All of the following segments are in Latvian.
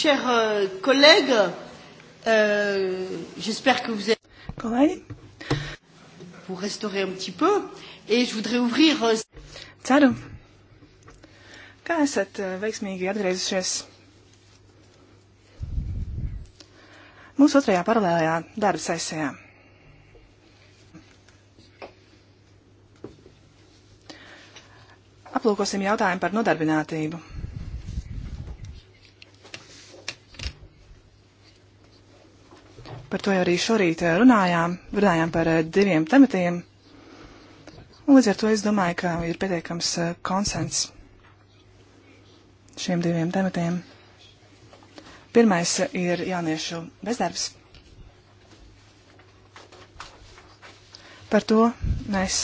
Chers euh, collègues, euh, j'espère que vous êtes collègues pour restaurer un petit peu et je voudrais ouvrir. Euh... Ceru, kā esat euh, veiksmīgi atgriezušies mūsu otrajā paralēlajā darba sesijā? Aplūkosim jautājumu par nodarbinātību. Par to jau arī šorīt eh, runājām, runājām par eh, diviem tematiem. Un līdz ar to es domāju, ka ir pietiekams eh, konsens šiem diviem tematiem. Pirmais ir jauniešu bezdarbs. Par to mēs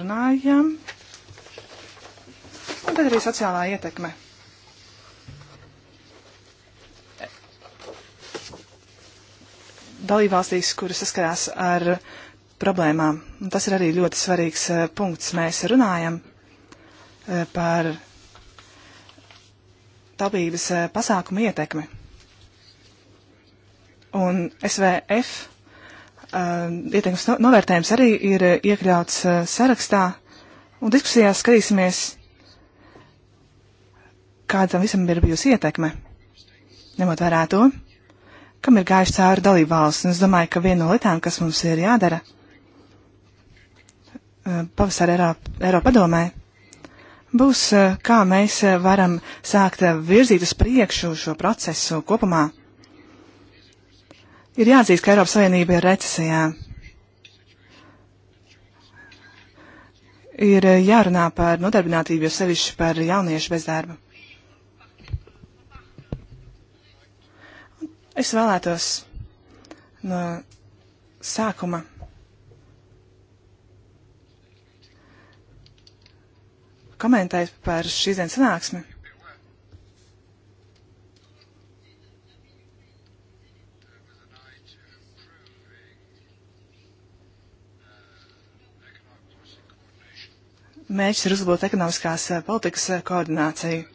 runājam. Un tad arī sociālā ietekme. dalībvalstīs, kuras saskarās ar problēmām. Un tas ir arī ļoti svarīgs uh, punkts. Mēs runājam uh, par taupības uh, eh, pasākumu ietekmi. Un SVF ietekmes no, novērtējums arī ir iekļauts sarakstā. Un diskusijā skatīsimies, kāda tam visam ir bijusi ietekme. Ņemot vērā to, kam ir gājuši cauri dalībvalsts. Un es domāju, ka viena no lietām, kas mums ir jādara eh, pavasara Eiropa, Eiropa padomē, būs, eh, kā mēs eh, varam sākt virzīt uz priekšu šo procesu kopumā. Ir jāatzīst, ka Eiropas Savienība ir recesijā. Ir jārunā par nodarbinātību, jo sevišķi par jauniešu bezdarbu. Es vēlētos no sākuma komentēt par šīs dienas sanāksmi. Mērķis ir uzlabot ekonomiskās eh, politikas eh, koordināciju.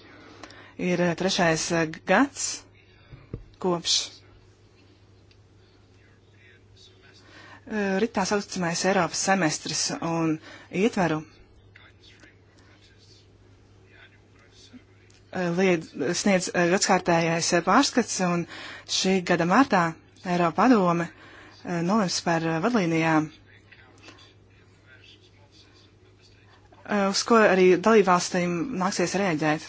Ir eh, trešais gads kopš eh, rit tā saucamais Eiropas semestris un ietveru eh, lied, sniedz eh, gadskārtējais pārskats un šī gada martā Eiropa padome nolems par vadlīnijām uz ko arī dalībvalstīm nāksies rēģēt.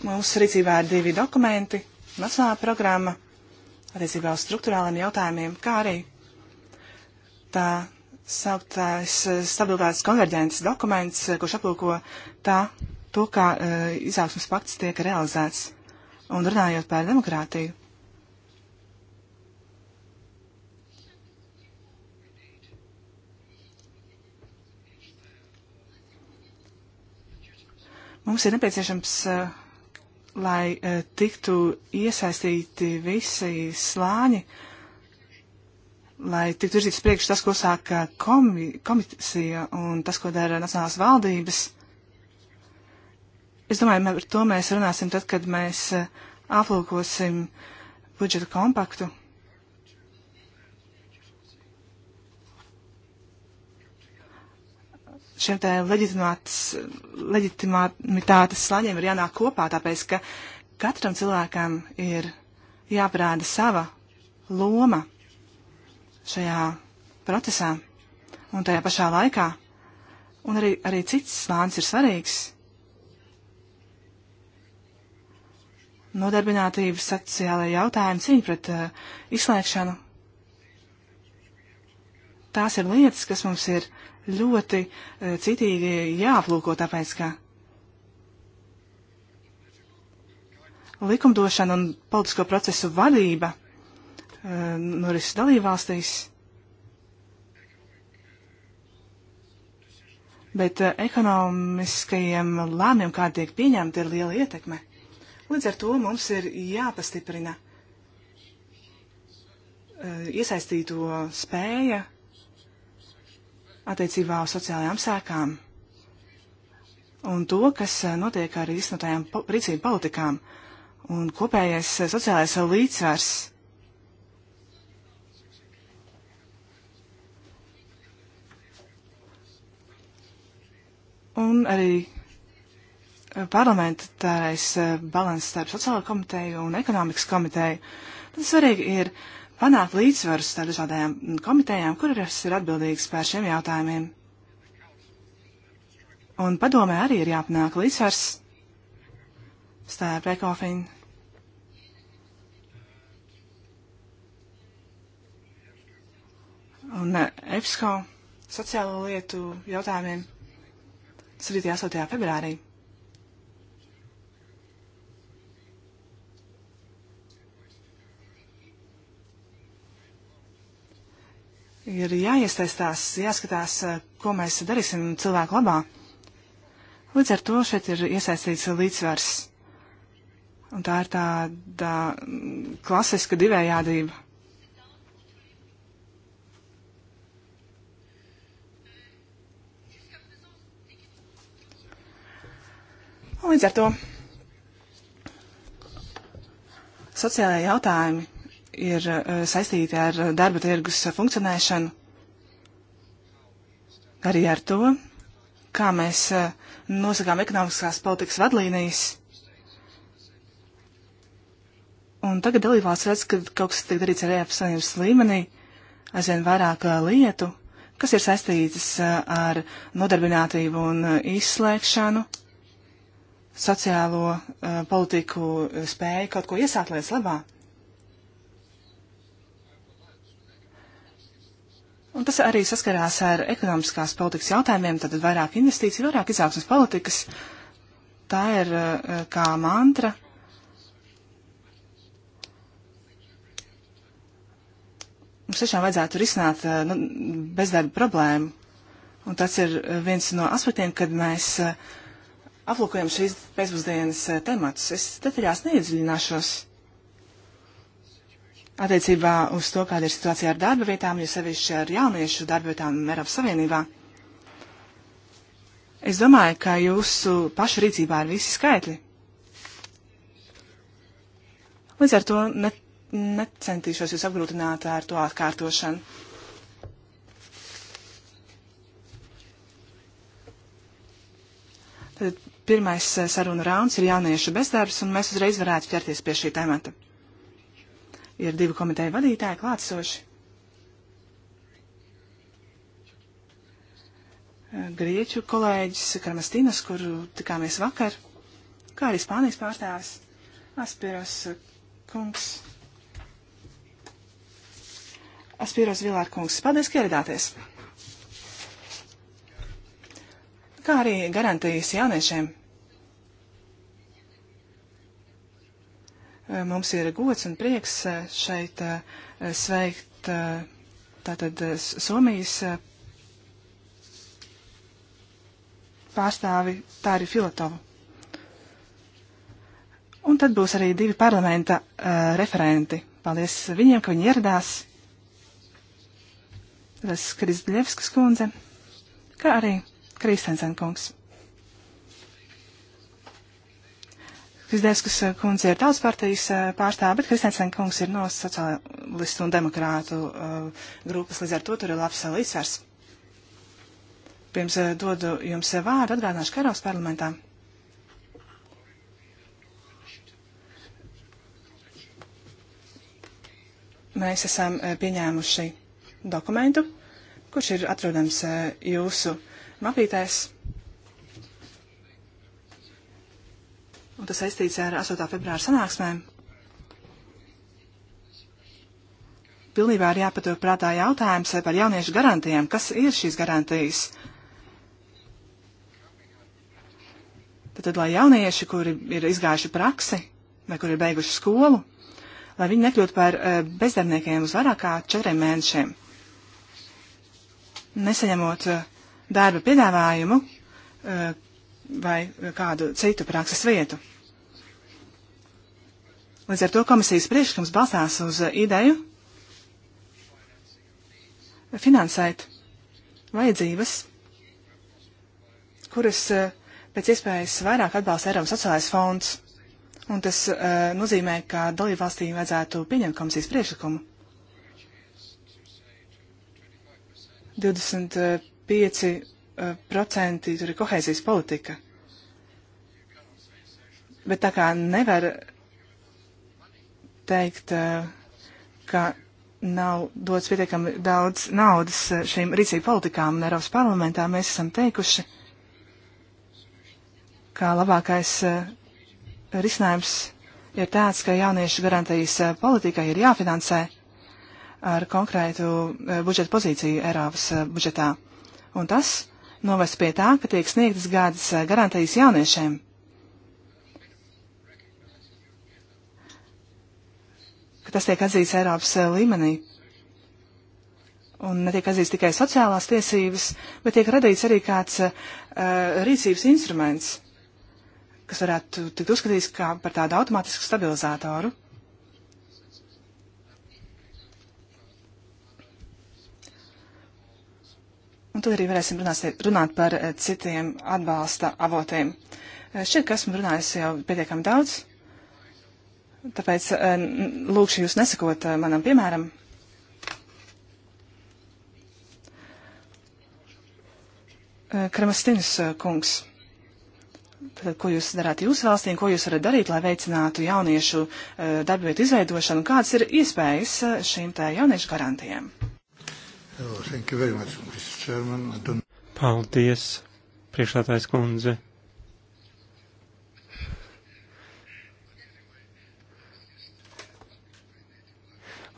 Mūsu rīcībā ir divi dokumenti - nacionāla programma attiecībā uz struktūrāliem jautājumiem, kā arī tā sauktais eh, stabilitātes konverģences dokuments, eh, kurš aplūko tā, to, kā uh, izaugsmas pakts tiek realizēts. Un runājot par demokrātiju, mums ir nepieciešams uh, lai e, tiktu iesaistīti visi slāņi, lai tiktu virzīts priekš tas, ko sāka komi komisija un tas, ko dara nacionālās valdības. Es domāju, par to mēs runāsim tad, kad mēs e, aplūkosim budžeta kompaktu. šiem te leģitimitātes slāņiem ir jānāk kopā, tāpēc ka katram cilvēkam ir jāparāda sava loma šajā procesā un tajā pašā laikā. Un arī, arī cits slānis ir svarīgs. Nodarbinātības sociālajā jautājuma cīņa pret uh, izslēgšanu. Tās ir lietas, kas mums ir ļoti e, citīgi jāaplūko, tāpēc ka likumdošana un politisko procesu vadība e, noris nu, dalībvalstīs, bet e, ekonomiskajiem lēmiem, kādi tiek pieņemti, ir liela ietekme. Līdz ar to mums ir jāpastiprina iesaistīto spēja attiecībā uz sociālajām sēkām un to, kas eh, notiek ar iznotajām po rīcību politikām un kopējais eh, sociālais līdzsvars. Un arī eh, parlamentārais balans starp sociālo komiteju un ekonomikas komiteju. Tas svarīgi ir uh, panākt līdzsvaru starp dažādajām komitejām, kuras ir atbildīgas par šiem jautājumiem. Un padomē arī ir jāpanāk līdzsvars starp ekofinu. Un EPSCO eh, sociālo lietu jautājumiem 7. un 8. februārī. ir jāiesaistās, jāskatās, eh, ko mēs darīsim cilvēku labā. Līdz ar to šeit ir iesaistīts līdzsvars. Un tā ir tāda klasiska divējādība. Un līdz ar to sociālajie jautājumi ir eh, saistīti ar darba tirgus funkcionēšanu, arī ar to, kā mēs eh, nosakām ekonomiskās politikas vadlīnijas. Un tagad dalībvalsts redz, ka kaut kas tiek darīts arī apsaimnības līmenī, aizvien vairāk eh, lietu, kas ir saistītas ar nodarbinātību un izslēgšanu, sociālo politiku spēju kaut ko iesākt lietas labā. Un tas arī saskarās ar ekonomiskās politikas jautājumiem, tad vairāk investīciju, vairāk izaugsmas politikas. Tā ir eh, kā mantra. Mums tiešām vajadzētu risināt eh, nu, bezdarba problēmu. Un tas ir eh, viens no aspektiem, kad mēs aplūkojam šīs pēcpusdienas temats. Es detaļās neiedziļināšos attiecībā uz to, kāda ir situācija ar darba vietām, jo sevišķi ar jauniešu darba vietām Eiropas Savienībā. Es domāju, ka jūsu pašu rīcībā ir visi skaitļi. Līdz ar to ne, necentīšos jūs apgrūtināt ar to atkārtošanu. Tad pirmais sarunu rauns ir jauniešu bezdarbs, un mēs uzreiz varētu ķerties pie šī temata ir divi komiteju vadītāji klātsoši. Grieķu kolēģis Karmastinas, kuru tikāmies vakar, kā arī Spānijas pārstāvis Aspiros kungs. Aspiros Vilār kungs, paldies, ka ieradāties! Kā arī garantijas jauniešiem Eh, mums ir gods un prieks eh, šeit eh, sveikt tātad Somijas pārstāvi Tāri Filatovu. Un tad būs arī divi parlamenta uh, referenti. Paldies viņiem, ka viņi ieradās. Tas Krizdļevskas kundze, kā arī Kristensen kungs. Krisdēskas eh, kundze ir tautas partijas eh, pārstāve, bet Kristēnsen kungs ir no sociālistu un demokrātu uh, grupas, līdz ar to tur ir labs līdzsvars. Pirms uh, dodu jums vārdu, atgādināšu Karavas parlamentā. Mēs esam uh, pieņēmuši dokumentu, kurš ir atrodams jūsu mapītēs. un tas saistīts ar 8. februāra sanāksmēm. Pilnībā ir jāpatur prātā jautājums par jauniešu garantijām. Kas ir šīs garantijas? Tad, tad lai jaunieši, kuri ir izgājuši praksi vai kuri ir beiguši skolu, lai viņi nekļūtu par eh, bezdarbniekiem uz vairāk kā četriem mēnešiem. Nesaņemot eh, darba piedāvājumu, eh, vai kādu citu prakses vietu. Līdz ar to komisijas priekšlikums balstās uz ideju finansēt vajadzības, kuras eh, pēc iespējas vairāk atbalsta Eiropas sociālais fonds. Un tas uh, nozīmē, ka dalībvalstīm vajadzētu pieņemt komisijas priekšlikumu. 25 procenti tur ir kohēzijas politika. Bet tā kā nevar teikt, eh, ka nav dots pietiekami daudz naudas eh, šīm rīcību politikām un Eiropas parlamentā, mēs esam teikuši, ka labākais eh, risinājums ir tāds, ka jauniešu garantijas politikai ir jāfinansē ar konkrētu budžeta pozīciju Eiropas budžetā. Un tas novest pie tā, ka tiek sniegtas gādas eh, garantijas jauniešiem. Ka tas tiek atzīts Eiropas eh, līmenī. Un netiek atzīts tikai sociālās tiesības, bet tiek radīts arī kāds uh, rīcības instruments, kas varētu tikt uzskatīts kā par tādu automātisku stabilizātoru. Un tad arī varēsim runāt, runāt par eh, citiem atbalsta avotiem. Eh, šķiet, ka esmu runājis jau pietiekami daudz, tāpēc eh, lūkšu jūs nesakot manam piemēram. Kramastinis kungs, tad, ko jūs darāt jūsu valstī, ko jūs varat darīt, lai veicinātu jauniešu darbvietu izveidošanu, kādas ir iespējas šīm tā jauniešu garantijām? Oh, much, Paldies, priekšētājs kundze.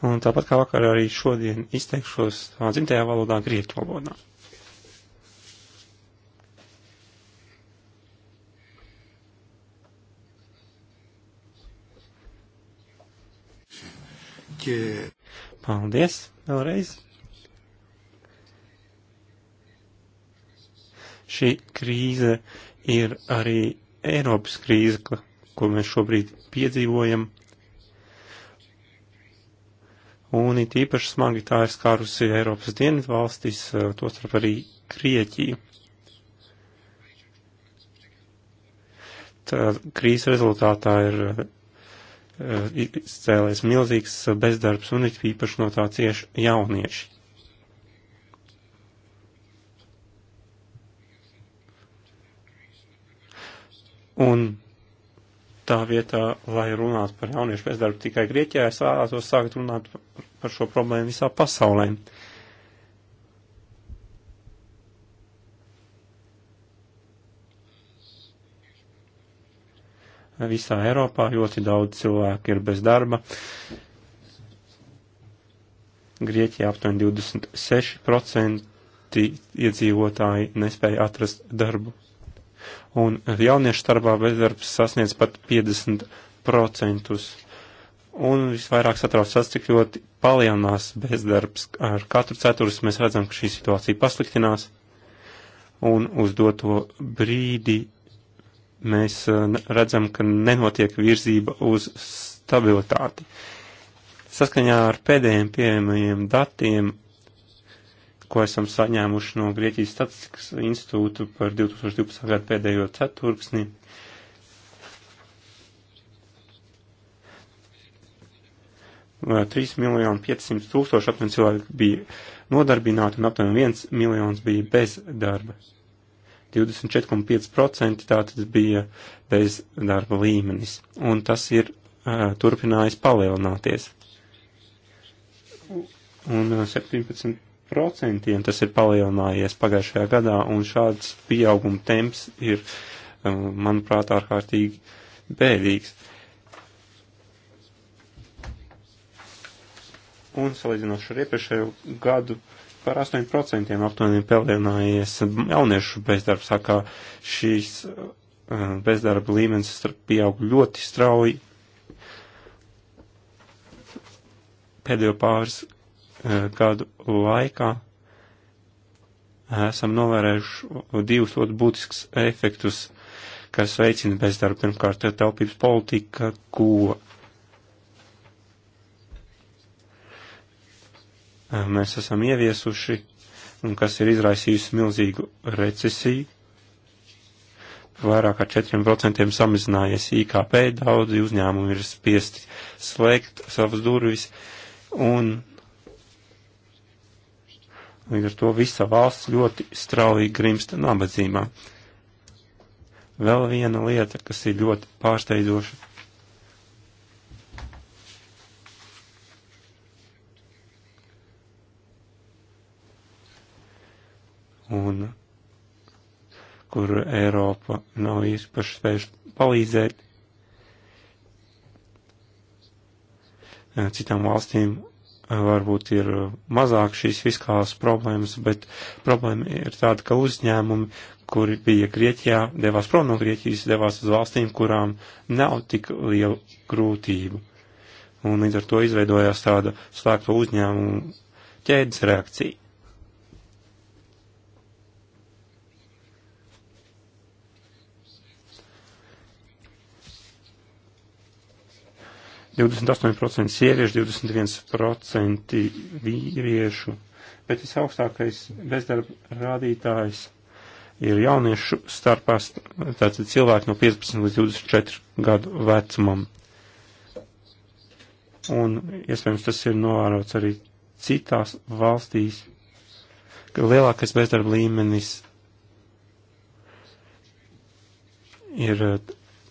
Un tāpat kā vakar arī šodien izteikšos savā dzimtajā valodā, grieķu valodā. Paldies vēlreiz! Šī krīze ir arī Eiropas krīze, ko mēs šobrīd piedzīvojam. Un it īpaši smagi tā ir skārusi Eiropas dienvidu valstis, tostarp arī Grieķiju. Tā krīzes rezultātā ir eh, izcēlēs milzīgs bezdarbs un it īpaši no tā cieši jaunieši. Un tā vietā, lai runātu par jauniešu bezdarbu tikai Grieķijā, es vēlētos sākt runāt par šo problēmu visā pasaulē. visā Eiropā ļoti daudz cilvēku ir bez darba. Grieķijā aptuveni 26% iedzīvotāji nespēja atrast darbu un jauniešu starpā bezdarbs sasniedz pat 50%. Un visvairāk satrauc tas, cik ļoti palielinās bezdarbs. Ar katru ceturus mēs redzam, ka šī situācija pasliktinās, un uz doto brīdi mēs eh, redzam, ka nenotiek virzība uz stabilitāti. Saskaņā ar pēdējiem pieejamajiem datiem ko esam saņēmuši no Grieķijas statistikas institūtu par 2012. gadu pēdējo ceturksni. Vai 3 miljoni 500 tūkstoši apmēram cilvēki bija nodarbināti un apmēram 1 miljons bija bez darba. 24,5% tātad bija bez darba līmenis. Un tas ir uh, turpinājis palielināties. Un uh, 17 procentiem tas ir palielinājies pagājušajā gadā, un šāds pieauguma temps ir, um, manuprāt, ārkārtīgi bēdīgs. Un salīdzinoši ar iepriekšējo gadu par 8% aptuveni palielinājies jauniešu bezdarbs, tā kā šīs um, bezdarba līmenis pieaug ļoti strauji pēdējo pāris Eh, gadu laikā esam novērējuši divus ļoti būtiskus efektus, kas veicina bezdarbu. Pirmkārt, taupības politika, ko eh, mēs esam ieviesuši un kas ir izraisījusi milzīgu recesiju. Vairāk kā 4% samazinājies IKP, daudzi uzņēmumi ir spiesti slēgt savas durvis, un Līdz ar to visa valsts ļoti strauji grimsta nabadzībā. Vēl viena lieta, kas ir ļoti pārsteidoša. Un kur Eiropa nav īpaši spējuši palīdzēt citām valstīm varbūt ir mazāk šīs fiskālās problēmas, bet problēma ir tāda, ka uzņēmumi, kuri bija Grieķijā, devās prom no Grieķijas, devās uz valstīm, kurām nav tik liela grūtību. Un līdz ar to izveidojās tāda slēgto uzņēmumu ķēdes reakcija. 28% sieviešu, 21% vīriešu, bet visaugstākais bezdarba rādītājs ir jauniešu starpā, tātad cilvēki no 15 līdz 24 gadu vecumam. Un iespējams tas ir novērots arī citās valstīs, ka lielākais bezdarba līmenis ir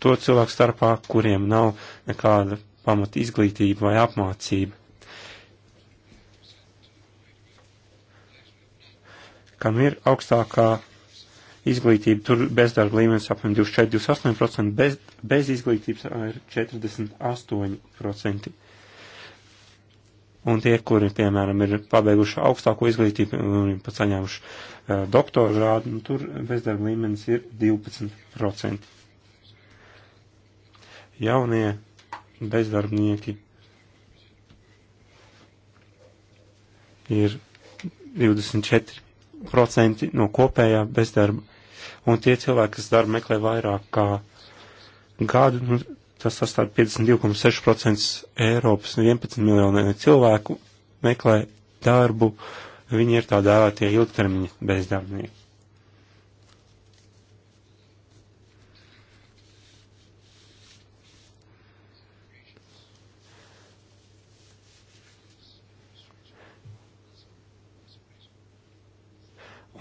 to cilvēku starpā, kuriem nav nekāda pamat izglītība vai apmācība. Kam ir augstākā izglītība, tur bezdarba līmenis apmēram 24-28%, bez, bez izglītības ir 48%. Un tie, kuri, piemēram, ir pabeiguši augstāko izglītību un pat saņēmuši uh, e, doktora grādu, nu, tur bezdarba līmenis ir 12%. Jaunie bezdarbnieki ir 24% no kopējā bezdarba. Un tie cilvēki, kas darbu meklē vairāk kā gadu, nu, tas sastāv 52,6% Eiropas 11 nu, miljonu cilvēku meklē darbu. Viņi ir tā dēvētie ilgtermiņa bezdarbnieki.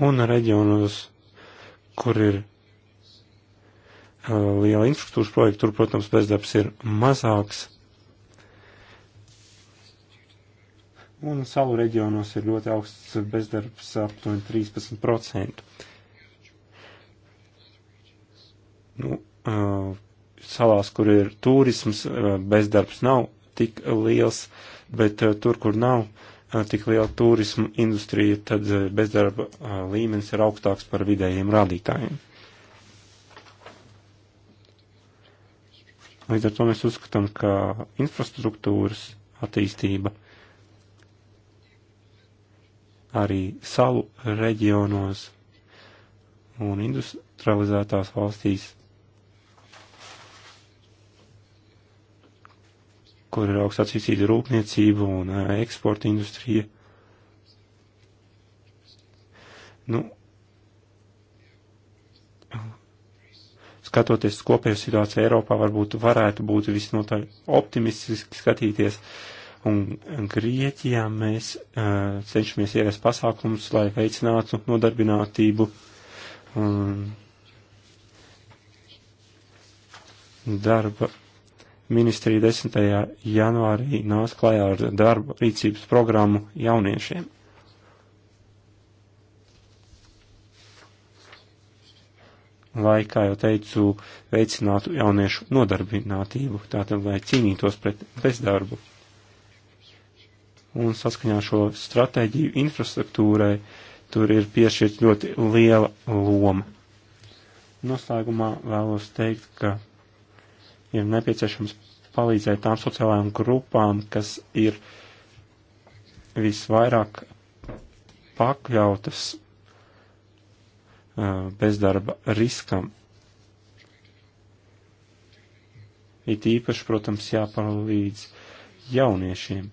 un reģionos, kur ir uh, liela infrastruktūras projekta, tur, protams, bezdarbs ir mazāks. Un salu reģionos ir ļoti augsts bezdarbs, aptuveni 13%. Nu, uh, salās, kur ir turisms, uh, bezdarbs nav tik liels, bet tur, kur nav Eh, tik liela turismu industrija, tad eh, bezdarba eh, līmenis ir augstāks par vidējiem rādītājiem. Līdz ar to mēs uzskatām, ka infrastruktūras attīstība arī salu reģionos un industrializētās valstīs kur ir augstā cīcīta rūpniecība un eksporta industrija. Nu, skatoties uz kopējo situāciju Eiropā, varbūt varētu būt visnotaļ optimistiski skatīties. Un Grieķijā mēs uh, cenšamies ieviest pasākums, lai veicinātu nodarbinātību. Un darba Ministrija 10. janvārī nāca klajā ar darba rīcības programmu jauniešiem. Lai, kā jau teicu, veicinātu jauniešu nodarbinātību, tātad, lai cīnītos pret bezdarbu. Un saskaņā šo stratēģiju infrastruktūrai tur ir piešķirt ļoti liela loma. Noslēgumā vēlos teikt, ka ir nepieciešams palīdzēt tām sociālajām grupām, kas ir visvairāk pakļautas bezdarba riskam. It īpaši, protams, jāpalīdz jauniešiem.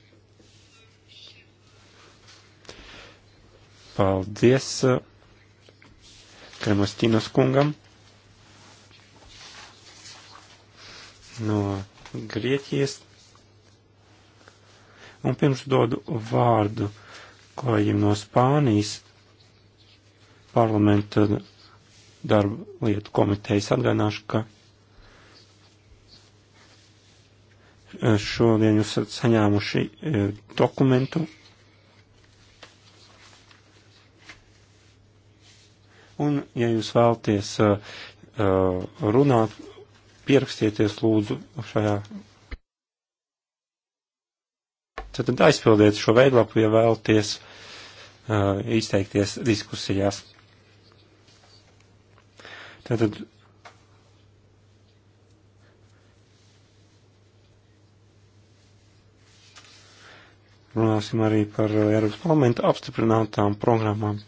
Paldies Kremlis Ķinas kungam! no Grieķijas. Un pirms dodu vārdu kolēģim no Spānijas parlamenta darba lietu komitejas atgādināšu, ka šodien jūs esat saņēmuši eh, dokumentu. Un, ja jūs vēlties eh, eh, runāt pierakstieties lūdzu šajā. Tad aizpildiet šo veidlapu, ja vēlties uh, izteikties diskusijās. Tātad runāsim arī par Eiropas parlamenta apstiprinātām programmām.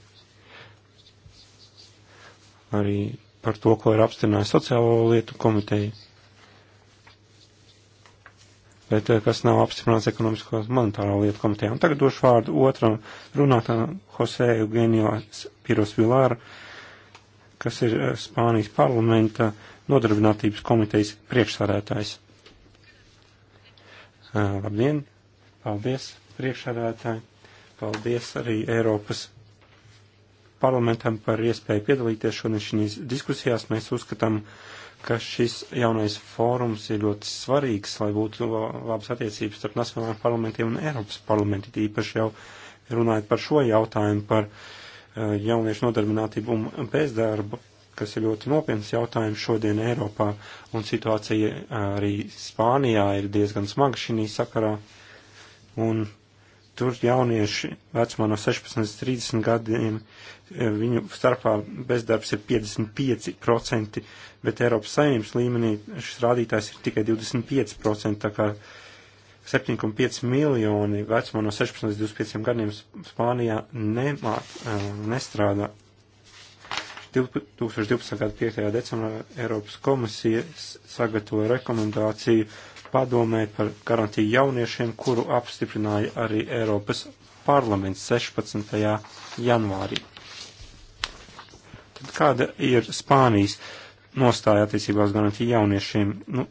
Arī par to, ko ir apstiprinājusi sociālo lietu komiteja, bet eh, kas nav apstiprināts ekonomisko monetāro lietu komitejā. Un tagad došu vārdu otram runātājam Jose Eugenio Piros Vilāra, kas ir eh, Spānijas parlamenta nodarbinātības komitejas priekšsādētājs. Eh, labdien! Paldies, priekšsādētāji! Paldies arī Eiropas parlamentam par iespēju piedalīties šodien šīs diskusijās. Mēs uzskatām, ka šis jaunais fórums ir ļoti svarīgs, lai būtu labas attiecības starp nacionālajiem parlamentiem un Eiropas parlamentu, īpaši jau runājot par šo jautājumu, par eh, jauniešu nodarbinātību un bezdarbu, kas ir ļoti nopietns jautājums šodien Eiropā, un situācija eh, arī Spānijā ir diezgan smaga šī sakarā. Un Tur jaunieši vecumā no 16 līdz 30 gadiem, e, viņu starpā bezdarbs ir 55%, bet Eiropas saimnības līmenī šis rādītājs ir tikai 25%, tā kā 7,5 miljoni vecumā no 16 līdz 25 gadiem Spānijā nemāk, e, nestrādā. 2012. gada 5. decembrā Eiropas komisija sagatavoja rekomendāciju padomē par garantiju jauniešiem, kuru apstiprināja arī Eiropas parlaments 16. janvārī. Tad kāda ir Spānijas nostāja attiecībā uz garantiju jauniešiem? Nu,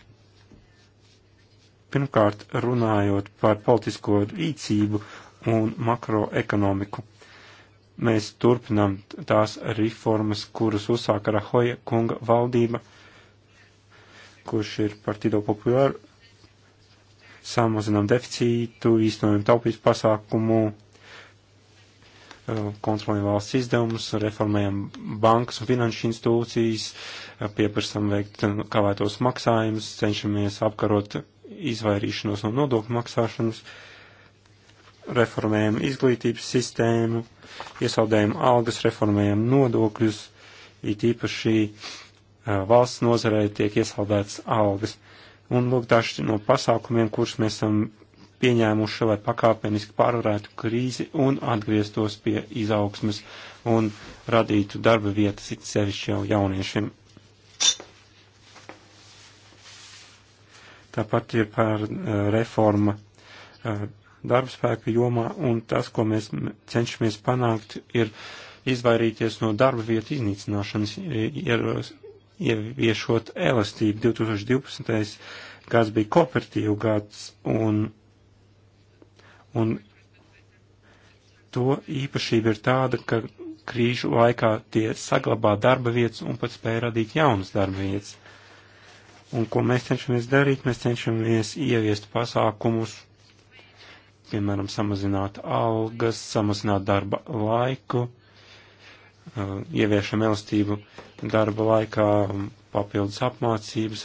pirmkārt, runājot par politisko rīcību un makroekonomiku. Mēs turpinām tās reformas, kuras uzsāka Rahoja kunga valdība, kurš ir partido populāru samazinām deficītu, īstenojam taupības pasākumu, eh, kontrolējam valsts izdevumus, reformējam bankas un finanšu institūcijas, eh, pieprasam veikt eh, kavētos maksājumus, cenšamies apkarot izvairīšanos no nodokļu maksāšanas, reformējam izglītības sistēmu, iesaldējam algas, reformējam nodokļus, it īpaši valsts nozarē tiek iesaldētas algas. Un lūk, daži no pasākumiem, kurus mēs esam pieņēmuši, lai pakāpeniski pārvarētu krīzi un atgrieztos pie izaugsmes un radītu darba vietas it sevišķi jau jauniešiem. Tāpat ir par eh, reforma eh, darbspēka jomā, un tas, ko mēs cenšamies panākt, ir izvairīties no darba vietu iznīcināšanas, ir ieviešot elastību. 2012. gads bija kooperatīvu gads un, un to īpašība ir tāda, ka krīžu laikā tie saglabā darba vietas un pat spēja radīt jaunas darba vietas. Un ko mēs cenšamies darīt? Mēs cenšamies ieviest pasākumus, piemēram, samazināt algas, samazināt darba laiku, uh, ieviešam elastību darba laikā, papildus apmācības,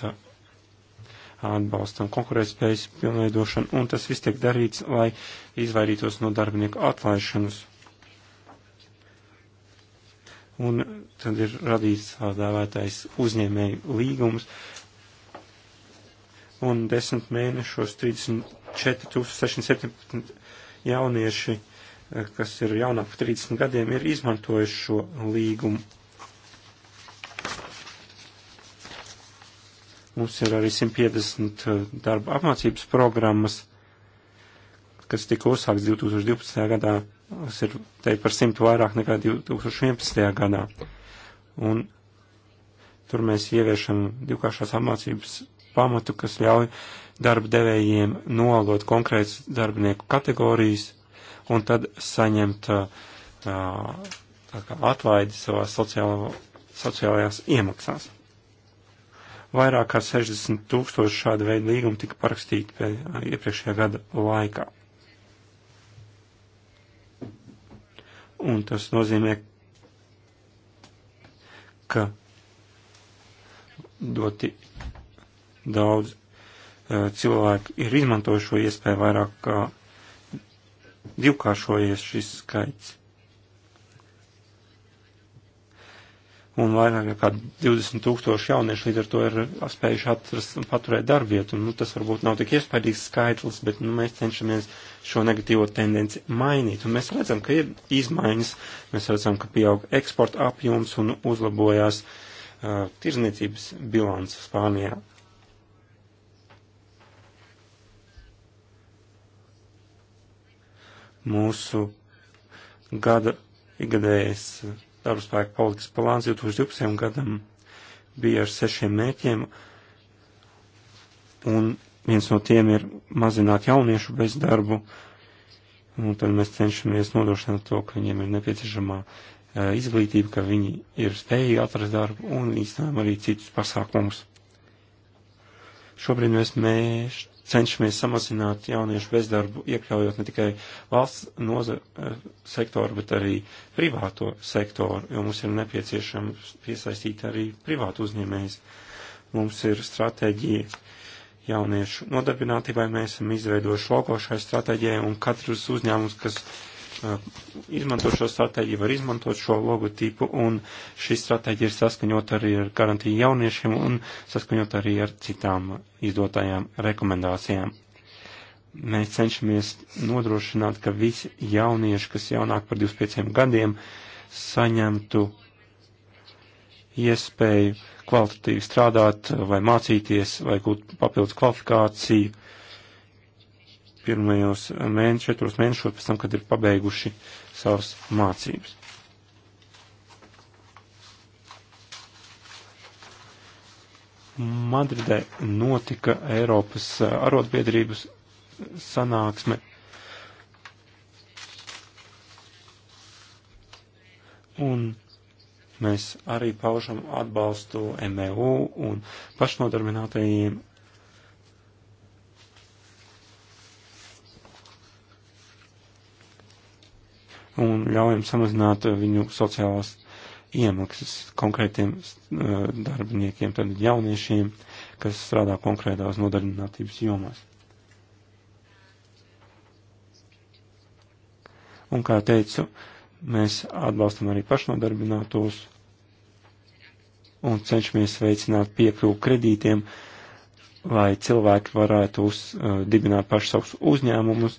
atbalstam konkurētspējas pilnveidošanu, un tas viss tiek darīts, lai izvairītos no darbinieku atlaišanas. Un tad ir radīts tādēvētais uzņēmēju līgums, un 10 mēnešos 34,617 jaunieši, kas ir jaunāk par 30 gadiem, ir izmantojuši šo līgumu Mums ir arī 150 eh, darba apmācības programmas, kas tika uzsākts 2012. gadā. Tas ir te par 100 vairāk nekā 2011. gadā. Un tur mēs ieviešam divkāršās apmācības pamatu, kas ļauj darba devējiem nolot konkrētas darbinieku kategorijas un tad saņemt uh, atlaidi savās sociālajās iemaksās. Vairāk kā 60 tūkstoši šāda veida līguma tika parakstīti pēc iepriekšējā gada laikā. Un tas nozīmē, ka doti daudz e, cilvēki ir izmantojuši šo iespēju vairāk kā divkāršojies šis skaits. un vairāk nekā 20 tūkstoši jauniešu līdz ar to ir spējuši atrast un paturēt darbvietu. Nu, tas varbūt nav tik iespaidīgs skaitlis, bet nu, mēs cenšamies šo negatīvo tendenci mainīt. Un mēs redzam, ka ir izmaiņas, mēs redzam, ka pieaug eksporta apjoms un uzlabojās uh, tirzniecības bilants Spānijā. Mūsu gada ikgadējais darba spēka politikas plāns 2012. gadam bija ar sešiem mēķiem, un viens no tiem ir mazināt jauniešu bezdarbu, un tad mēs cenšamies nodrošināt to, ka viņiem ir nepieciešamā e, izglītība, ka viņi ir spējīgi atrast darbu un īstenām arī citus pasākumus. Šobrīd mēs mēž, cenšamies samazināt jauniešu bezdarbu, iekļaujot ne tikai valsts noza eh, sektoru, bet arī privāto sektoru, jo mums ir nepieciešams piesaistīt arī privātu uzņēmējus. Mums ir stratēģija jauniešu nodarbinātībai, mēs esam izveidojuši lokošai stratēģijai, un katrs uzņēmums, kas Eh, izmanto šo stratēģiju, var izmantot šo logotipu, un šī stratēģija ir saskaņota arī ar garantiju jauniešiem un saskaņota arī ar citām izdotajām rekomendācijām. Mēs cenšamies nodrošināt, ka visi jaunieši, kas jaunāk par 25 gadiem, saņemtu iespēju kvalitatīvi strādāt vai mācīties vai gūt papildus kvalifikāciju pirmajos mēnešos, četros mēnešos pēc tam, kad ir pabeiguši savas mācības. Madridē notika Eiropas arotbiedrības sanāksme. Un mēs arī paužam atbalstu MEU un pašnodarbinātajiem un ļaujam samazināt uh, viņu sociālās iemaksas konkrētiem uh, darbiniekiem, tad jauniešiem, kas strādā konkrētās nodarbinātības jomās. Un, kā teicu, mēs atbalstam arī pašnodarbinātos un cenšamies veicināt piekļuvu kredītiem, lai cilvēki varētu uz, uh, dibināt paši savus uzņēmumus,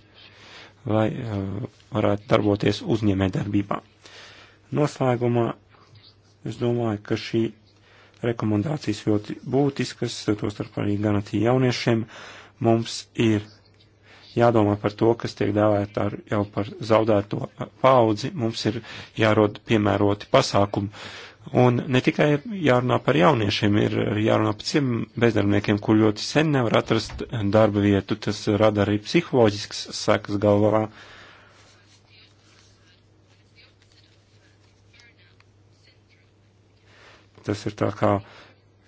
lai uh, varētu darboties uzņēmē darbībā. Noslēgumā es domāju, ka šī rekomendācijas ļoti būtiskas, tostarp arī garantija jauniešiem. Mums ir jādomā par to, kas tiek dēvēta ar, jau par zaudēto paudzi, mums ir jārod piemēroti pasākumi. Un ne tikai jārunā par jauniešiem, ir jārunā par ciem bezdarbniekiem, kur ļoti sen nevar atrast darba vietu, tas rada arī psiholoģisks sekas galvā. Uh, tas ir tā kā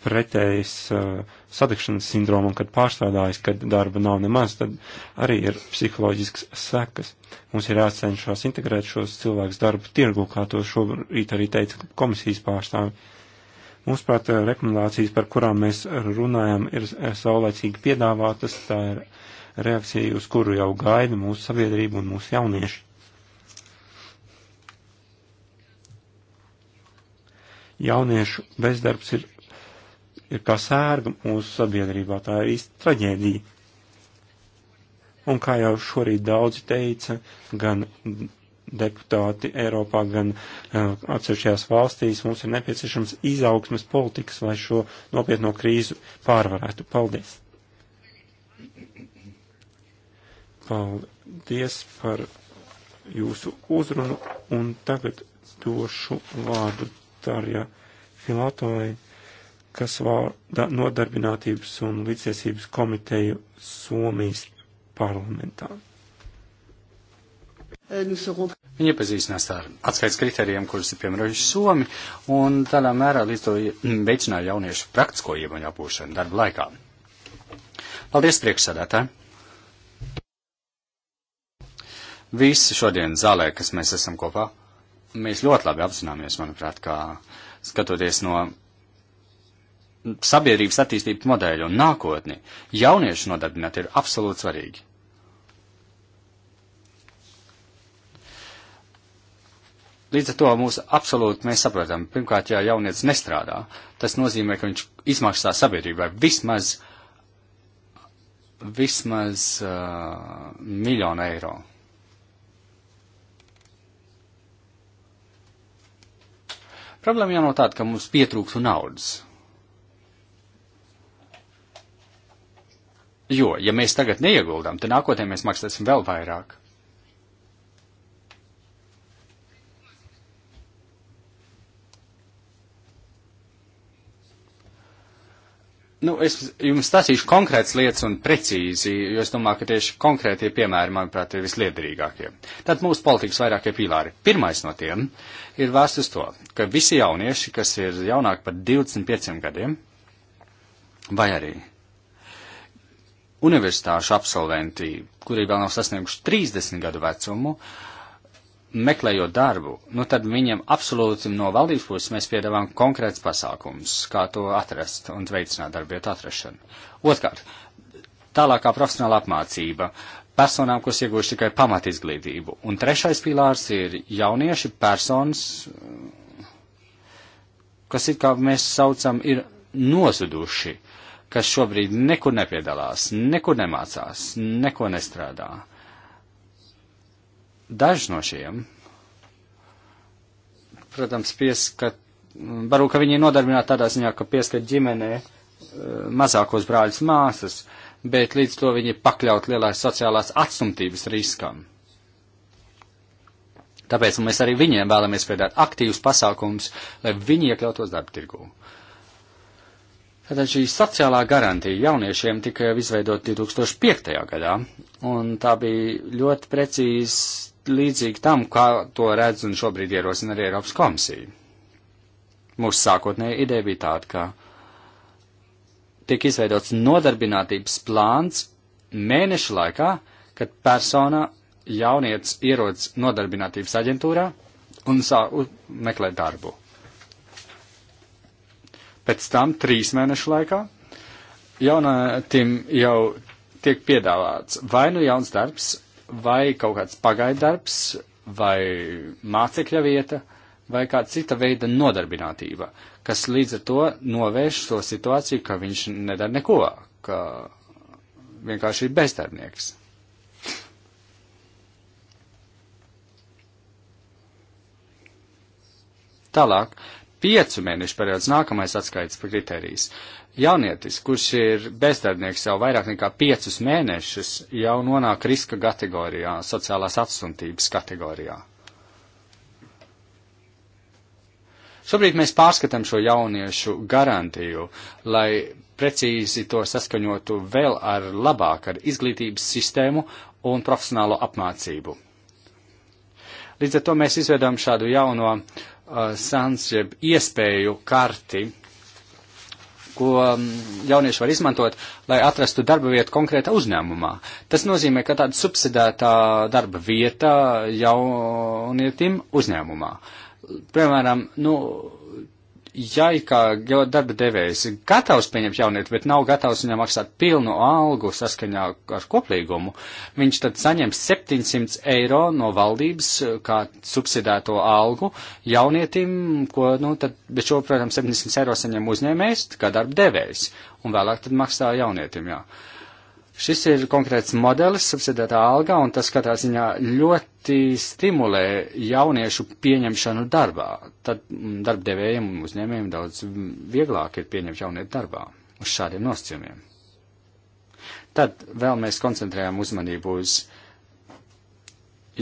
pretējs uh, sadegšanas sindromam, kad pārstrādājas, kad darba nav nemaz, tad arī ir psiholoģisks sekas. Mums ir jācenšas integrēt šos cilvēkus darbu tirgu, kā to šobrīd arī teica komisijas pārstāvi. Mūsuprāt, uh, rekomendācijas, par kurām mēs runājam, ir uh, saulēcīgi piedāvātas, tā ir reakcija, uz kuru jau gaida mūsu sabiedrība un mūsu jaunieši. jauniešu bezdarbs ir, ir kā sērga mūsu sabiedrībā, tā ir īsta traģēdija. Un kā jau šorīt daudzi teica, gan deputāti Eiropā, gan uh, atsevišķajās valstīs, mums ir nepieciešams izaugsmes politikas, lai šo nopietno krīzu pārvarētu. Paldies! Paldies par jūsu uzrunu un tagad došu vārdu Viktorija Filatovai, kas vada nodarbinātības un līdziesības komiteju Somijas parlamentā. Eh, Viņi iepazīstinās ar atskaits kriterijiem, kurus ir piemērojuši Somi, un tādā mērā līdz to veicināja jauniešu praktisko ievaņu apūšanu darba laikā. Paldies, priekšsādātāji! Visi šodien zālē, kas mēs esam kopā, mēs ļoti labi apzināmies, manuprāt, kā skatoties no sabiedrības attīstības modeļa un nākotni, jauniešu nodarbināt ir absolūti svarīgi. Līdz ar to mūsu absolūti mēs saprotam, pirmkārt, ja jaunieci nestrādā, tas nozīmē, ka viņš izmaksā sabiedrībai vismaz, vismaz uh, miljonu eiro. Problēma jau nav tāda, ka mums pietrūkstu naudas. Jo, ja mēs tagad neieguldām, tad nākotnē mēs maksāsim vēl vairāk. Nu, es jums stāstīšu konkrētas lietas un precīzi, jo es domāju, ka tieši konkrētie piemēri, manuprāt, ir visliederīgākie. Tad mūsu politikas vairākie pīlāri. Pirmais no tiem ir vērsts uz to, ka visi jaunieši, kas ir jaunāki par 25 gadiem, vai arī universitāšu absolventi, kuri vēl nav sasnieguši 30 gadu vecumu, uh, meklējot darbu, nu tad viņam absolūti no valdības puses mēs piedāvājam konkrēts pasākums, kā to atrast un veicināt darbietu atrašanu. Otkārt, tālākā profesionāla apmācība personām, kas iegūši tikai pamatizglītību. Un trešais pilārs ir jaunieši personas, kas it kā mēs saucam, ir nozuduši, kas šobrīd nekur nepiedalās, nekur nemācās, neko nestrādā. Uh, Daži no šiem, protams, pieskat, varbūt, ka viņi ir nodarbināti tādā ziņā, ka pieskat ģimenē eh, mazākos brāļus māsas, bet līdz to viņi ir pakļaut lielās sociālās atstumtības riskam. Tāpēc mēs arī viņiem vēlamies piedāt aktīvus pasākums, lai viņi iekļautos darba tirgū. Tātad šī sociālā garantija jauniešiem tika izveidot 2005. gadā, un tā bija ļoti precīzi līdzīgi tam, kā to redz un šobrīd ierosina arī Eiropas komisija. Mūsu sākotnēja ideja bija tāda, ka tiek izveidots nodarbinātības plāns mēnešu laikā, kad persona jaunieci ierodas nodarbinātības aģentūrā un sāk meklēt darbu. Pēc tam trīs mēnešu laikā jaunatim jau tiek piedāvāts vai nu jauns darbs, vai kaut kāds pagaidarbs, vai mācekļa vieta, vai kāda cita veida nodarbinātība, kas līdz ar to novērš to situāciju, ka viņš nedara neko, ka vienkārši ir bezdarbnieks. Tālāk, piecu mēnešu periods, nākamais atskaites par kritērijas. Uh, jaunietis, kurš ir bezdarbnieks jau vairāk nekā piecus mēnešus, jau nonāk riska kategorijā, sociālās atstumtības kategorijā. Šobrīd mēs pārskatām šo jauniešu garantiju, lai precīzi to saskaņotu vēl ar labāk ar izglītības sistēmu un profesionālo apmācību. Līdz ar to mēs izvedām šādu jauno uh, sans, jeb iespēju karti, ko um, jaunieši var izmantot, lai atrastu darba vietu konkrētā uzņēmumā. Tas nozīmē, ka tāda subsidētā darba vieta jaunietim uzņēmumā. Piemēram, nu, ja ir kā darba devējs gatavs pieņemt jaunieti, bet nav gatavs viņam maksāt pilnu algu saskaņā ar koplīgumu, viņš tad saņem 700 eiro no valdības eh, kā subsidēto algu jaunietim, ko, nu, tad, bet šo, protams, 700 eiro saņem uzņēmējs kā darba devējs, un vēlāk tad maksā jaunietim, jā. Uh, Šis ir konkrēts modelis, subsidētā alga, un tas katrā ziņā ļoti stimulē jauniešu pieņemšanu darbā. Tad mm, darbdevējiem un uzņēmējiem daudz vieglāk ir pieņemt jaunieti darbā uz šādiem nosacījumiem. Tad vēl mēs koncentrējām uzmanību uz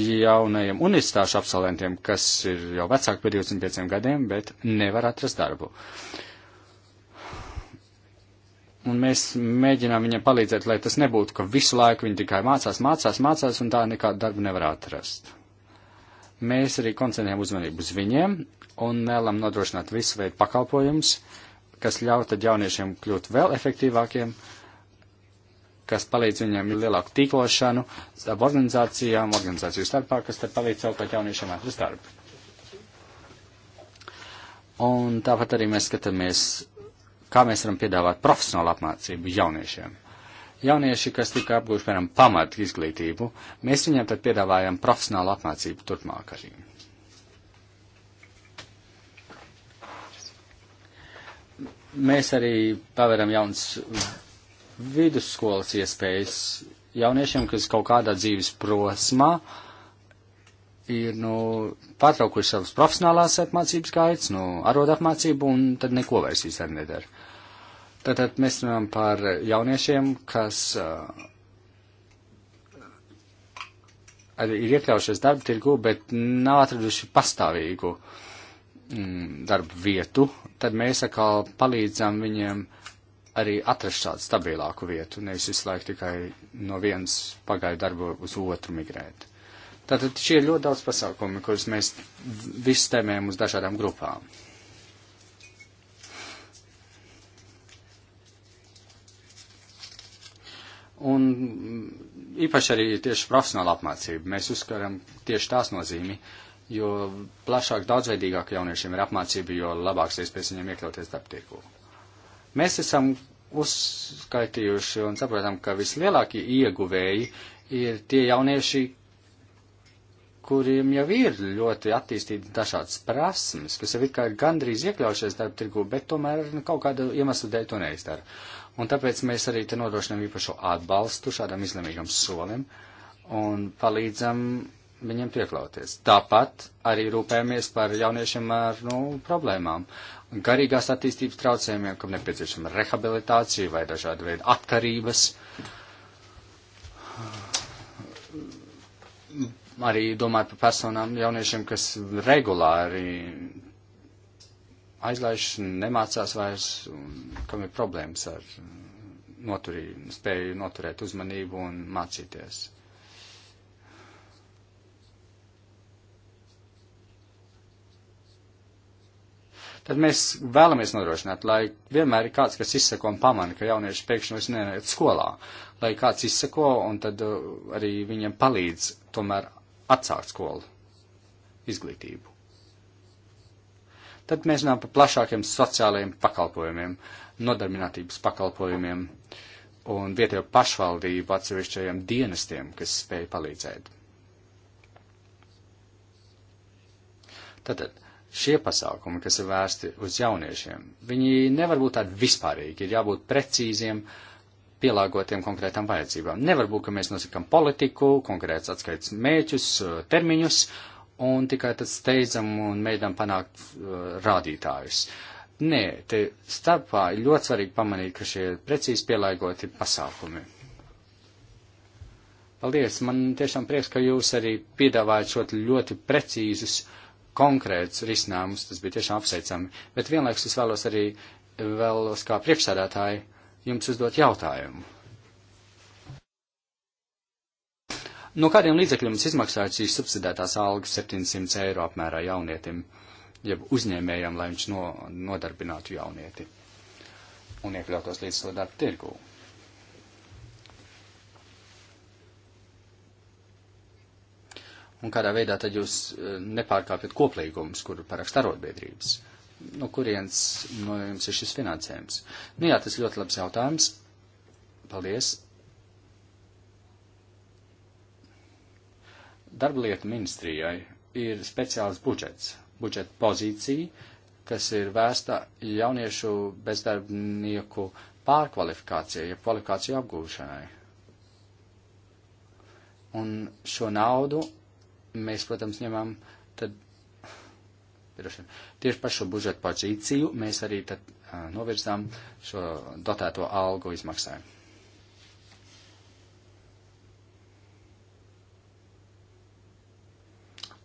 jaunajiem universitāšu absolventiem, kas ir jau vecāki par 25 gadiem, bet nevar atrast darbu. Uh, Un mēs mēģinām viņam palīdzēt, lai tas nebūtu, ka visu laiku viņi tikai mācās, mācās, mācās, un tā nekādu darbu nevar atrast. Mēs arī koncentrējam uzmanību uz viņiem un mēlam nodrošināt visu veidu pakalpojumus, kas ļauj tad jauniešiem kļūt vēl efektīvākiem, kas palīdz viņiem lielāku tīklošanu starp organizācijām, organizāciju starpā, kas tad palīdz savukārt jauniešiem atrast darbu. Un tāpat arī mēs skatāmies kā mēs varam piedāvāt profesionālu apmācību jauniešiem. Jaunieši, kas tika apguvuši, piemēram, pamatu izglītību, mēs viņiem tad piedāvājam profesionālu apmācību turpmāk arī. Mēs arī paveram jauns vidusskolas iespējas jauniešiem, kas kaut kādā dzīves prosmā ir nu, pārtraukuši savas profesionālās apmācības gaitas, nu, arod apmācību, un tad neko vairs īstenībā nedara. Tātad mēs runājam par jauniešiem, kas eh, arī ir iekļaujušies darba tirgu, bet nav atraduši pastāvīgu mm, darbu vietu, tad mēs atkal palīdzam viņiem arī atrast šādu stabilāku vietu, nevis visu laiku tikai no vienas pagāju darbu uz otru migrēt. Tātad šie ir ļoti daudz pasākumi, kurus mēs vistēmējam uz dažādām grupām. Un mm, īpaši arī tieši profesionāla apmācība. Mēs uzskaram tieši tās nozīmi, jo plašāk, daudzveidīgāk jauniešiem ir apmācība, jo labāks iespējas viņiem iekļauties darbtīklā. Mēs esam uzskaitījuši un saprotam, ka vislielākie ieguvēji ir tie jaunieši, kuriem jau ir ļoti attīstīti dažādas prasmes, kas jau it kā ir gandrīz iekļaujušies darba tirgu, bet tomēr nu, kaut kādu iemeslu dēļ to neizdara. Un tāpēc mēs arī te nodrošinām īpašo atbalstu šādam izlēmīgam solim un palīdzam viņiem piekļauties. Tāpat arī rūpējamies par jauniešiem ar nu, problēmām, garīgās attīstības traucējumiem, kam nepieciešama rehabilitācija vai dažāda veida atkarības. Arī domāt par personām, jauniešiem, kas regulāri aizlaiž, nemācās vairs, un kam ir problēmas ar noturī, spēju noturēt uzmanību un mācīties. Tad mēs vēlamies nodrošināt, lai vienmēr ir kāds, kas izsako un pamana, ka jaunieši pēkšņi vairs neiet skolā, lai kāds izsako un tad uh, arī viņiem palīdz tomēr atsākt skolu izglītību. Tad mēs runājam par plašākiem sociālajiem pakalpojumiem, nodarbinātības pakalpojumiem un vietējo pašvaldību atsevišķajiem dienestiem, kas spēja palīdzēt. Tātad šie pasākumi, kas ir vērsti uz jauniešiem, viņi nevar būt tādi vispārīgi, ir jābūt precīziem, pielāgotiem konkrētām vajadzībām. Nevar būt, ka mēs nosakam politiku, konkrēts atskaits mēķus, termiņus, uh, un tikai tad steidzam un mēģinām panākt uh, rādītājus. Nē, te starpā ir ļoti svarīgi pamanīt, ka šie precīzi pielāgoti pasākumi. Paldies, man tiešām prieks, ka jūs arī piedāvājat šo ļoti precīzus, konkrētus risinājumus, tas bija tiešām apsveicami. Bet vienlaikus es vēlos arī, vēlos kā priekšsādātāji, jums uzdot jautājumu. No kādiem līdzekļiem mums izmaksāja šīs subsidētās algas 700 eiro apmērā jaunietim, jeb uzņēmējam, lai viņš no, nodarbinātu jaunieti un iekļautos līdz to darba tirgū? Un kādā veidā tad jūs e, nepārkāpjat koplīgumus, kur parakst arotbiedrības? No kurienes no jums ir šis finansējums? Nu jā, tas ļoti labs jautājums. Paldies. Darblietu ministrijai ir speciāls budžets, budžeta pozīcija, kas ir vērsta jauniešu bezdarbnieku pārkvalifikācijai, ja kvalifikāciju apgūšanai. Un šo naudu mēs, protams, ņemam tad, pirošana, tieši par šo budžeta pozīciju mēs arī tad uh, novirzām šo dotēto algu izmaksājumu.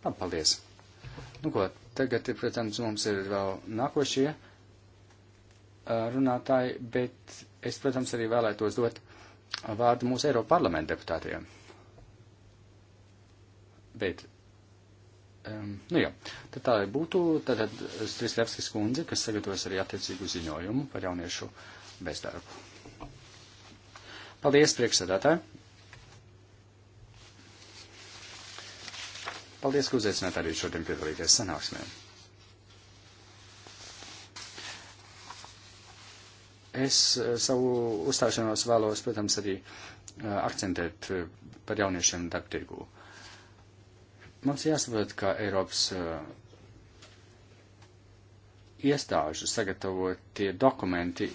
Labi, nu, paldies. Nu, ko, tagad, protams, mums ir vēl nākošie runātāji, bet es, protams, arī vēlētos dot vārdu mūsu Eiropa parlamenta deputātiem. Bet, um, nu jā, tad tā būtu, tad Strislevskis kundze, kas sagatavos arī attiecīgu ziņojumu par jauniešu bezdarbu. Paldies, priekšsēdētāji! Paldies, ka uzaicināt arī šodien piedalīties sanāksmē. Es eh, savu uzstāšanos vēlos, protams, arī eh, akcentēt eh, par jauniešiem darbtirgū. Mums jāsaprot, ka Eiropas iestāžu sagatavotie dokumenti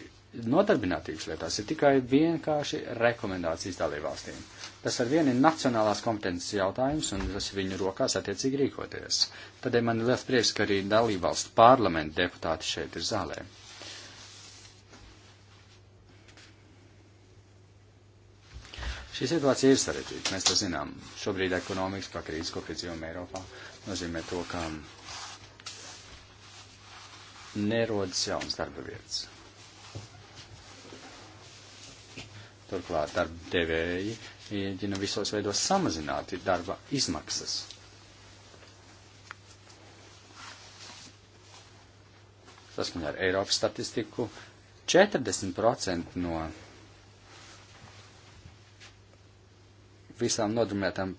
nodarbinātības lietās ir tikai vienkārši rekomendācijas dalībvalstīm. Tas ar vienu ir nacionālās kompetences jautājums, un tas ir viņu rokās attiecīgi rīkoties. Tādēļ man ir liels prieks, ka arī dalībvalstu parlamenta deputāti šeit ir zālē. Šī situācija ir sarežģīta, mēs to zinām. Šobrīd ekonomiskā krīze, ko piedzīvojam Eiropā, nozīmē to, ka nerodas jaunas darba vietas. Turklāt darba devēji mēģina visos veidos samazināt darba izmaksas. Saskaņā ar Eiropas statistiku 40% no visām nodarbinātām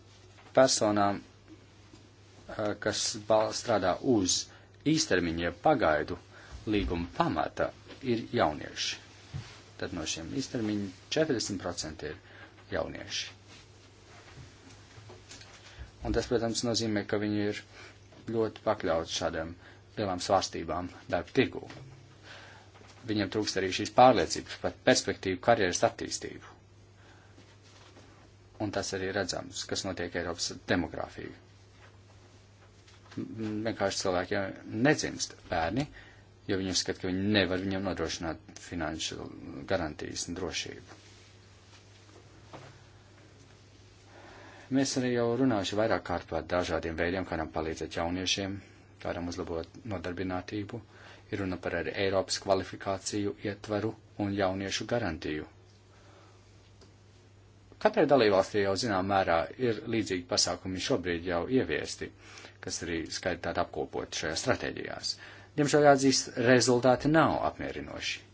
personām, eh, kas strādā uz īstermiņa pagaidu līguma pamata, ir jaunieši. Tad no šiem īstermiņa 40% ir jaunieši. Un tas, protams, nozīmē, ka viņi ir ļoti pakļauts šādām lielām svārstībām darba tirgū. Viņiem trūkst arī šīs pārliecības par perspektīvu karjeras attīstību. Un tas arī redzams, kas notiek Eiropas demogrāfiju. Vienkārši cilvēkiem nedzimst bērni, jo viņi uzskata, ka viņi nevar viņam nodrošināt finanšu garantijas un drošību. Mēs arī jau runājuši vairāk kārt par dažādiem veidiem, kādam palīdzēt jauniešiem, kādam uzlabot nodarbinātību. Ir runa par arī Eiropas kvalifikāciju, ietvaru un jauniešu garantiju. Katrai dalībvalstī jau zinām mērā ir līdzīgi pasākumi šobrīd jau ieviesti, kas arī skaidri tādi apkopot šajā stratēģijās. Diemžēl jāatzīst, rezultāti nav apmierinoši.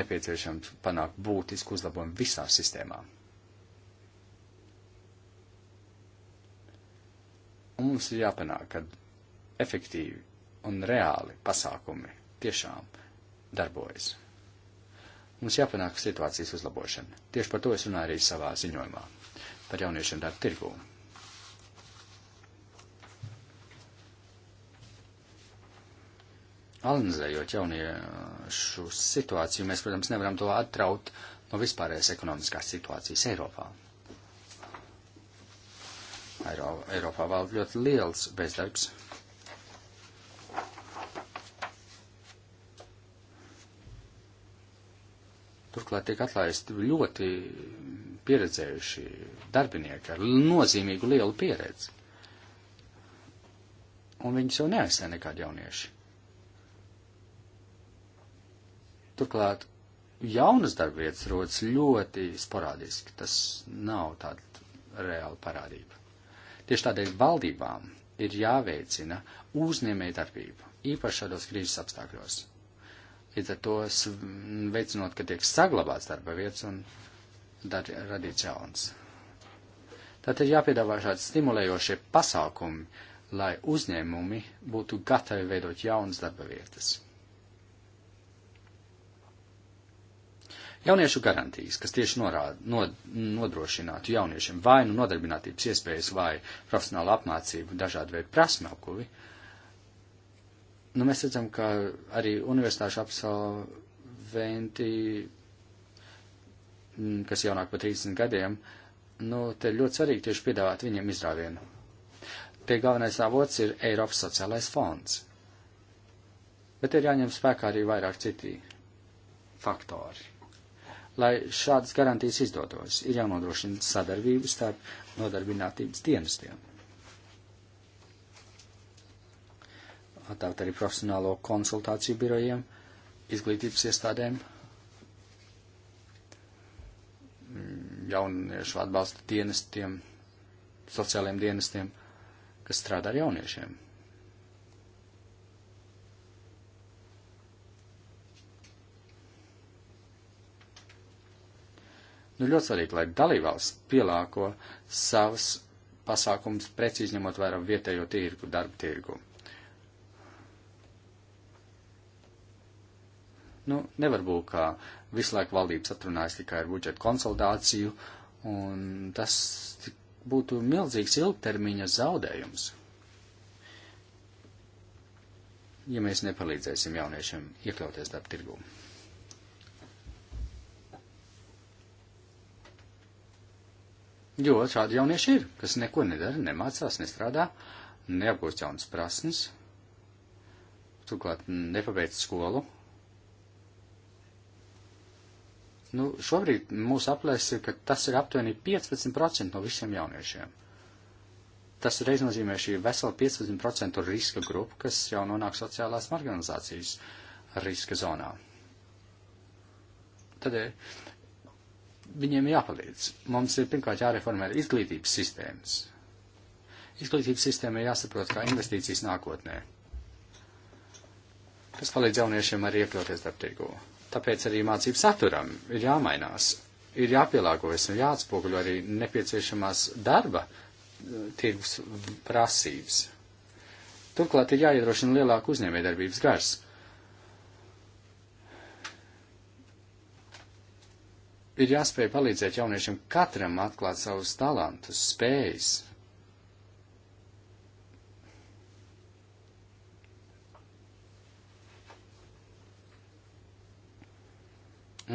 Nepieciešams panākt būtisku uzlabojumu visā sistēmā. mums ir jāpanāk, ka efektīvi un reāli pasākumi tiešām darbojas. Mums jāpanāk situācijas uzlabošana. Tieši par to es runāju arī savā ziņojumā par jauniešiem darba tirgū. Analizējot jauniešu situāciju, mēs, protams, nevaram to atraut no vispārējās ekonomiskās situācijas Eiropā. Eiro, Eiropā valda ļoti liels bezdarbs. Turklāt tiek atlaisti ļoti pieredzējuši darbinieki ar nozīmīgu lielu pieredzi. Un viņus jau neaizsē nekādi jaunieši. Turklāt jaunas darbvietas rodas ļoti sporādiski. Tas nav tāda reāla parādība. Tieši tādēļ valdībām ir jāveicina uzņēmēja darbība, īpaši šādos krīzes apstākļos. Līdz ar to veicinot, ka tiek saglabāts darba vietas un dar, radīts jauns. Tātad jāpiedāvā šādi stimulējošie pasākumi, lai uzņēmumi būtu gatavi veidot jaunas darba vietas. Jauniešu garantijas, kas tieši norāda, nod, nodrošinātu jauniešiem vai nu nodarbinātības iespējas vai profesionālu apmācību dažādu veidu prasme apkuvi, nu, mēs redzam, ka arī universitāšu absolventi, mm, kas jaunāk par 30 gadiem, nu, te ir ļoti svarīgi tieši piedāvāt viņiem izrāvienu. Te galvenais avots ir Eiropas sociālais fonds. Bet ir jāņem spēkā arī vairāk citi faktori. Lai šādas garantijas izdotos, ir jānodrošina sadarbības starp nodarbinātības dienestiem. Tāpat arī profesionālo konsultāciju birojiem, izglītības iestādēm, mm, jauniešu atbalsta dienestiem, sociālajiem dienestiem, kas strādā ar jauniešiem. Nu, ļoti svarīgi, lai dalībvalsts pielāko savus pasākumus precīzi ņemot vērā vietējo tirgu, darba tirgu. Nu, nevar būt, ka visu laiku valdības atrunājas tikai ar budžetu konsolidāciju, un tas būtu milzīgs ilgtermiņa zaudējums. Ja mēs nepalīdzēsim jauniešiem iekļauties darba tirgū. Jo šādi jaunieši ir, kas neko nedara, nemācās, nestrādā, neapgūst jaunas prasmes, turklāt nepabeidz skolu. Nu, šobrīd mūsu aplēs ir, ka tas ir aptuveni 15% no visiem jauniešiem. Tas reiz nozīmē šī vesela 15% riska grupa, kas jau nonāk sociālās marginalizācijas riska zonā. Tādēļ eh, viņiem jāpalīdz. Mums ir pirmkārt jāreformē izglītības sistēmas. Izglītības sistēma ir jāsaprot kā investīcijas nākotnē. Tas palīdz jauniešiem arī iekļauties darbtirgū. Tāpēc arī mācību saturam ir jāmainās, ir jāpielāgojas un jāatspoguļo arī nepieciešamās darba eh, tirgus prasības. Turklāt ir jāiedrošina lielāka uzņēmējdarbības gars. ir jāspēj palīdzēt jauniešiem katram atklāt savus talantus, spējas.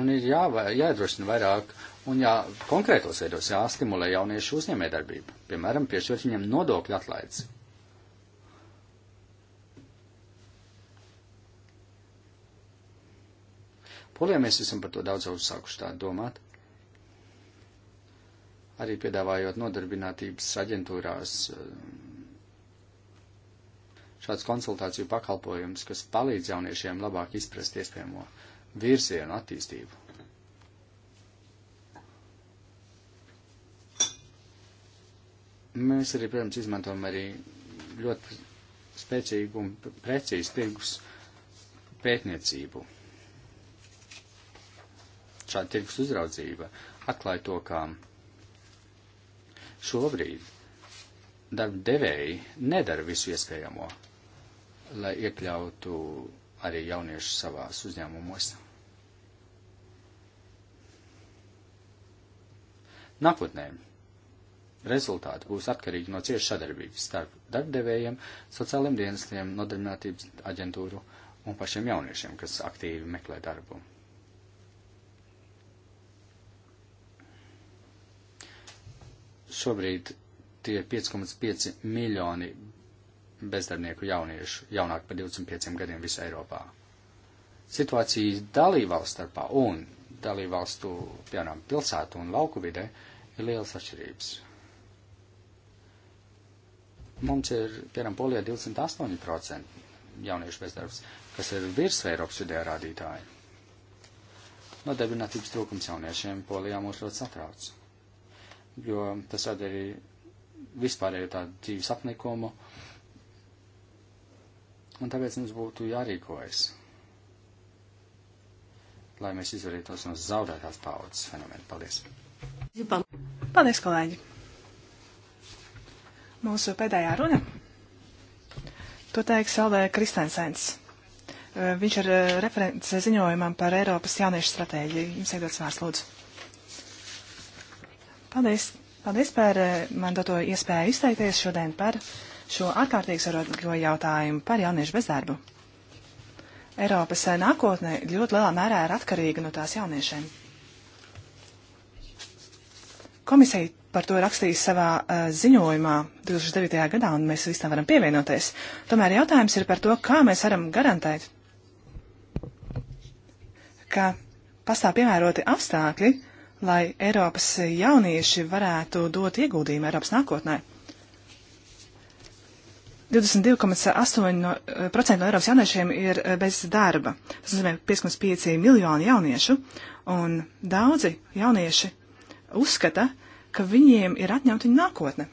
Un ir jā, jāiedrošina vairāk un jā, konkrētos veidos jāstimulē jauniešu uzņēmējdarbība, piemēram, piešķirt viņam nodokļu atlaides. Polijā mēs esam par to daudz jau sākuši tā domāt. Arī piedāvājot nodarbinātības aģentūrās eh, šāds konsultāciju pakalpojums, kas palīdz jauniešiem labāk izprast iespējamo virzienu attīstību. Mēs arī, protams, izmantojam arī ļoti spēcīgu un precīzu tirgus pētniecību šāda tirgus uzraudzība atklāja to, ka šobrīd darba devēji nedara visu iespējamo, lai iekļautu arī jauniešus savās uzņēmumos. Nākotnē rezultāti būs atkarīgi no ciešas sadarbības starp darbdevējiem, sociāliem dienestiem, nodarbinātības aģentūru un pašiem jauniešiem, kas aktīvi meklē darbu. šobrīd tie ir 5,5 miljoni bezdarbnieku jauniešu, jaunāk par 25 gadiem visā Eiropā. Situācija dalībvalsts starpā un dalībvalstu, piemēram, pilsētu un lauku vidē ir liels atšķirības. Mums ir, piemēram, Polijā 28% jauniešu bezdarbs, kas ir virs Eiropas vidējā rādītāja. Nodarbinātības trūkums jauniešiem Polijā mūs ļoti satrauc jo tas rada arī vispārēju tādu dzīves apnikumu, un tāpēc mums būtu jārīkojas, lai mēs izvarītos no zaudētās paudzes fenomena. Paldies! Paldies, kolēģi! Mūsu pēdējā runa. To teiks Alvē Kristensens. Viņš ir referents ziņojumam par Eiropas jauniešu stratēģiju. Jums iedod svārs, lūdzu. Paldies! Paldies par eh, man doto iespēju izteikties šodien par šo ārkārtīgi saroto jautājumu par jauniešu bezdarbu. Eiropas eh, nākotne ļoti lielā mērā ir atkarīga no tās jauniešiem. Komisija par to rakstīja savā uh, ziņojumā 2009. gadā, un mēs visam varam pievienoties. Tomēr jautājums ir par to, kā mēs varam garantēt, ka pastāv piemēroti apstākļi, lai Eiropas jaunieši varētu dot ieguldījumu Eiropas nākotnē. 22,8% no, eh, no Eiropas jauniešiem ir eh, bez darba. Tas nozīmē 5,5 miljonu jauniešu, un daudzi jaunieši uzskata, ka viņiem ir atņemta viņa nākotne.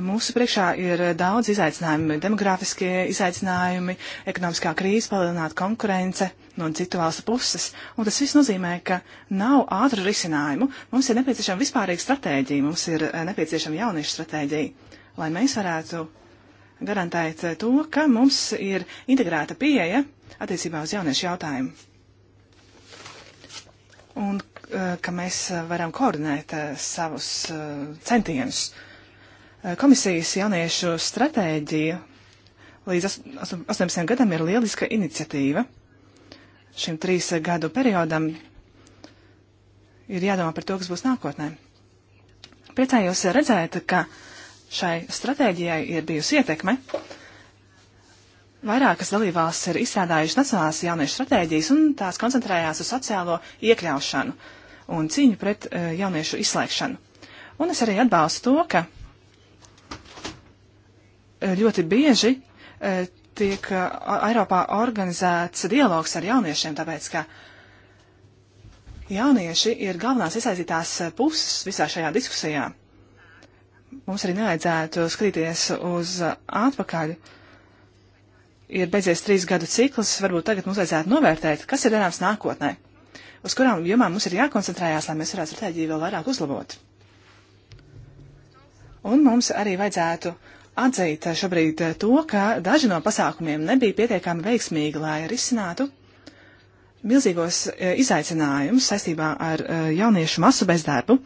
Mūsu priekšā ir daudz izaicinājumu, demografiskie izaicinājumi, ekonomiskā krīze, palielināta konkurence no citu valstu puses, un tas viss nozīmē, ka nav ātru risinājumu. Mums ir nepieciešama vispārīga stratēģija, mums ir eh, nepieciešama jauniešu stratēģija, lai mēs varētu garantēt eh, to, ka mums ir integrēta pieeja attiecībā uz jauniešu jautājumu. Un eh, ka mēs varam koordinēt savus centienus. Uh, Eh, komisijas jauniešu stratēģija līdz 18 gadam ir lieliska iniciatīva. Šim trīs gadu periodam ir jādomā par to, kas būs nākotnē. Priecājos redzēt, ka šai stratēģijai ir bijusi ietekme. Vairākas dalībvalstis ir izstrādājušas nacionālās jauniešu stratēģijas, un tās koncentrējās uz sociālo iekļaušanu un cīņu pret uh, jauniešu izslēgšanu. Un es arī atbalstu to, ka ļoti bieži e, tiek e, Eiropā organizēts dialogs ar jauniešiem, tāpēc ka jaunieši ir galvenās iesaistītās puses visā šajā diskusijā. Mums arī nevajadzētu skatīties uz atpakaļ. Ir beidzies trīs gadu cikls, varbūt tagad mums vajadzētu novērtēt, kas ir darāms nākotnē, uz kurām jomām mums ir jākoncentrējās, lai mēs varētu stratēģiju vēl vairāk uzlabot. Un mums arī vajadzētu uh, atzīt šobrīd eh, to, ka daži no pasākumiem nebija pietiekami veiksmīgi, lai risinātu milzīgos eh, izaicinājumus saistībā ar eh, jauniešu masu bezdarbu.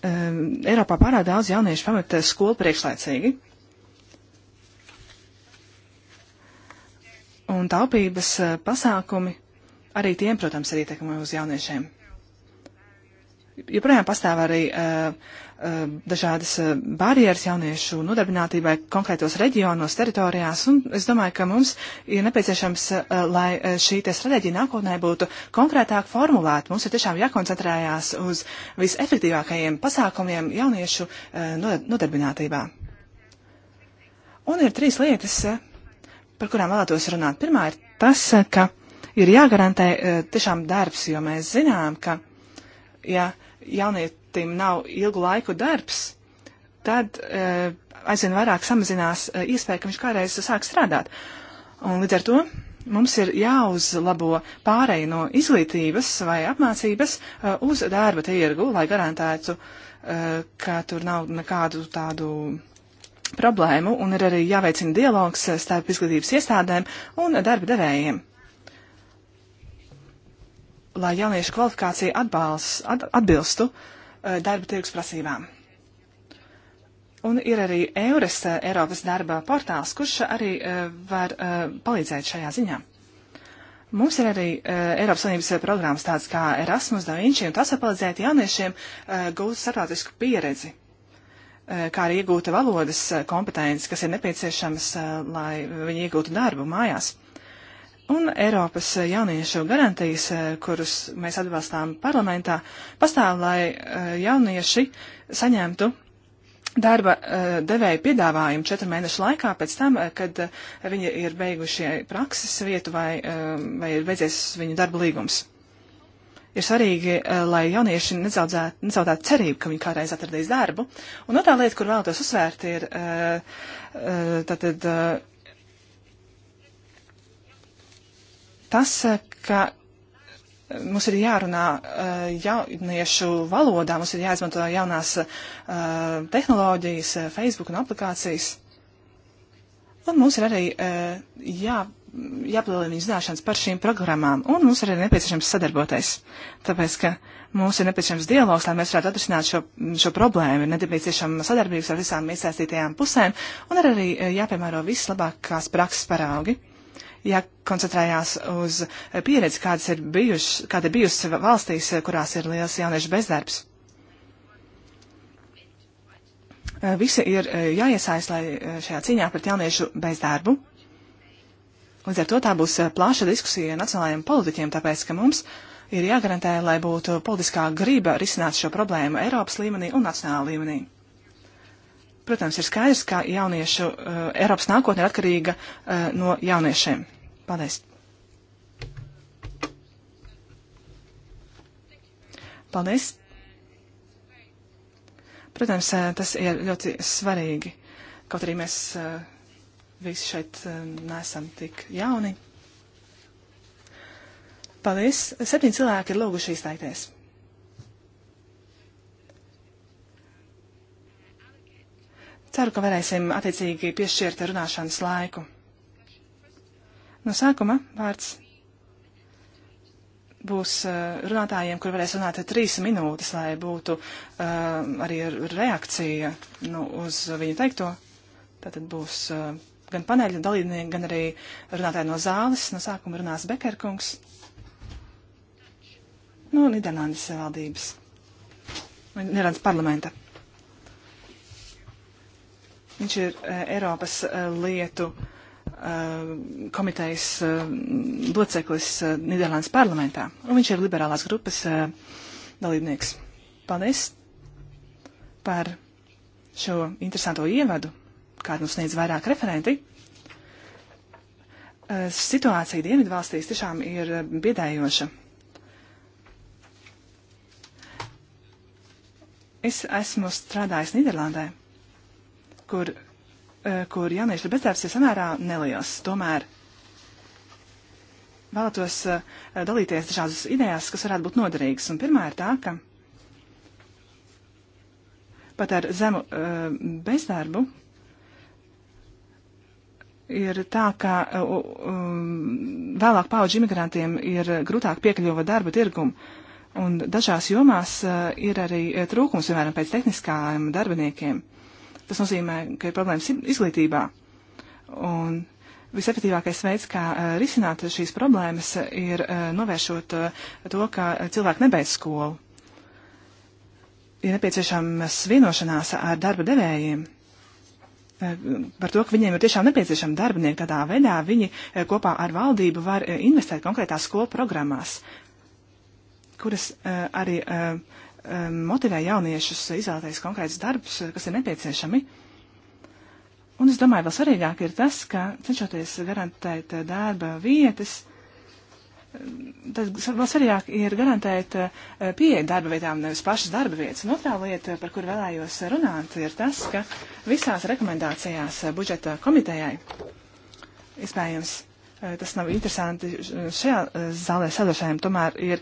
Eiropā pārāk daudz jauniešu pameta skolu priekšlaicīgi. Un taupības pasākumi arī tiem, protams, ir ietekmi uz jauniešiem. Joprojām pastāv arī uh, Eh, dažādas eh, barjeras jauniešu nodarbinātībai konkrētos reģionos, teritorijās, un es domāju, ka mums ir nepieciešams, eh, lai šī stratēģija nākotnē būtu konkrētāk formulēta. Mums ir tiešām jākoncentrējās uz visefektīvākajiem pasākumiem jauniešu nodarbinātībā. Un ir trīs lietas, par kurām vēlētos runāt. Pirmā ir tas, ka ir jāgarantē tiešām darbs, jo mēs zinām, ka, ja jaunie budžetim nav ilgu laiku darbs, tad e, aizvien vairāk samazinās e, iespēja, ka viņš kādreiz sāk strādāt. Un līdz ar to mums ir jāuzlabo pārēj no izglītības vai apmācības e, uz darba tirgu, lai garantētu, e, ka tur nav nekādu tādu problēmu, un ir arī jāveicina dialogs e, starp izglītības iestādēm un darba devējiem. Lai jauniešu kvalifikācija atbalsts, at, atbilstu uh, Eh, darba tirgus prasībām. Un ir arī Eures eh, Eiropas darba portāls, kurš arī eh, var palīdzēt šajā ziņā. Mums ir arī Eiropas Savienības programmas tādas kā Erasmus, Da Vinci, un tas var palīdzēt jauniešiem gūt starptautisku pieredzi, kā arī iegūta valodas kompetences, kas ir nepieciešamas, lai viņi iegūtu darbu mājās un Eiropas jauniešu garantijas, eh, kurus mēs atbalstām parlamentā, pastāv, lai eh, jaunieši saņemtu darba eh, devēja piedāvājumu četru mēnešu laikā pēc tam, kad viņi ir beigušie prakses vietu vai, vai ir beidzies viņu darba līgums. Ir svarīgi, lai jaunieši nezaudētu cerību, ka viņi kādreiz atradīs darbu. Un otrā lieta, kur vēlētos uzsvērt, ir tātad tas, ka mums ir jārunā eh, jauniešu valodā, mums ir jāizmanto jaunās eh, tehnoloģijas, eh, Facebook un aplikācijas. Un mums ir arī jā, jāpalielina viņu zināšanas par šīm programmām, un mums arī ir nepieciešams sadarboties, tāpēc, ka mums ir nepieciešams dialogs, lai mēs varētu atrisināt šo, šo problēmu, ir nepieciešama sadarbības ar visām iesaistītajām pusēm, un arī jāpiemēro viss labākās prakses paraugi jākoncentrējās uz pieredzi, kādas ir bijušas, kāda ir bijusi valstīs, kurās ir liels jauniešu bezdarbs. Visi ir eh, jāiesaist, lai eh, šajā cīņā pret jauniešu bezdarbu. Līdz ar to tā būs eh, plaša diskusija nacionālajiem politiķiem, tāpēc, ka mums ir jāgarantē, lai būtu politiskā grība risināt šo problēmu Eiropas līmenī un nacionālā līmenī. Protams, ir skaidrs, ka jauniešu uh, Eiropas nākotne ir atkarīga uh, no jauniešiem. Paldies! Paldies! Protams, uh, tas ir ļoti svarīgi, kaut arī mēs uh, visi šeit uh, nesam tik jauni. Paldies! Septiņi cilvēki ir lūguši izteikties. Ceru, ka varēsim attiecīgi piešķirt runāšanas laiku. No sākuma vārds būs uh, runātājiem, kur varēs runāt trīs minūtes, lai būtu uh, arī reakcija nu, uz viņu teikto. Tātad būs uh, gan paneļa dalībnieki, gan arī runātāji no zāles. No sākuma runās Bekerkungs no nu, Nīderlandes valdības, Nīderlandes parlamenta. Viņš ir eh, Eiropas eh, lietu eh, komitejas loceklis Nīderlandes parlamentā, un viņš ir liberālās grupas dalībnieks. Paldies par šo interesanto ievadu, kādu mums sniedz vairāk referenti. Situācija Dienvidvalstīs tiešām ir biedējoša. Es esmu strādājis Nīderlandē kur, eh, kur jauniešu bezdarbs ir samērā neliels. Tomēr vēlētos eh, dalīties dažādas idejas, kas varētu būt noderīgas. Un pirmā ir tā, ka pat ar zemu eh, bezdarbu ir tā, ka um, vēlāk pauģu imigrantiem ir grūtāk piekļuva darba tirgumu. Un dažās jomās uh, ir arī trūkums, piemēram, pēc tehniskām darbiniekiem. Tas nozīmē, ka ir problēmas izglītībā. Un visefektīvākais veids, kā uh, risināt šīs problēmas, ir uh, novēršot uh, to, ka cilvēki nebeidz skolu. Ir nepieciešamas vienošanās ar darba devējiem par to, ka viņiem ir tiešām nepieciešama darbinieki tādā veidā, viņi kopā ar valdību var investēt konkrētās skolu programmās, kuras arī Um, motivē jauniešus izvēlēties konkrētus darbus, kas ir nepieciešami. Un es domāju, vēl svarīgāk ir tas, ka cenšoties garantēt uh, darba vietas, um, tad vēl svarīgāk ir garantēt uh, pieeja darba vietām, nevis pašas darba vietas. Un otrā lieta, par kur vēlējos runāt, ir tas, ka visās rekomendācijās uh, budžeta komitejai, iespējams, tas nav interesanti šajā zālē sadošajiem, tomēr ir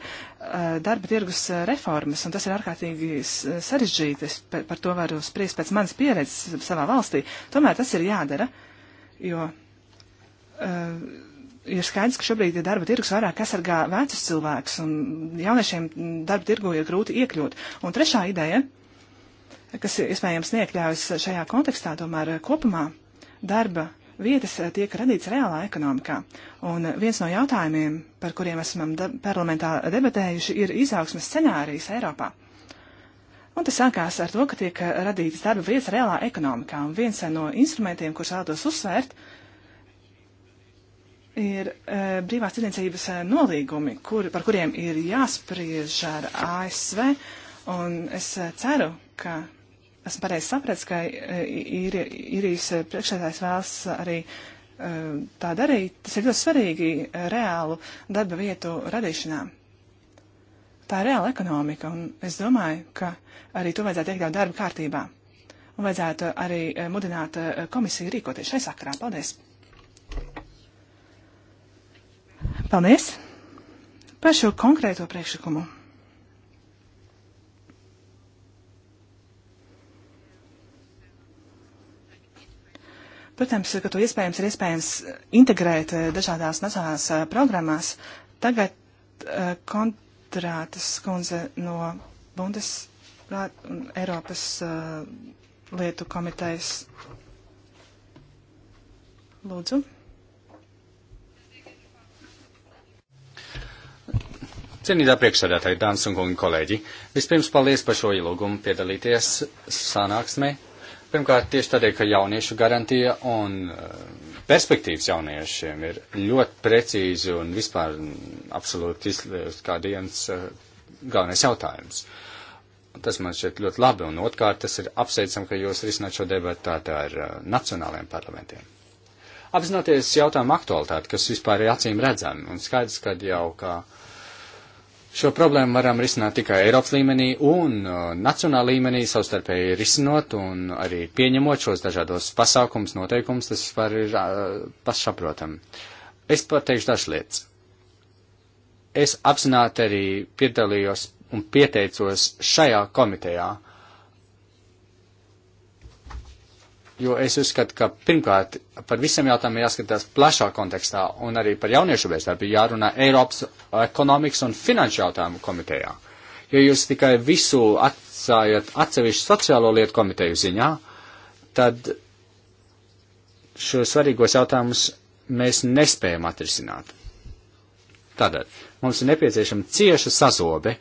darba tirgus reformas, un tas ir ārkārtīgi sarežģīti. Es par to varu spriest pēc manas pieredzes savā valstī. Tomēr tas ir jādara, jo ir skaidrs, ka šobrīd darba tirgus vairāk aizsargā vecus cilvēkus, un jauniešiem darba tirgu ir grūti iekļūt. Un trešā ideja, kas iespējams niekļaujas šajā kontekstā, tomēr kopumā darba vietas eh, tiek radīts reālā ekonomikā. Un eh, viens no jautājumiem, par kuriem esam de parlamentā debatējuši, ir izaugsmes scenārijs Eiropā. Un tas sākās ar to, ka tiek eh, radītas darba vietas reālā ekonomikā. Un viens no instrumentiem, kurus vēlētos uzsvērt, ir e, brīvās tirdzniecības nolīgumi, kur, par kuriem ir jāspriež ar ASV. Un es ceru, ka esmu pareizi sapratis, ka īrijas e, priekšsēdājs vēlas arī e, tā darīt. Tas ir ļoti svarīgi e, reālu darba vietu radīšanā. Tā ir reāla ekonomika, un es domāju, ka arī to vajadzētu iekļaut darba kārtībā. Un vajadzētu arī mudināt komisiju rīkoties šai sakarā. Paldies! Paldies par šo konkrēto priekšlikumu! Protams, ka to iespējams ir iespējams eh, integrēt eh, dažādās nacionālās eh, programmās. Tagad kontrātas kundze no Bundesrāta un Eiropas lietu komitejas. Lūdzu. Cienītā priekšsēdētāja, dāmas un kungi kolēģi, vispirms paldies par šo ielūgumu piedalīties sanāksmē Pirmkārt, tieši tādēļ, ka jauniešu garantija un eh, perspektīvas jauniešiem ir ļoti precīzi un vispār absolūti izliet eh, kā dienas eh, galvenais jautājums. Tas man šķiet ļoti labi, un otrkārt, tas ir apsveicam, ka jūs risināt šo debatu tādā ar nacionālajiem parlamentiem. Apzinoties jautājumu aktualitāti, kas vispār ir acīm redzami, un skaidrs, ka jau kā. Ka Šo problēmu varam risināt tikai Eiropas līmenī un uh, nacionāla līmenī, savstarpēji risinot un arī pieņemot šos dažādos pasākums, noteikums, tas var ir uh, pašsaprotam. Es pateikšu dažas lietas. Es apzināti arī piedalījos un pieteicos šajā komitejā, jo es uzskatu, ka pirmkārt par visiem jautājumiem jāskatās plašā kontekstā un arī par jauniešu bezdarbību jārunā Eiropas ekonomikas un finanšu jautājumu komitejā. Ja jūs tikai visu atstājat atsevišķu sociālo lietu komiteju ziņā, tad šos svarīgos jautājumus mēs nespējam atrisināt. Tādēļ mums ir nepieciešama cieša sazobe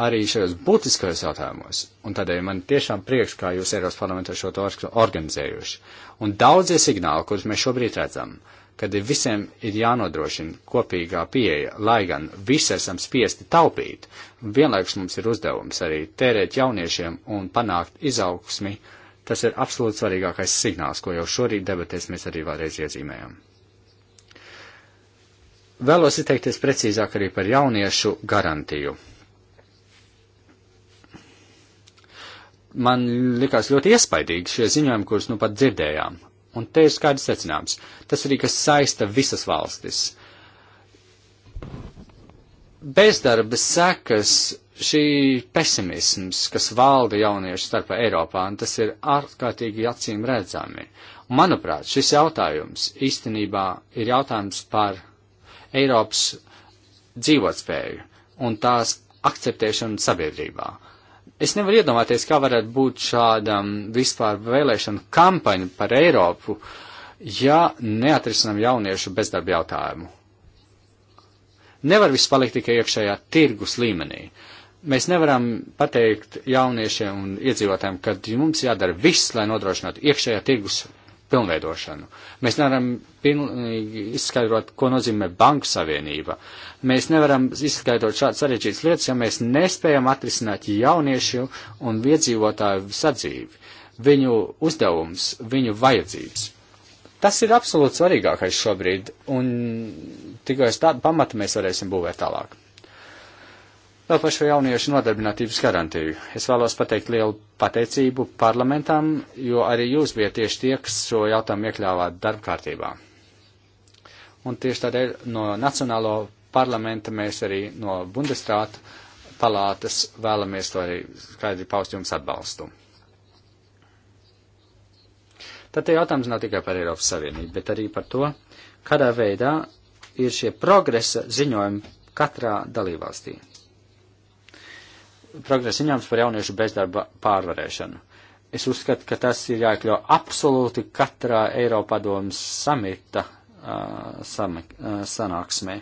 arī šajos būtiskajos jautājumos. Un tādēļ man tiešām prieks, kā jūs Eiropas parlamentā šo to organizējuši. Un daudzie signāli, kurus mēs šobrīd redzam, kad visiem ir jānodrošina kopīgā pieeja, lai gan visi esam spiesti taupīt, vienlaikus mums ir uzdevums arī tērēt jauniešiem un panākt izaugsmi, tas ir absolūti svarīgākais signāls, ko jau šorīt debatēs mēs arī vēlreiz iezīmējam. Vēlos izteikties precīzāk arī par jauniešu garantiju. man likās ļoti iespaidīgi šie ziņojumi, kurus nu pat dzirdējām. Un te ir skaidrs secinājums. Tas arī, kas saista visas valstis. Bezdarba sekas, šī pesimisms, kas valda jauniešu starpā Eiropā, un tas ir ārkārtīgi acīm redzami. Un, manuprāt, šis jautājums īstenībā ir jautājums par Eiropas dzīvotspēju un tās akceptēšanu sabiedrībā. Uh, Es nevaru iedomāties, kā varētu būt šādam vispār vēlēšanu kampaņu par Eiropu, ja neatrisinam jauniešu bezdarba jautājumu. Nevar viss palikt tikai iekšējā tirgus līmenī. Mēs nevaram pateikt jauniešiem un iedzīvotājiem, ka mums jādara viss, lai nodrošinātu iekšējā tirgus pilnveidošanu. Mēs nevaram pilnīgi izskaidrot, ko nozīmē banku savienība. Mēs nevaram izskaidrot šādas sarežģītas lietas, ja mēs nespējam atrisināt jauniešu un iedzīvotāju sadzīvi, viņu uzdevums, viņu vajadzības. Tas ir absolūti svarīgākais šobrīd, un tikai uz tādu pamatu mēs varēsim būvēt tālāk. Vēl par šo jauniešu nodarbinātības garantiju. Es vēlos pateikt lielu pateicību parlamentam, jo arī jūs bijat tieši tie, kas šo jautājumu iekļāvāt darbkārtībā. Un tieši tādēļ no Nacionālo parlamenta mēs arī no Bundestrāta palātas vēlamies to arī skaidri paust jums atbalstu. Tad te jautājums nav tikai par Eiropas Savienību, bet arī par to, kādā veidā ir šie progresa ziņojumi katrā dalībvalstī progresa ziņojums par jauniešu bezdarba pārvarēšanu. Es uzskatu, ka tas ir jāiekļau absolūti katrā Eiropadomas samita uh, sami, uh, sanāksmē.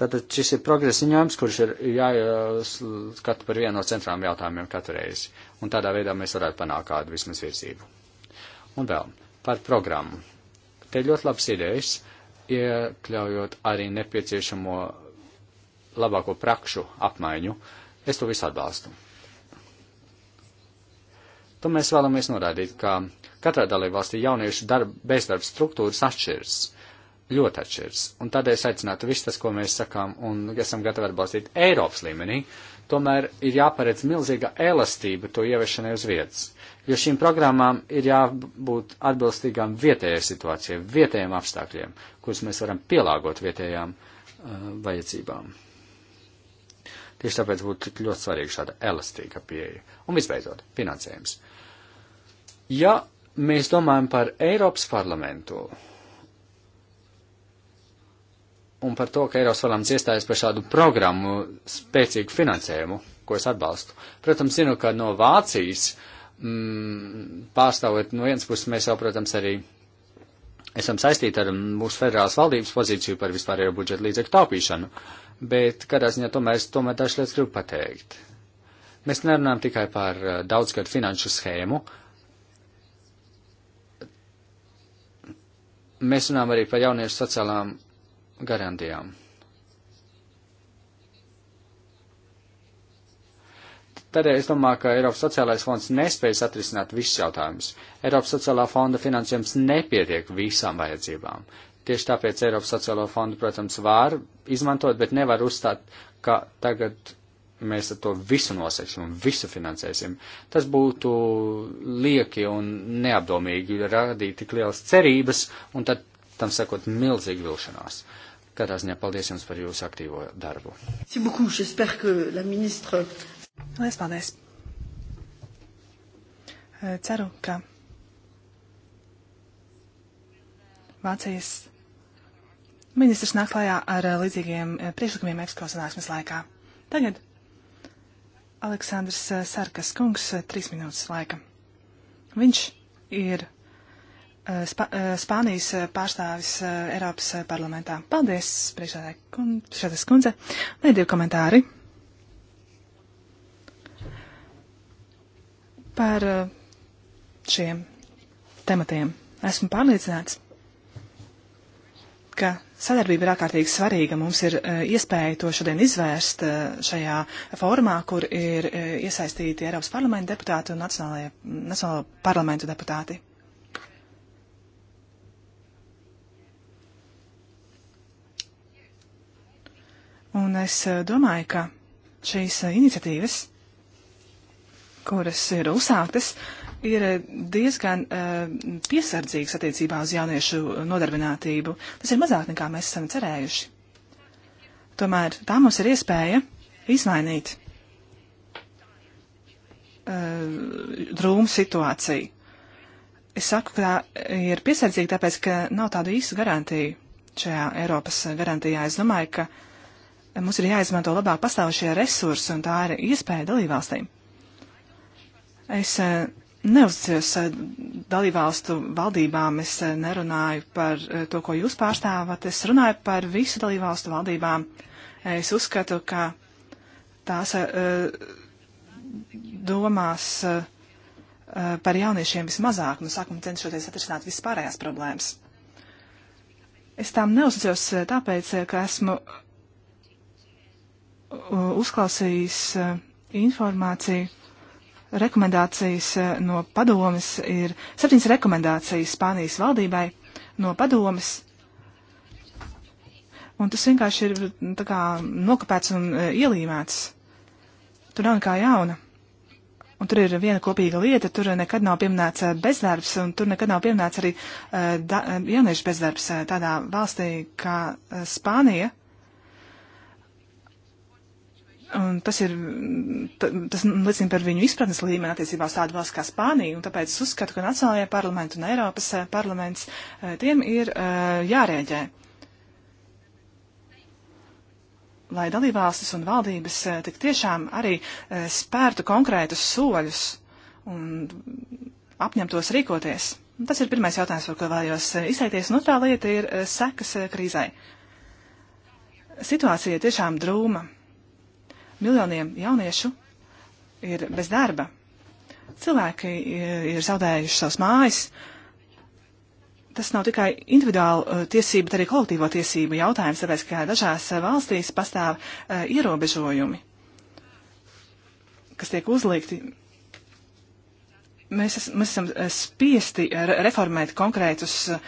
Tātad šis ir progresa ziņojums, kurš ir jāskata par vienu no centrām jautājumiem katru reizi. Un tādā veidā mēs varētu panākt kādu vismaz virzību. Un vēl par programmu. Te ir ļoti labs idejas, iekļaujot arī nepieciešamo labāko prakšu apmaiņu. Uh, Es to visu atbalstu. To mēs vēlamies norādīt, ka katrā dalībvalstī jauniešu darba, bezdarbs struktūras atšķiras, ļoti atšķiras. Un tādēļ es aicinātu viss tas, ko mēs sakām un esam gatavi atbalstīt Eiropas līmenī, tomēr ir jāparedz milzīga elastība to ieviešanai uz vietas, jo šīm programmām ir jābūt atbilstīgām vietējai situācijai, vietējiem apstākļiem, kurus mēs varam pielāgot vietējām uh, vajadzībām. Tieši tāpēc būtu ļoti svarīga šāda elastīga pieeja. Un visbeidzot, finansējums. Ja mēs domājam par Eiropas parlamentu un par to, ka Eiropas parlaments iestājas par šādu programmu spēcīgu finansējumu, ko es atbalstu. Protams, zinu, ka no Vācijas mm, pārstāvot no vienas puses mēs jau, protams, arī esam saistīti ar mūsu federālās valdības pozīciju par vispārējo budžeta līdzekļu taupīšanu. Uh, bet kādā ziņā tomēr es tomēr dažas lietas gribu pateikt. Mēs nerunājam tikai par eh, daudzgadu finanšu schēmu. Mēs runājam arī par jauniešu sociālām garantijām. Tādēļ es domāju, ka Eiropas sociālais fonds nespējas atrisināt visus jautājumus. Eiropas sociālā fonda finansējums nepietiek visām vajadzībām. Tieši tāpēc Eiropas sociālo fondu, protams, var izmantot, bet nevar uzstāt, ka tagad mēs ar to visu noseksim un visu finansēsim. Tas būtu lieki un neapdomīgi radīt tik lielas cerības un tad tam sakot milzīgi vilšanās. Katrā ziņā paldies jums par jūsu aktīvo darbu. Lielas paldies. Ceru, ka Vācijas Ministrs nāk klajā ar eh, līdzīgiem eh, priekšlikumiem EPSCO sanāksmes laikā. Tagad Aleksandrs eh, Sarkas kungs trīs minūtes laika. Viņš ir Sp Spānijas pārstāvis Eiropas parlamentā. Paldies, priekšsēdētājas kundze. Man ir divi komentāri. Par šiem tematiem. Esmu pārliecināts, ka Sadarbība ir ārkārtīgi svarīga. Mums ir eh, iespēja to šodien izvērst eh, šajā formā, kur ir eh, iesaistīti Eiropas parlamenta deputāti un Nacionālo parlamentu deputāti. Un es domāju, ka šīs iniciatīvas, kuras ir uzsāktas, ir eh, diezgan uh, piesardzīgs attiecībā uz jauniešu nodarbinātību. Tas ir mazāk nekā mēs esam cerējuši. Tomēr tā mums ir iespēja izmainīt uh, drūmu situāciju. Es saku, ka tā ir piesardzīga, tāpēc, ka nav tādu īstu garantiju šajā Eiropas garantijā. Es domāju, ka mums ir jāizmanto labāk pastāvošie resursi, un tā ir iespēja dalībvalstīm. Es uh, neuzticos eh, dalībvalstu valdībām, es eh, nerunāju par eh, to, ko jūs pārstāvat, es runāju par visu dalībvalstu valdībām. Es uzskatu, ka tās domās par jauniešiem vismazāk, nu sākumā cenšoties atrisināt vispārējās problēmas. Es tām neuzticos tāpēc, ka esmu uzklausījis informāciju rekomendācijas eh, no padomas ir septiņas rekomendācijas Spānijas valdībai no padomas. Un tas vienkārši ir mm, tā kā nokopēts un eh, ielīmēts. Tur nav nekā jauna. Un tur ir viena kopīga lieta, tur nekad nav pieminēts eh, bezdarbs, un tur nekad nav pieminēts arī da, jauniešu bezdarbs tādā valstī kā Spānija. Uh, Un tas ir, tas liecina par viņu izpratnes līmeni attiecībā uz tādu valsts kā Spānija, un tāpēc es uzskatu, ka Nacionālajie parlamenti un Eiropas eh, parlaments eh, tiem ir eh, jārēģē. Lai dalībvalstis un valdības tik tiešām arī spērtu konkrētus soļus un apņemtos rīkoties. Un tas ir pirmais jautājums, par ko vēlējos izteikties, un otrā lieta ir sekas krīzai. Situācija tiešām drūma miljoniem jauniešu ir bez darba. Cilvēki ir, e, ir zaudējuši savus mājas. Tas nav tikai individuāla e, tiesība, bet arī kolektīvo tiesību jautājums, tāpēc, ka dažās e, valstīs pastāv uh, ierobežojumi, kas tiek uzlikti mēs, es, mēs esam spiesti reformēt konkrētus uh,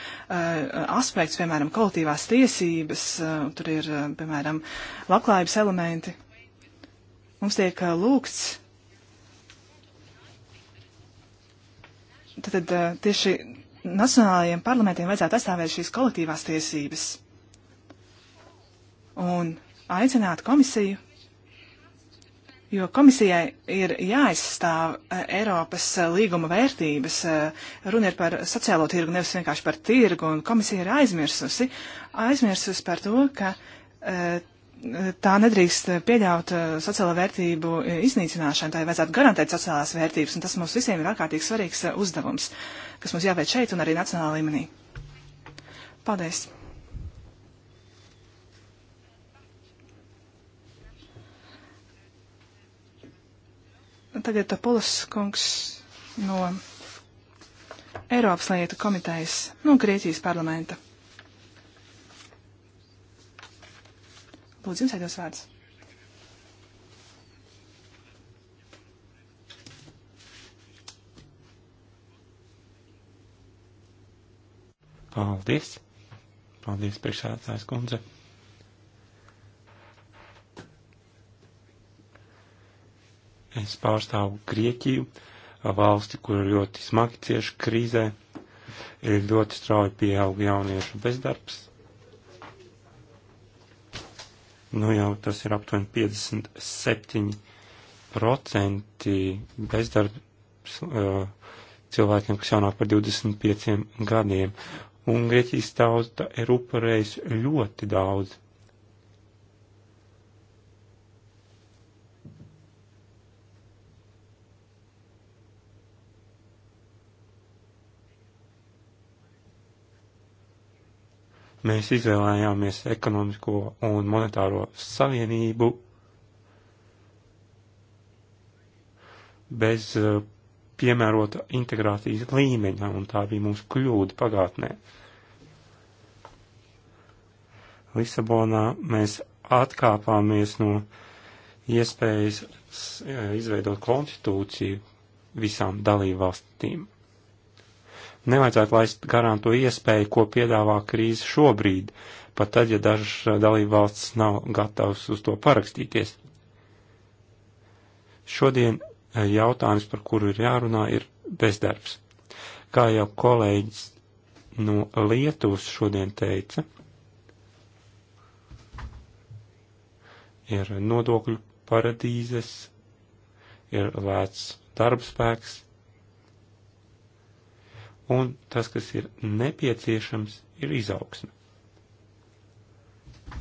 aspektus, piemēram, kolektīvās tiesības, uh, tur ir, piemēram, labklājības elementi. Mums tiek lūgts. Tad tieši nacionālajiem parlamentiem vajadzētu aizstāvēt šīs kolektīvās tiesības un aicināt komisiju, jo komisijai ir jāaizstāv Eiropas līguma vērtības. Runa ir par sociālo tirgu, nevis vienkārši par tirgu, un komisija ir aizmirsusi, aizmirsusi par to, ka tā nedrīkst pieļaut eh, sociālo vērtību eh, iznīcināšanu, tā ir vajadzētu garantēt sociālās vērtības, un tas mums visiem ir ārkārtīgi svarīgs eh, uzdevums, kas mums jāveic šeit un arī nacionālā līmenī. Paldies! Tagad Polis kungs no Eiropas lietu komitejas, no Grieķijas parlamenta. Lūdzu, jums aidos vārds. Paldies! Paldies, priekšsēdētājs kundze! Es pārstāvu Grieķiju, valsti, kur ļoti smagi cieši krīzē, ir ļoti strauji pieaug jauniešu bezdarbs, nu jau tas ir aptuveni 57% bezdarbs cilvēkiem, kas jaunāk par 25 gadiem. Un Grieķijas tauta ir upurējusi ļoti daudz Mēs izvēlējāmies ekonomisko un monetāro savienību bez eh, piemērota integrācijas līmeņa, un tā bija mūsu kļūda pagātnē. Lisabonā mēs atkāpāmies no iespējas eh, izveidot konstitūciju visām dalībvalstīm. Nevajadzētu laist garām to iespēju, ko piedāvā krīze šobrīd, pat tad, ja dažas uh, dalība valsts nav gatavas uz to parakstīties. Šodien uh, jautājums, par kuru ir jārunā, ir bezdarbs. Kā jau kolēģis no Lietuvas šodien teica, ir nodokļu paradīzes, ir lēts darbspēks, un tas, kas ir nepieciešams, ir izaugsme.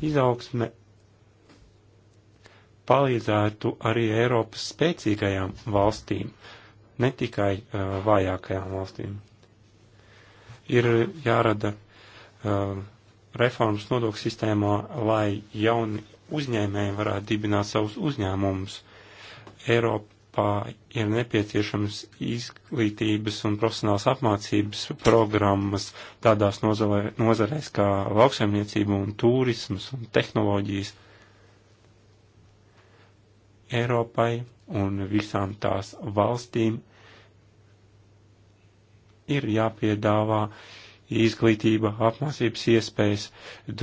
Izaugsme palīdzētu arī Eiropas spēcīgajām valstīm, ne tikai uh, vājākajām valstīm. Ir jārada uh, reformas nodokļu sistēmā, lai jauni uzņēmēji varētu dibināt savus uzņēmumus. Eiropa Eiropā ir nepieciešams izglītības un profesionāls apmācības programmas tādās nozarē, nozarēs kā lauksaimniecība un turismas un tehnoloģijas. Eiropai un visām tās valstīm ir jāpiedāvā izglītība, apmācības iespējas,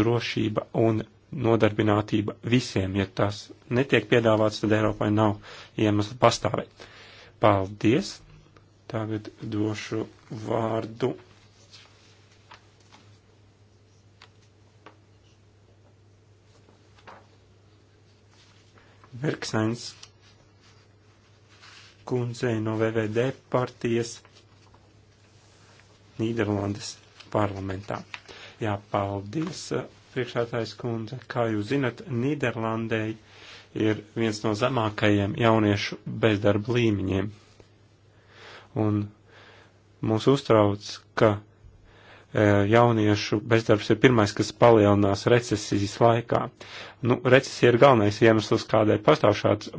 drošība un nodarbinātība visiem. Ja tas netiek piedāvāts, tad Eiropai nav iemesla pastāvēt. Paldies! Tagad došu vārdu. Verksains kundzei no VVD partijas Nīderlandes parlamentā. Jā, paldies priekšētājs kundze. Kā jūs zinat, Nīderlandē ir viens no zemākajiem jauniešu bezdarba līmeņiem. Un mūs uztrauc, ka e, jauniešu bezdarbs ir pirmais, kas palielinās recesijas laikā. Nu, recesija ir galvenais iemesls, kādēļ pastāv šāds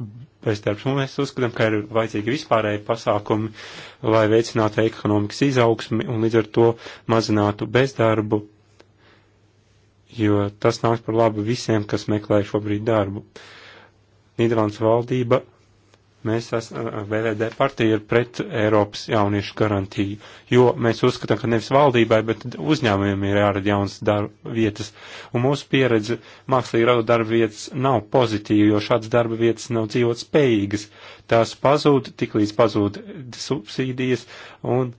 bezdarbs, un mēs uzskatām, ka ir vajadzīgi vispārēji pasākumi, lai veicinātu ekonomikas izaugsmi un līdz ar to mazinātu bezdarbu jo tas nāks par labu visiem, kas meklē šobrīd darbu. Nīderlandes valdība, mēs esam, VVD partija ir pret Eiropas jauniešu garantiju, jo mēs uzskatām, ka nevis valdībai, bet uzņēmumiem ir jārada jaunas darba vietas. Un mūsu pieredze mākslīgi raudu darba vietas nav pozitīva, jo šāds darba vietas nav dzīvot spējīgas. Tās pazūd, tik līdz pazūd subsīdijas, un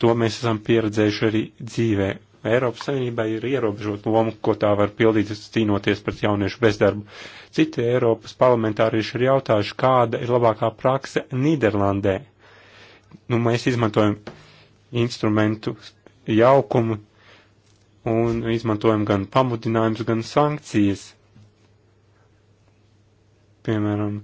to mēs esam pieredzējuši arī dzīvē Eiropas Savienībai ir ierobežot loma, ko tā var pildīt cīnoties pret jauniešu bezdarbu. Citi Eiropas parlamentārieši ir jautājuši, kāda ir labākā prakse Nīderlandē. Nu, mēs izmantojam instrumentu jaukumu un izmantojam gan pamudinājumus, gan sankcijas. Piemēram,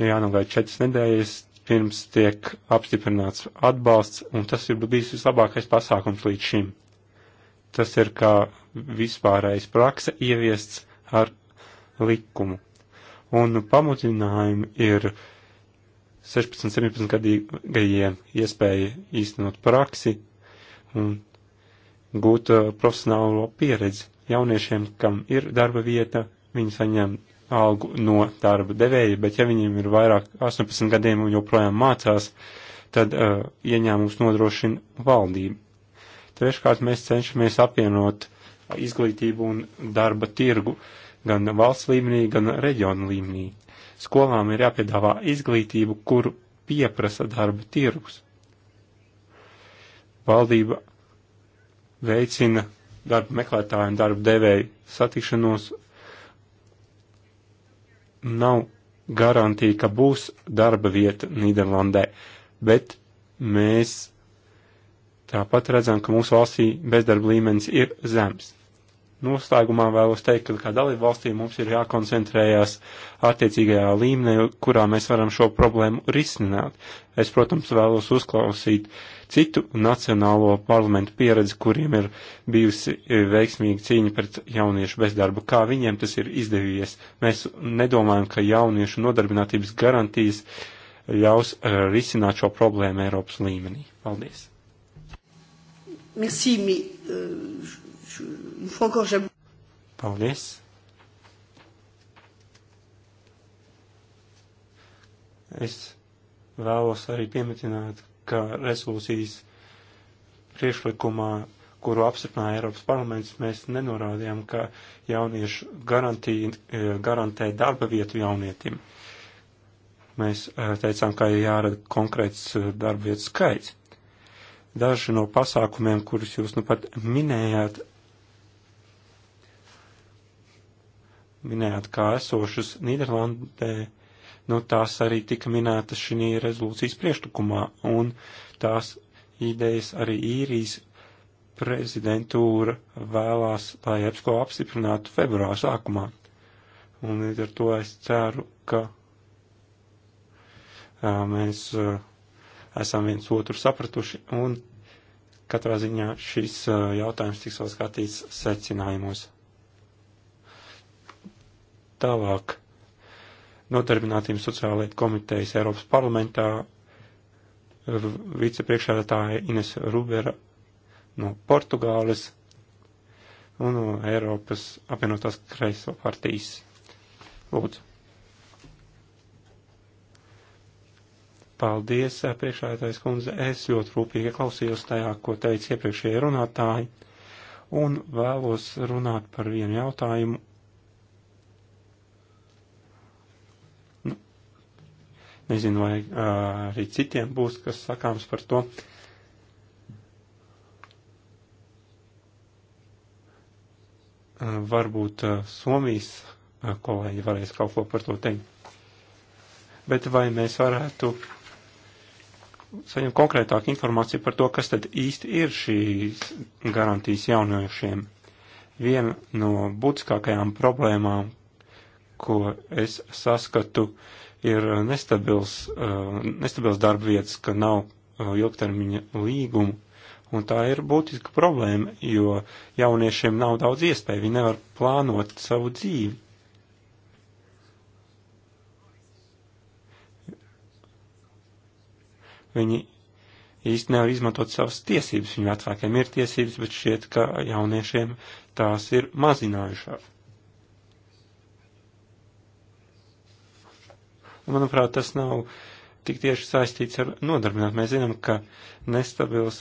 ir jānogaida četras nedēļas, pirms tiek apstiprināts atbalsts, un tas ir bijis vislabākais pasākums līdz šim tas ir kā vispārējais prakse ieviests ar likumu. Un pamutinājumi ir 16-17 gadīgajiem iespēja īstenot praksi un gūt uh, profesionālo pieredzi. Jauniešiem, kam ir darba vieta, viņi saņem algu no darba devēja, bet ja viņiem ir vairāk 18 gadiem un joprojām mācās, tad uh, ieņēmums nodrošina valdība. Treškārt, mēs cenšamies apvienot izglītību un darba tirgu gan valsts līmenī, gan reģionu līmenī. Skolām ir jāpiedāvā izglītību, kuru pieprasa darba tirgus. Valdība veicina darba meklētāju un darba devēju satikšanos. Nav garantija, ka būs darba vieta Nīderlandē, bet mēs Tāpat redzam, ka mūsu valstī bezdarba līmenis ir zems. Noslēgumā vēlos teikt, ka kā dalību valstī mums ir jākoncentrējās attiecīgajā līmenī, kurā mēs varam šo problēmu risināt. Es, protams, vēlos uzklausīt citu nacionālo parlamentu pieredzi, kuriem ir bijusi veiksmīga cīņa pret jauniešu bezdarbu. Kā viņiem tas ir izdevies? Mēs nedomājam, ka jauniešu nodarbinātības garantijas ļaus eh, risināt šo problēmu Eiropas līmenī. Paldies! Merci, mais euh, je, une fois encore, j'avoue. Paldies. Es vēlos arī piemetināt, ka rezolūcijas priekšlikumā, kuru apstiprināja Eiropas parlaments, mēs nenorādījām, ka jauniešu garantī, e, garantē darba vietu jaunietim. Mēs e, teicām, ka jārada konkrēts e, darba vietas skaits daži no pasākumiem, kurus jūs nu pat minējāt, minējāt kā esošas Nīderlandē, nu tās arī tika minētas šī rezolūcijas priešlikumā, un tās idejas arī īrijas prezidentūra vēlās, lai EPSCO apstiprinātu februāra sākumā. Un līdz ar to es ceru, ka mēs uh, esam viens otru sapratuši, un katrā ziņā šis uh, jautājums tiks vēl skatīts secinājumos. Tālāk. Notarbinātības sociālajā komitejas Eiropas parlamentā vicepriekšādātāja Ines Rubera no Portugāles un no Eiropas apvienotās kreiso partijas. Lūdzu. Paldies, eh, priekšādātais kundze. Es ļoti rūpīgi klausījos tajā, ko teica iepriekšējie runātāji, un vēlos runāt par vienu jautājumu. Nu, nezinu, vai eh, arī citiem būs kas sakāms par to. Eh, varbūt Somijas kolēģi varēs kaut ko par to teikt. Bet vai mēs varētu saņemt konkrētāku informāciju par to, kas tad īsti ir šīs garantijas jauniešiem. Viena no būtiskākajām problēmām, ko es saskatu, ir nestabils, uh, nestabils darba vietas, ka nav uh, ilgtermiņa līgumu. Un tā ir būtiska problēma, jo jauniešiem nav daudz iespēju, viņi nevar plānot savu dzīvi. Viņi īsti nevar izmantot savas tiesības. Viņu vecākiem ir tiesības, bet šķiet, ka jauniešiem tās ir mazinājušās. Manuprāt, tas nav tik tieši saistīts ar nodarbinātību. Mēs zinām, ka nestabils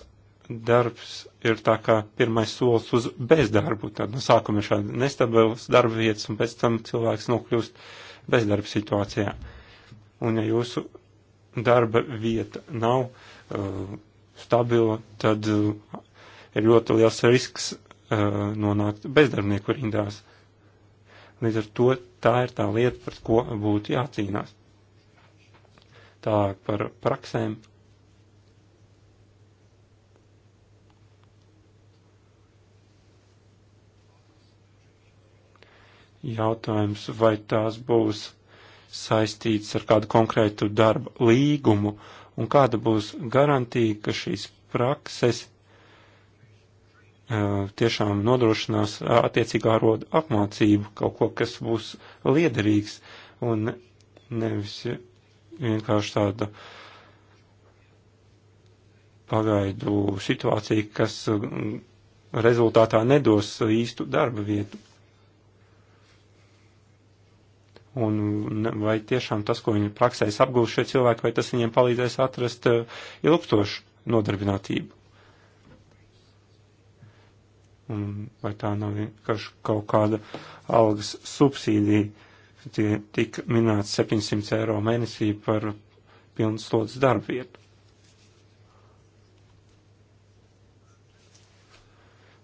darbs ir tā kā pirmais solis uz bezdarbu. Tad no sākuma ir šāda nestabils darba vietas, un pēc tam cilvēks nokļūst bezdarba situācijā. Un ja jūsu darba vieta nav uh, stabila, tad uh, ir ļoti liels risks uh, nonākt bezdarbnieku rindās. Līdz ar to tā ir tā lieta, par ko būtu jācīnās. Tālāk par praksēm. Jautājums, vai tās būs saistīts ar kādu konkrētu darba līgumu, un kāda būs garantija, ka šīs prakses uh, tiešām nodrošinās uh, attiecīgā roda apmācību, kaut ko, kas būs liederīgs, un nevis vienkārši tāda pagaidu situācija, kas mm, rezultātā nedos īstu darba vietu. Un vai tiešām tas, ko viņi praksēs apgūst šie cilvēki, vai tas viņiem palīdzēs atrast eh, ilgstošu nodarbinātību? Un vai tā nav vienkārši kaut kāda algas subsīdija? Tie tika minēts 700 eiro mēnesī par pilnas slodzes darbu vietu.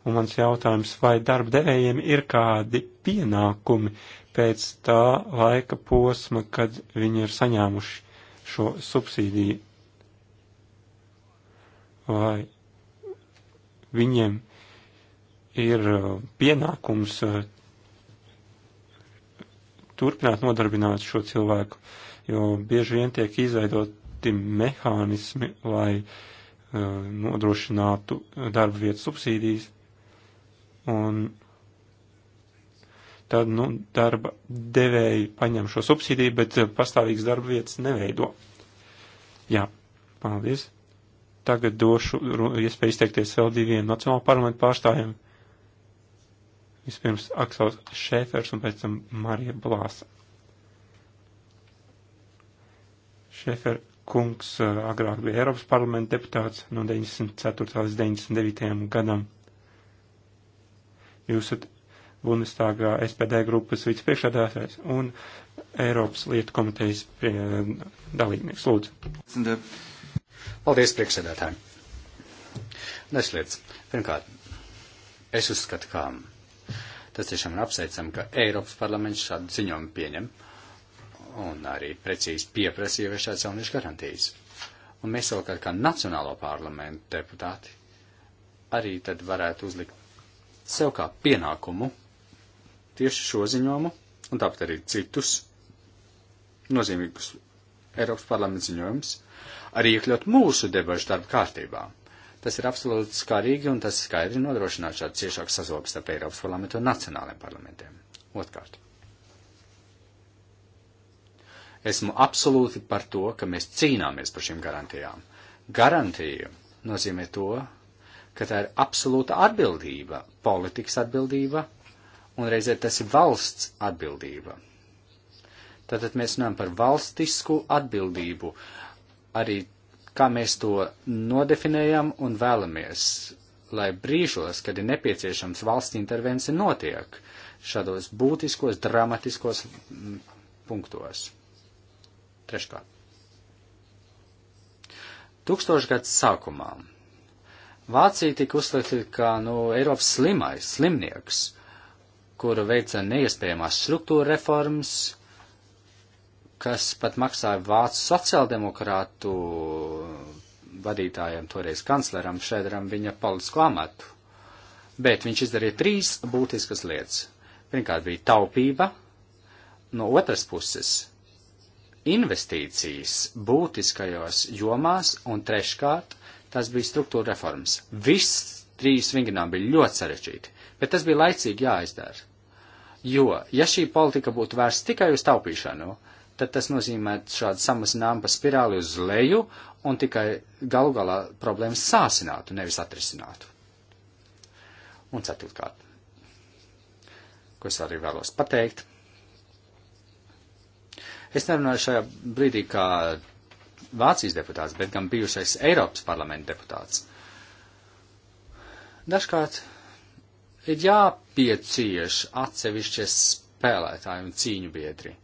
Un mans jautājums, vai darba devējiem ir kādi pienākumi pēc tā laika posma, kad viņi ir saņēmuši šo subsīdiju? Vai viņiem ir uh, pienākums uh, turpināt nodarbināt šo cilvēku, jo bieži vien tiek izveidoti mehānismi, lai uh, nodrošinātu darba vietu subsīdijas. Un tad, nu, darba devēji paņem šo subsīdiju, bet eh, pastāvīgas darba vietas neveido. Jā, paldies. Tagad došu iespēju izteikties vēl diviem nacionālu parlamentu pārstāvjiem. Vispirms Aksels Šēfers un pēc tam Marija Blāsa. Šēfer kungs eh, agrāk bija Eiropas parlamenta deputāts no 94. līdz 99. gadam. Jūs esat Bundestāgā SPD grupas vicepriekšādātājs un Eiropas lietu komitejas dalībnieks. Lūdzu. Paldies, priekšsēdētāji. Neslēdz. Pirmkārt, es uzskatu, ka tas tiešām ir apsveicam, ka Eiropas parlaments šādu ziņojumu pieņem un arī precīzi pieprasa ieviešās jauniešu garantijas. Un mēs savukārt kā nacionālo parlamentu deputāti arī tad varētu uzlikt sev kā pienākumu tieši šo ziņojumu, un tāpat arī citus nozīmīgus Eiropas parlamenta ziņojumus, arī iekļaut mūsu debašu darba kārtībā. Tas ir absolūti skarīgi, un tas skaidri nodrošināt šādu ciešāku sazobes starp Eiropas parlamentu un nacionālajiem parlamentiem. Otkārt. Esmu absolūti par to, ka mēs cīnāmies par šīm garantijām. Garantija nozīmē to, ka tā ir absolūta atbildība, politikas atbildība, un reizē tas ir valsts atbildība. Tātad mēs runājam par valstisku atbildību, arī kā mēs to nodefinējam un vēlamies, lai brīžos, kad ir nepieciešams valsts intervence, notiek šādos būtiskos, dramatiskos mm, punktos. Treškārt. Tūkstošgads sākumā Vācija tika uzskatīta kā, nu, Eiropas slimais, slimnieks, kura veica neiespējamās struktūra reformas, kas pat maksāja vācu sociāldemokrātu vadītājiem, toreiz kancleram Šēderam, viņa politisko amatu. Bet viņš izdarīja trīs būtiskas lietas. Pirmkārt bija taupība, no otras puses investīcijas būtiskajos jomās, un treškārt tās bija struktūra reformas. Viss trīs vingrinājumi bija ļoti sarežģīti, bet tas bija laicīgi jāizdara. Jo, ja šī politika būtu vērsta tikai uz taupīšanu, tad tas nozīmē šādu samazinājumu pa spirāli uz leju un tikai galu galā problēmas sāsinātu, nevis atrisinātu. Un ceturtkārt, ko es arī vēlos pateikt, es nerunāju šajā brīdī kā Vācijas deputāts, bet gan bijušais Eiropas parlamenta deputāts. Dažkārt ir jāpiecieš atsevišķies spēlētāji un cīņu biedri.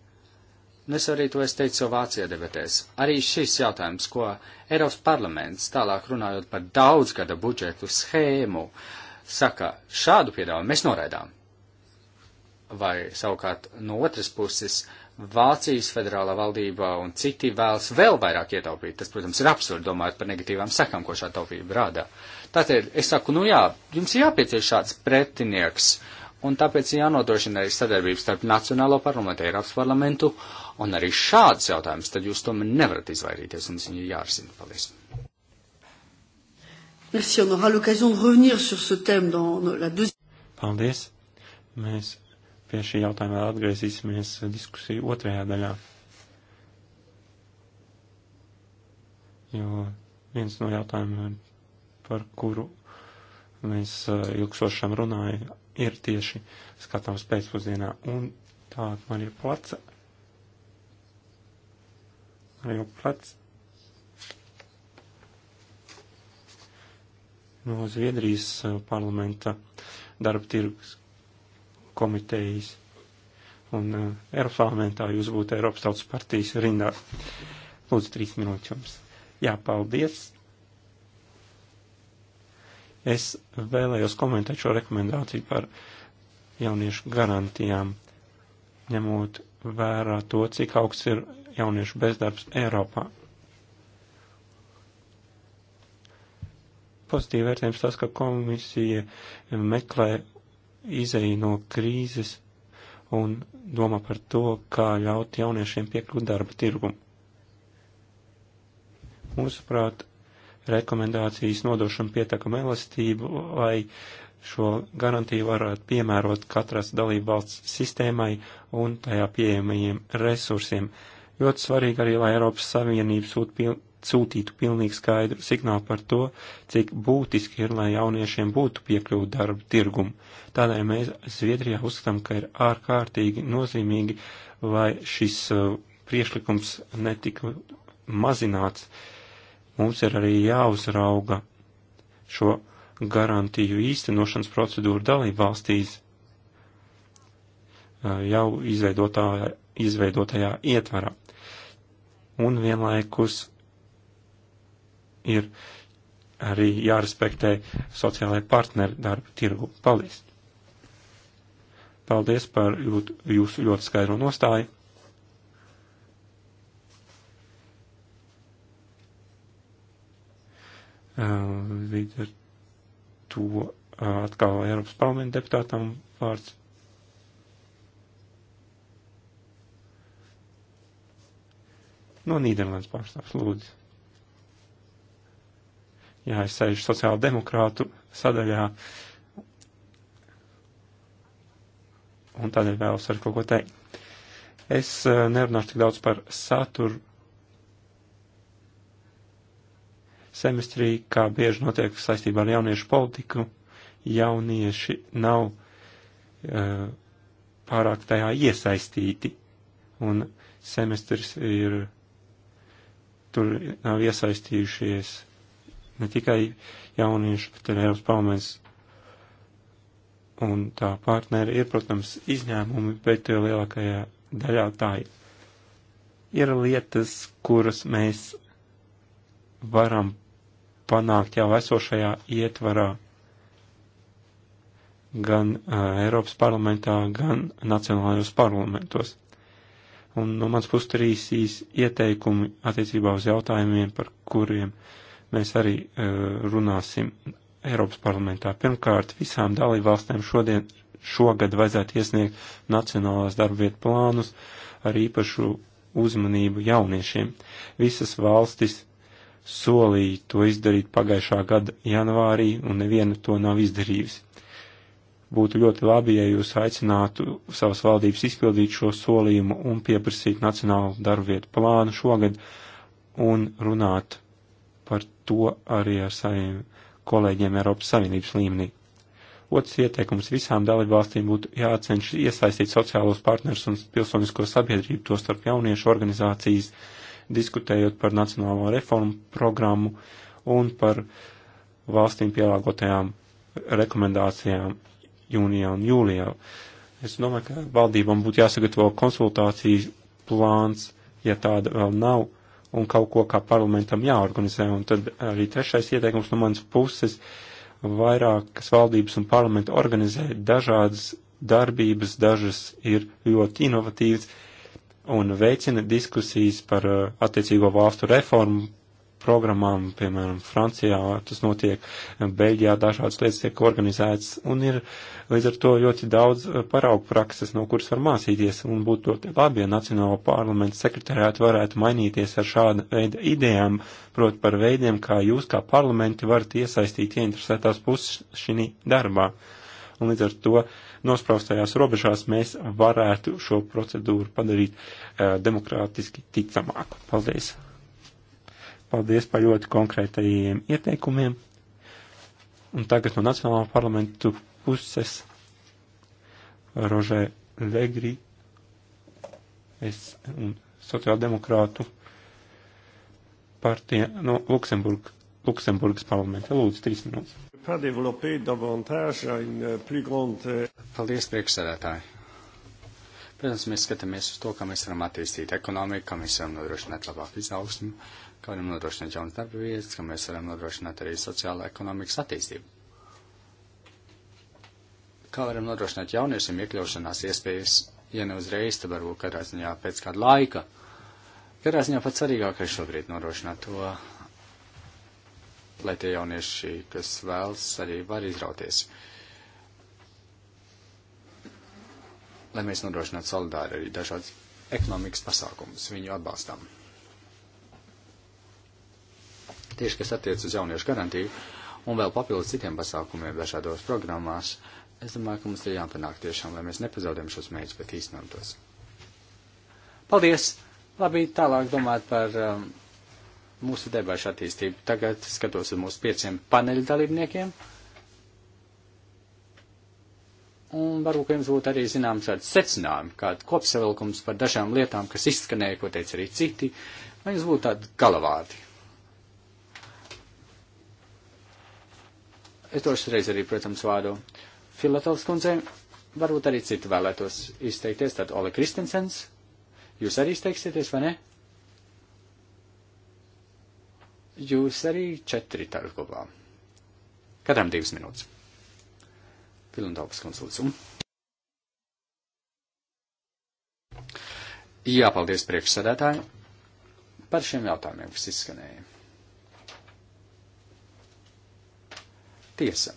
Un es arī to es teicu Vācijā debatēs. Arī šis jautājums, ko Eiropas parlaments tālāk runājot par daudzgada budžetu schēmu, saka, šādu piedāvājumu mēs noraidām. Vai savukārt no otras puses Vācijas federālā valdībā un citi vēlas vēl vairāk ietaupīt. Tas, protams, ir absurdi domājot par negatīvām sekām, ko šā taupība rādā. Tātad es saku, nu jā, jums jāpiecieš šāds pretinieks, un tāpēc jānodrošina arī sadarbības starp Nacionālo parlamentu, Eiropas parlamentu, un arī šāds jautājums, tad jūs tomēr nevarat izvairīties, un viņi ir jārisina. Paldies! Merci, on aura l'occasion de revenir sur ce thème dans la deuxième. Paldies! Mēs Pie šī jautājuma vēl atgriezīsimies diskusiju otrajā daļā. Jo viens no jautājumiem, par kuru mēs eh, ilgstošam runājam, ir tieši skatāms pēcpusdienā. Un tā man ir placa. Man ir placa. no Zviedrijas eh, parlamenta darba tirgus komitejas un uh, Eiropas parlamentā jūs būtu Eiropas tautas partijas rindā. Lūdzu, trīs minūtes jums. Jā, paldies. Es vēlējos komentēt šo rekomendāciju par jauniešu garantijām, ņemot vērā to, cik augsts ir jauniešu bezdarbs Eiropā. Pozitīvi vērtējums tas, ka komisija meklē izēju no krīzes un domā par to, kā ļaut jauniešiem piekļūt darba tirgumu. Mūsuprāt, rekomendācijas nodošana pietakam elastību, lai šo garantiju varētu piemērot katras dalībvalsts sistēmai un tajā pieejamajiem resursiem. Ļoti svarīgi arī, lai Eiropas Savienība sūta sūtītu pilnīgi skaidru signālu par to, cik būtiski ir, lai jauniešiem būtu piekļūt darba tirgumu. Tādēļ mēs Zviedrijā uzskatām, ka ir ārkārtīgi nozīmīgi, lai šis uh, priešlikums netika mazināts. Mums ir arī jāuzrauga šo garantiju īstenošanas procedūru dalību valstīs uh, jau izveidotā, izveidotajā ietvarā. Un vienlaikus ir arī jārespektē sociālai partneri darba tirgu. Paldies! Paldies par jūt, jūsu ļoti skaidro nostāju. Līdz ar to atkal Eiropas parlamenta deputātam vārds. No Nīderlandes pārstāvs lūdzu jā, es sēžu sociāla demokrātu sadaļā, un tādēļ vēlos ar kaut ko teikt. Es e, nerunāšu tik daudz par saturu semestrī, kā bieži notiek saistībā ar jauniešu politiku. Jaunieši nav uh, pārāk tajā iesaistīti, un semestris ir, tur nav iesaistījušies uh, ne tikai jaunieši, bet arī Eiropas parlaments un tā partneri ir, protams, izņēmumi, bet lielākajā daļā tā ir. Ir lietas, kuras mēs varam panākt jau esošajā ietvarā gan uh, Eiropas parlamentā, gan nacionālajos parlamentos. Un no mans puses trīs ieteikumi attiecībā uz jautājumiem, par kuriem uh, mēs arī eh, runāsim Eiropas parlamentā. Pirmkārt, visām dalībvalstēm šodien, šogad vajadzētu iesniegt nacionālās darbvietu plānus ar īpašu uzmanību jauniešiem. Visas valstis solīja to izdarīt pagājušā gada janvārī, un neviena to nav izdarījusi. Būtu ļoti labi, ja jūs aicinātu savas valdības izpildīt šo solījumu un pieprasīt nacionālu darbvietu plānu šogad un runāt to arī ar saviem kolēģiem Eiropas Savienības līmenī. Otrs ieteikums visām dalībvalstīm būtu jācenš iesaistīt sociālos partnerus un pilsonisko sabiedrību, to starp jauniešu organizācijas, diskutējot par nacionālo reformu programmu un par valstīm pielāgotajām rekomendācijām jūnijā un jūlijā. Es domāju, ka valdībām būtu jāsagatavo konsultācijas plāns, ja tāda vēl nav, un kaut ko kā parlamentam jāorganizē. Un tad arī trešais ieteikums no manas puses - vairākas valdības un parlamenta organizē dažādas darbības, dažas ir ļoti inovatīvas un veicina diskusijas par uh, attiecīgo valstu reformu programmām, piemēram, Francijā tas notiek, Beļģijā dažādas lietas tiek organizētas, un ir līdz ar to ļoti daudz eh, paraugu prakses, no kuras var mācīties, un būtu ļoti labi, ja Nacionālo parlamentu sekretariāti varētu mainīties ar šādu veidu idejām, proti par veidiem, kā jūs kā parlamenti varat iesaistīt ieinteresētās puses šī darbā. Un līdz ar to nospraustajās robežās mēs varētu šo procedūru padarīt uh, demokrātiski ticamāku. Paldies! Paldies par ļoti konkrētajiem ieteikumiem. Un tagad no Nacionālā parlamentu puses Rožē Legri es un sociāldemokrātu partija no Luksemburg, Luksemburgas parlamenta. Lūdzu, trīs minūtes. Paldies, priekšsēdētāji. Protams, mēs skatāmies uz to, kā mēs varam attīstīt ekonomiku, kā mēs varam nodrošināt labāku izaugsmu ka varam nodrošināt jaunas darba vietas, ka mēs varam nodrošināt arī sociālo ekonomikas attīstību. Kā varam nodrošināt jauniešiem iekļaušanās iespējas, ja ne uzreiz, tad varbūt kādā ziņā pēc kāda laika. Katrā ziņā pats svarīgākais šobrīd nodrošināt to, lai tie jaunieši, kas vēlas, arī var izrauties. Lai mēs nodrošinātu solidāri arī dažādas ekonomikas pasākumus viņu atbalstam tieši kas attiec uz jauniešu garantiju un vēl papildus citiem pasākumiem dažādos programmās, es domāju, ka mums ir jāpanāk tiešām, lai mēs nepazaudējam šos mērķus, bet īstenam tos. Paldies! Labi, tālāk domāt par um, mūsu debašu attīstību. Tagad skatos uz mūsu pieciem paneļu dalībniekiem. Un varbūt jums būtu arī zināms tāds secinājums, kāda kopsavilkums par dažām lietām, kas izskanēja, ko teica arī citi, vai jums būtu tādi galavādi. Es došu reiz arī, protams, vārdu Filatovs kundzei. Varbūt arī citi vēlētos izteikties. Tad Ole Kristensens, jūs arī izteiksieties, vai ne? Jūs arī četri tagad kopā. Katram divas minūtes. Filatovs konsults. Jāpaldies priekšsēdētāji par šiem jautājumiem, kas izskanēja. Tiesa.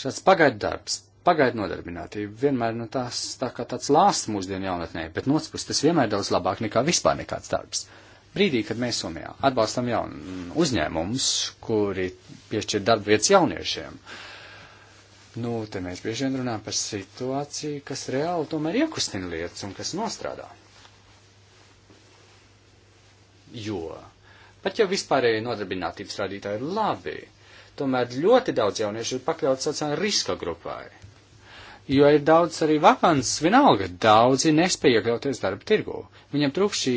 Šāds pagaidu darbs, pagaidu nodarbinātība vienmēr nu, tās, tā kā tāds lāsts mūsdienu jaunatnē, bet no otras puses tas vienmēr daudz labāk nekā vispār nekāds darbs. Brīdī, kad mēs Somijā atbalstam jaunu uzņēmumus, kuri piešķir darba vietas jauniešiem, nu, te mēs bieži vien runājam par situāciju, kas reāli tomēr iekustina lietas un kas nostrādā jo pat ja vispārējie nodarbinātības rādītāji ir labi, tomēr ļoti daudz jauniešu ir pakļauts sociālajai riska grupai. Jo ir daudz arī vakants, vienalga, daudzi nespēja iekļauties darba tirgu. Viņam trūkst šī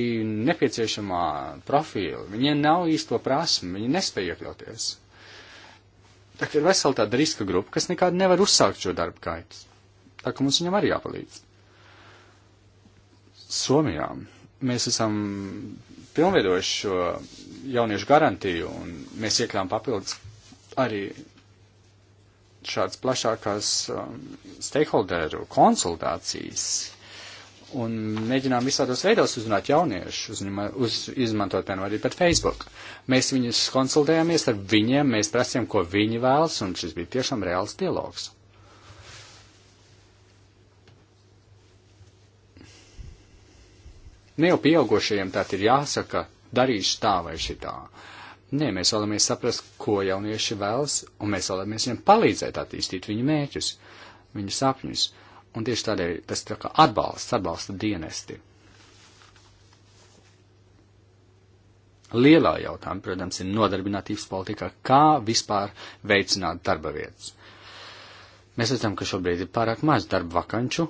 nepieciešamā profila, viņiem nav īsto prasmu, viņi nespēja iekļauties. Tā ir vesela tāda riska grupa, kas nekādi nevar uzsākt šo darbu gaitu. Tā ka mums viņam arī jāpalīdz. Somijā mēs esam pilnveidojuši šo jauniešu garantiju, un mēs iekļām papildus arī šāds plašākās um, stakeholderu konsultācijas. Un mēģinām visādos veidos uzrunāt jauniešus, uz, izmantot, piemēram, arī par Facebook. Mēs viņus konsultējāmies ar viņiem, mēs prasījām, ko viņi vēlas, un šis bija tiešām reāls dialogs. Ne jau pieaugušajiem tātad ir jāsaka, darīšu tā vai šitā. Nē, mēs vēlamies saprast, ko jaunieši vēlas, un mēs vēlamies viņiem palīdzēt attīstīt viņu mēķus, viņu sapņus. Un tieši tādēļ tas tā kā atbalsts, atbalsta dienesti. Lielā jautājuma, protams, ir nodarbinātības politikā, kā vispār veicināt darba vietas. Mēs redzam, ka šobrīd ir pārāk maz darba vakanču,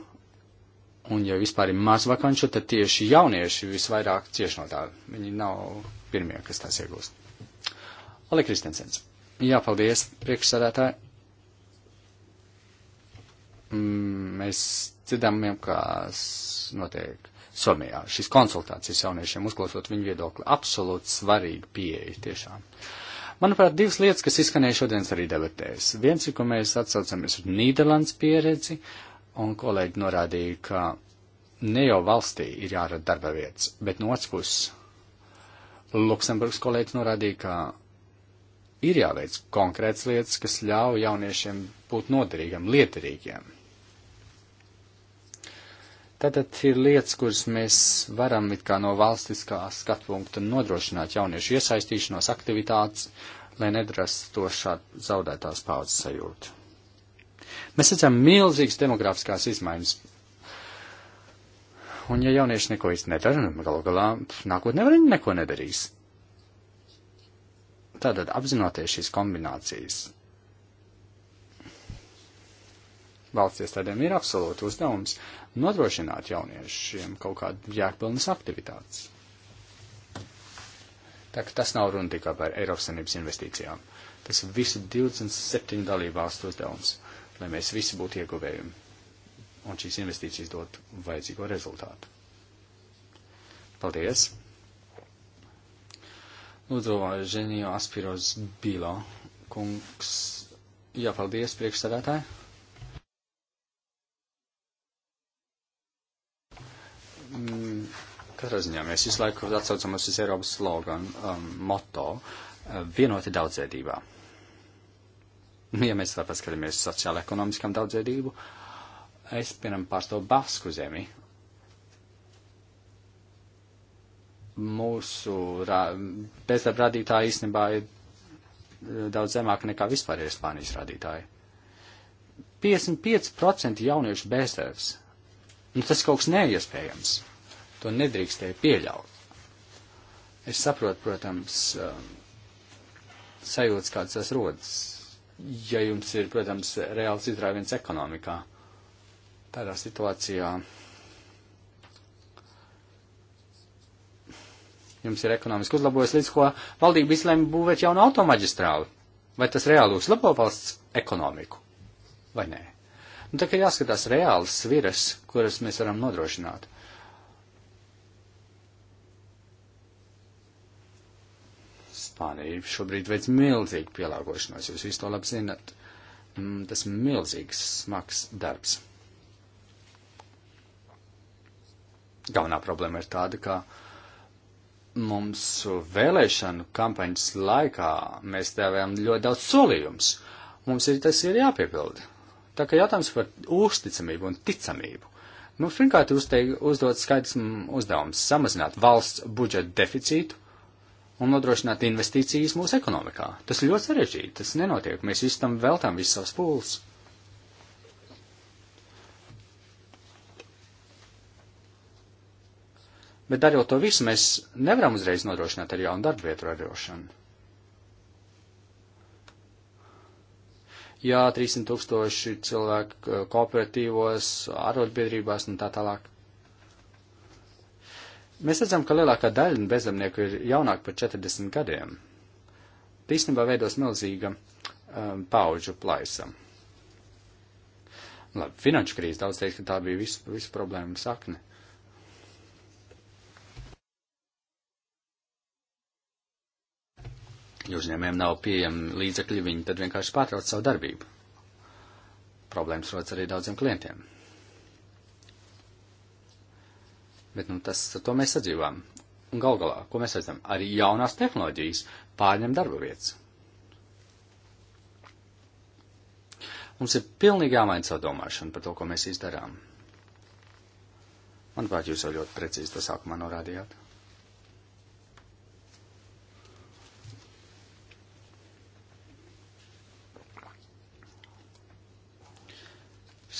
Un, ja vispār ir maz vakanču, tad tieši jaunieši visvairāk cieši no tā. Viņi nav pirmie, kas tās iegūst. Ole Kristensens. Jā, paldies, priekšsādātāji. Mm, mēs dzirdam, kas notiek Somijā. Šis konsultācijas jauniešiem, uzklausot viņu viedokli, absolūti svarīga pieeja tiešām. Manuprāt, divas lietas, kas izskanēja šodienas arī debatēs. Viens ir, ko mēs atsaucamies uz Nīderlandes pieredzi, uh, un kolēģi norādīja, ka ne jau valstī ir jārada darba vietas, bet no otras puses Luksemburgas kolēģis norādīja, ka ir jāveic konkrēts lietas, kas ļauj jauniešiem būt noderīgiem, lietarīgiem. Tātad ir lietas, kuras mēs varam it kā no valstiskā skatpunkta nodrošināt jauniešu iesaistīšanos aktivitātes, lai nedrastos šādi zaudētās paudzes sajūtu. Mēs redzam milzīgas demografiskās izmaiņas. Un ja jaunieši neko īsti nedara, nu, galu galā nākotnē var viņi neko nedarīs. Tātad apzinoties šīs kombinācijas, valsts iestādēm ir absolūti uzdevums nodrošināt jauniešiem kaut kādu jēgpilnas aktivitātes. Tā ka tas nav runa tikai par Eiropas Savienības investīcijām. Tas ir visu 27 dalībvalstu uzdevums lai mēs visi būtu ieguvējumi un šīs investīcijas dot vajadzīgo rezultātu. Paldies! Lūdzu, Ženio Aspiros Bilo kungs. Jā, paldies, priekšsēdētāji. Mm, katrā ziņā mēs visu laiku atsaucamies uz Eiropas sloganu, um, moto, uh, vienoti daudzveidībā. Ja mēs vēl paskatāmies uz sociālo-ekonomiskām daudzveidību, es, piemēram, pārstāvu Basku zemi. Mūsu rā, bezdarba rādītāji īstenībā ir eh, daudz zemāk nekā vispār ir Spānijas rādītāji. 55% jauniešu bezdarbs. Nu, tas kaut kas neiespējams. To nedrīkstēja pieļaut. Es saprotu, protams, eh, sajūtas, kāds tas rodas ja jums ir, protams, reāls izrāviens ekonomikā. Tādā situācijā jums ir ekonomiski uzlabojas, līdz ko valdība izlēma būvēt jaunu automaģistrāli. Vai tas reāli uzlabo valsts ekonomiku? Vai nē? Nu, tā kā jāskatās reāls sviras, kuras mēs varam nodrošināt. pārējība šobrīd veids milzīgu pielāgošanos, jūs visu to labi zinat. Mm, tas milzīgs, smags darbs. Galvenā problēma ir tāda, ka mums vēlēšanu kampaņas laikā mēs devām ļoti daudz solījums. Mums ir tas ir jāpiepilda. Tā kā jautājums par uzticamību un ticamību. Mums nu, pirmkārt uzdot skaidrs mm, uzdevums samazināt valsts budžeta deficītu, un nodrošināt investīcijas mūsu ekonomikā. Tas ir ļoti sarežģīti, tas nenotiek, mēs visi tam veltām visu savus pūles. Bet darot to visu, mēs nevaram uzreiz nodrošināt ar jaunu darbu vietu radošanu. Jā, 300 tūkstoši cilvēku eh, kooperatīvos, arotbiedrībās un tā tālāk. Mēs redzam, ka lielākā daļa bezdarbnieku ir jaunāka par 40 gadiem. Tīsnībā veidos milzīga um, pauģu plaisa. Labi, finanšu krīze daudz teikt, ka tā bija visu, visu problēmu sakne. Ja uzņēmējiem nav pieejami līdzekļi, viņi tad vienkārši pārtrauc savu darbību. Problēmas rodas arī daudziem klientiem. Bet nu, tas, to mēs sadzīvām. Un gal galā, ko mēs redzam, arī jaunās tehnoloģijas pārņem darba vietas. Mums ir pilnīgi jāmaina savu domāšanu par to, ko mēs izdarām. Manuprāt, jūs jau ļoti precīzi to sākumā norādījāt.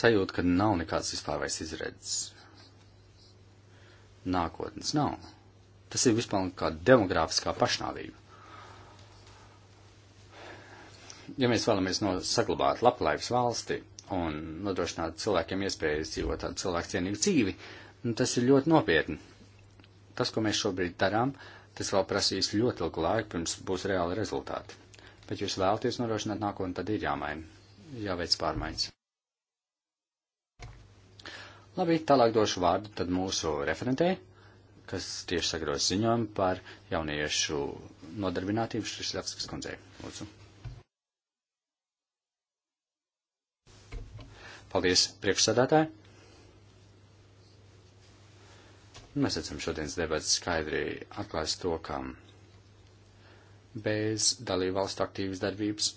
sajūta, ka nav nekāds vispār vairs izredzes nākotnes nav. Tas ir vispār kā demogrāfiskā pašnāvība. Ja mēs vēlamies no saglabāt labklājības valsti un nodrošināt cilvēkiem iespējas dzīvot tādu cilvēku cienīgu dzīvi, nu, tas ir ļoti nopietni. Tas, ko mēs šobrīd darām, tas vēl prasīs ļoti ilgu laiku, pirms būs reāli rezultāti. Bet, ja jūs vēlaties nodrošināt nākotni, tad ir jāmaina, jāveic pārmaiņas. Labi, tālāk došu vārdu tad mūsu referentē, kas tieši sagatavojas ziņojumu par jauniešu nodarbinātību Šrislavskas kundzei. Lūdzu. Paldies, priekšsādātāji! Mēs redzam šodienas debats skaidri atklāst to, ka bez dalībvalstu aktīvas darbības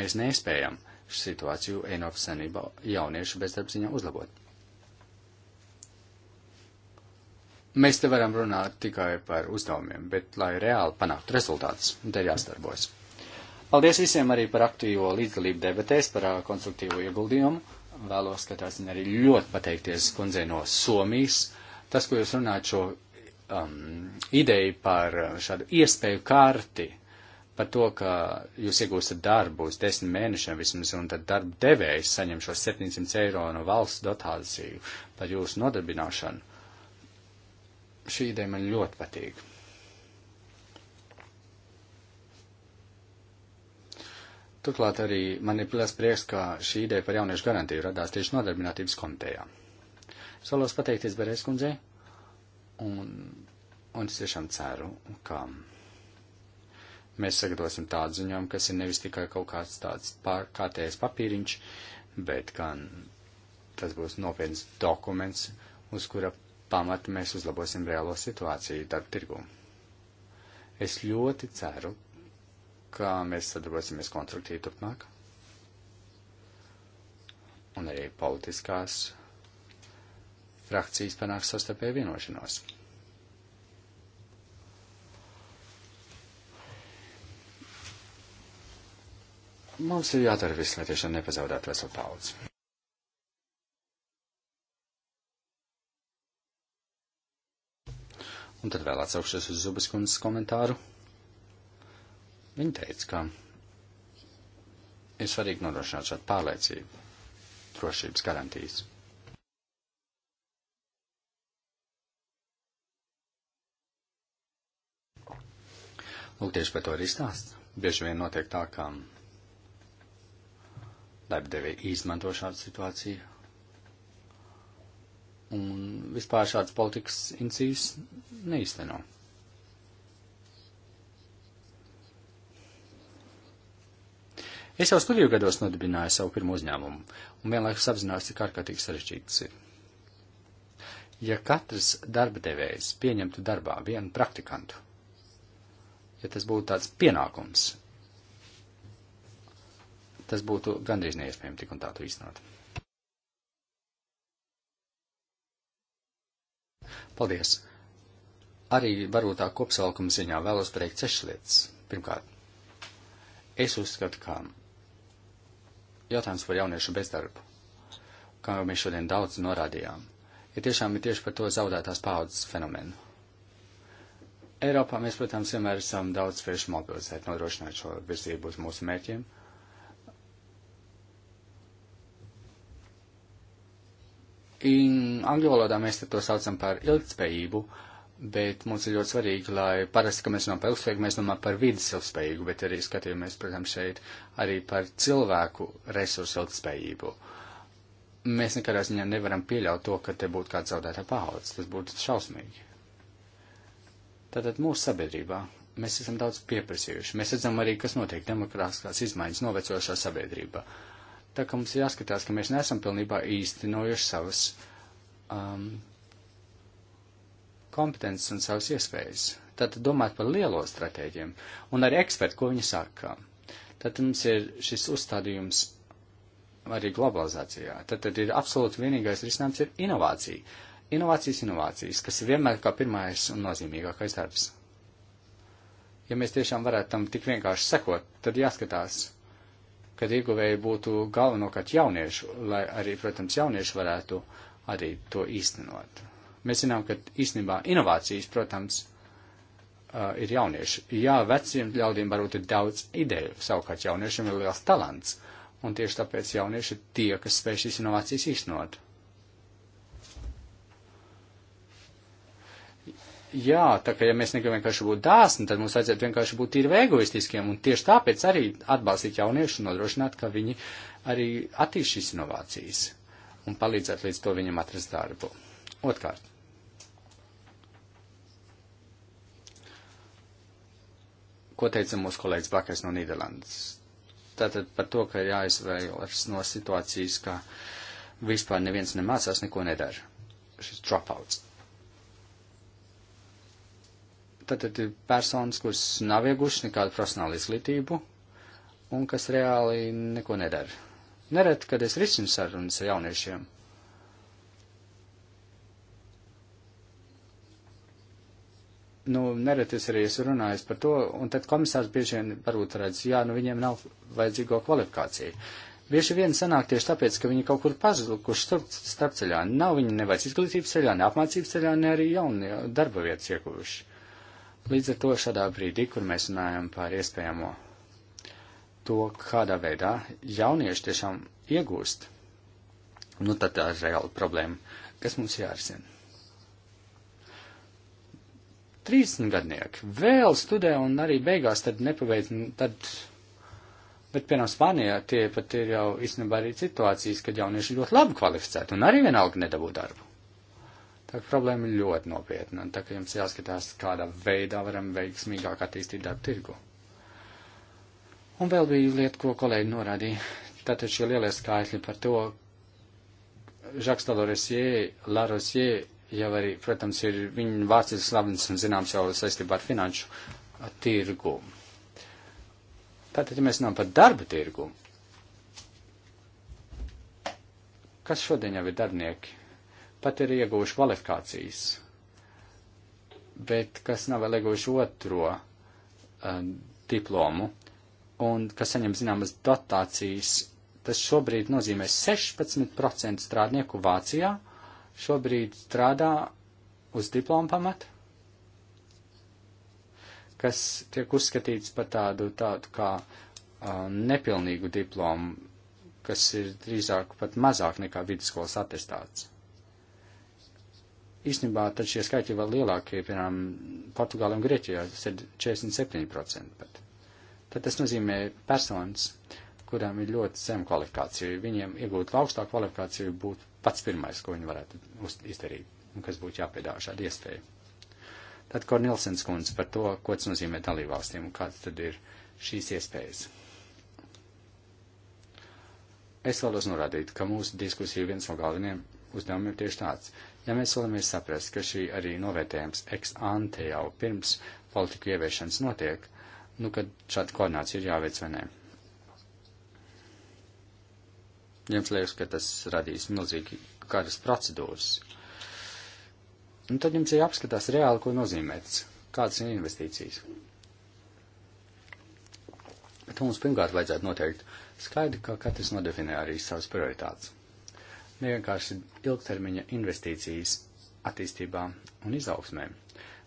mēs nespējam situāciju Eiropas Sanībā jauniešu bezdarbziņā uzlabot. Mēs te varam runāt tikai par uzdevumiem, bet, lai reāli panāktu rezultātus, te jāstarbojas. Paldies visiem arī par aktīvo līdzdalību debatēs, par konstruktīvo ieguldījumu. Vēlos, ka tās arī ļoti pateikties kundzei no Somijas. Tas, ko jūs runājat šo um, ideju par šādu iespēju karti, par to, ka jūs iegūstat darbu uz desmit mēnešiem vismaz, un tad darba devējs saņem šo 700 eiro no valsts dotāciju par jūsu nodarbināšanu šī ideja man ļoti patīk. Turklāt arī man ir liels prieks, ka šī ideja par jauniešu garantiju radās tieši nodarbinātības komitejā. Es vēlos pateikties Berēs kundzei, un, un es tiešām ceru, ka mēs sagatavosim tādu ziņojumu, kas ir nevis tikai kaut kāds tāds pār, kārtējs papīriņš, bet gan tas būs nopietns dokuments, uz kura pamata mēs uzlabosim reālo situāciju darba tirgū. Es ļoti ceru, ka mēs sadarbosimies konstruktīvi turpmāk. Un arī politiskās frakcijas panāks sastarpēju vienošanos. Mums ir jādara viss, lai tiešām nepazaudētu veselu paudzi. Un tad vēl atsaukšos uz Zubaskundas komentāru. Viņa teica, ka ir svarīgi nodrošināt šādu pārliecību, drošības garantijas. Lūk, tieši par to ir izstāsts. Bieži vien notiek tā, ka darbdevēji izmanto šādu situāciju un vispār šādas politikas iniciatīvas neizteno. Es jau studiju gados nodibināju savu pirmo uzņēmumu, un vienlaikus apzinājos, cik ārkārtīgi sarežģīts ir. Ja katrs darba devējs pieņemtu darbā vienu praktikantu, ja tas būtu tāds pienākums, tas būtu gandrīz neiespējami tik un tā to īstenot. Paldies! Arī varbūt tā kopsaukuma ziņā vēlos pateikt sešas lietas. Pirmkārt, es uzskatu, ka jautājums par jauniešu bezdarbu, kā jau mēs šodien daudz norādījām, ir tiešām ir tieši par to zaudētās paudzes fenomenu. Eiropā mēs, protams, vienmēr esam daudz spējuši mobilizēt, nodrošināt šo virzību uz mūsu mērķiem. In, angļu valodā mēs to saucam par ilgtspējību, bet mums ir ļoti svarīgi, lai parasti, ka mēs runājam par ilgspējīgu, mēs domājam par vidas ilgspējīgu, bet arī skatījamies, protams, šeit arī par cilvēku resursu ilgspējību. Mēs nekādā ziņā nevaram pieļaut to, ka te būtu kāds zaudētā paudze. Tas būtu šausmīgi. Tātad mūsu sabiedrībā mēs esam daudz pieprasījuši. Mēs redzam arī, kas notiek demokrātiskās izmaiņas novecojošā sabiedrībā. Uh, Tā kā mums ir jāskatās, ka mēs nesam pilnībā īstenojuši savas um, kompetences un savas iespējas. Tātad domāt par lielo stratēģiem un arī eksperti, ko viņi saka. Tad mums ir šis uzstādījums arī globalizācijā. Tad, tad ir absolūti vienīgais risinājums ir inovācija. Inovācijas, inovācijas, kas ir vienmēr kā pirmais un nozīmīgākais darbs. Ja mēs tiešām varētu tam tik vienkārši sekot, tad jāskatās, kad ieguvēji būtu galvenokārt jaunieši, lai arī, protams, jaunieši varētu arī to īstenot. Mēs zinām, ka īstenībā inovācijas, protams, ir jaunieši. Jā, veciem ļaudīm varbūt ir daudz ideju, savukārt jauniešiem ir liels talants, un tieši tāpēc jaunieši ir tie, kas spēj šīs inovācijas īstenot. Jā, tā kā ja mēs negribam vienkārši būt dāsni, tad mums vajadzētu vienkārši būt tīri egoistiskiem un tieši tāpēc arī atbalstīt jauniešus un nodrošināt, ka viņi arī attīst šīs inovācijas un palīdzēt līdz to viņam atrast darbu. Otkārt. Ko teica mūsu kolēģis Bakars no Nīderlandes? Tātad par to, ka jāizvēlas no situācijas, ka vispār neviens nemācās, neko nedara. Šis dropouts. Tātad ir personas, kuras nav iegušas nekādu profesionālu izglītību un kas reāli neko nedara. Neret, kad es risinu sarunas ar jauniešiem. Nu, neret es arī esmu runājis par to, un tad komisārs bieži vien varbūt redz, jā, nu viņiem nav vajadzīgo kvalifikāciju. Bieži vien sanāk tieši tāpēc, ka viņi kaut kur pazuduši starp, starp ceļā. Nav viņi nevajadz izglītības ceļā, ne apmācības ceļā, ne arī jaunu darba vietas iekuvuši. Līdz ar to šādā brīdī, kur mēs runājam par iespējamo to, kādā veidā jaunieši tiešām iegūst, nu tad tā ir reāla problēma, kas mums jārisina. 30 gadnieki vēl studē un arī beigās tad nepabeidz, nu, tad, bet, piemēram, Spānijā tie pat ir jau īstenībā arī situācijas, kad jaunieši ļoti labi kvalificēti un arī vienalga nedabū darbu. Tā problēma ir ļoti nopietna, un tā kā jums jāskatās, kādā veidā varam veiksmīgāk attīstīt darbu tirgu. Un vēl bija lieta, ko kolēģi norādīja. Tātad šie lielie skaitļi par to, Žaks Laloresie, Larosie jau arī, protams, ir viņa vārds ir slavens un zināms jau saistībā ar finanšu tirgu. Tātad, ja mēs runājam par darba tirgu, kas šodien jau ir darbinieki? pat ir ieguvuši kvalifikācijas, bet kas nav vēl ieguvuši otro uh, diplomu un kas saņem zināmas dotācijas, tas šobrīd nozīmē 16% strādnieku Vācijā šobrīd strādā uz diplomu pamatu, kas tiek uzskatīts par tādu, tādu kā uh, nepilnīgu diplomu, kas ir drīzāk pat mazāk nekā vidusskolas atestāts īstenībā tad šie skaitļi vēl lielākie, piemēram, Portugālē un Grieķijā, tas ir 47%. Pat. Tad tas nozīmē personas, kurām ir ļoti zem kvalifikācija. Viņiem iegūt augstāku kvalifikāciju būtu pats pirmais, ko viņi varētu izdarīt un kas būtu jāpiedāvā šāda iespēja. Tad Kornelsens kundze par to, ko tas nozīmē dalībvalstīm un kāds tad ir šīs iespējas. Es vēlos norādīt, ka mūsu diskusija viens no galvenajiem uzdevumiem ir tieši tāds Ja mēs vēlamies saprast, ka šī arī novērtējums ex ante jau pirms politiku ieviešanas notiek, nu, kad šāda koordinācija ir jāveic vai nē. Jums liekas, ka tas radīs milzīgi kādas procedūras. Un tad jums ir jāapskatās reāli, ko nozīmē tas, kādas ir investīcijas. Bet mums pirmkārt vajadzētu noteikt skaidri, ka katrs nodefinē arī savas prioritātes vienkārši ilgtermiņa investīcijas attīstībā un izaugsmē,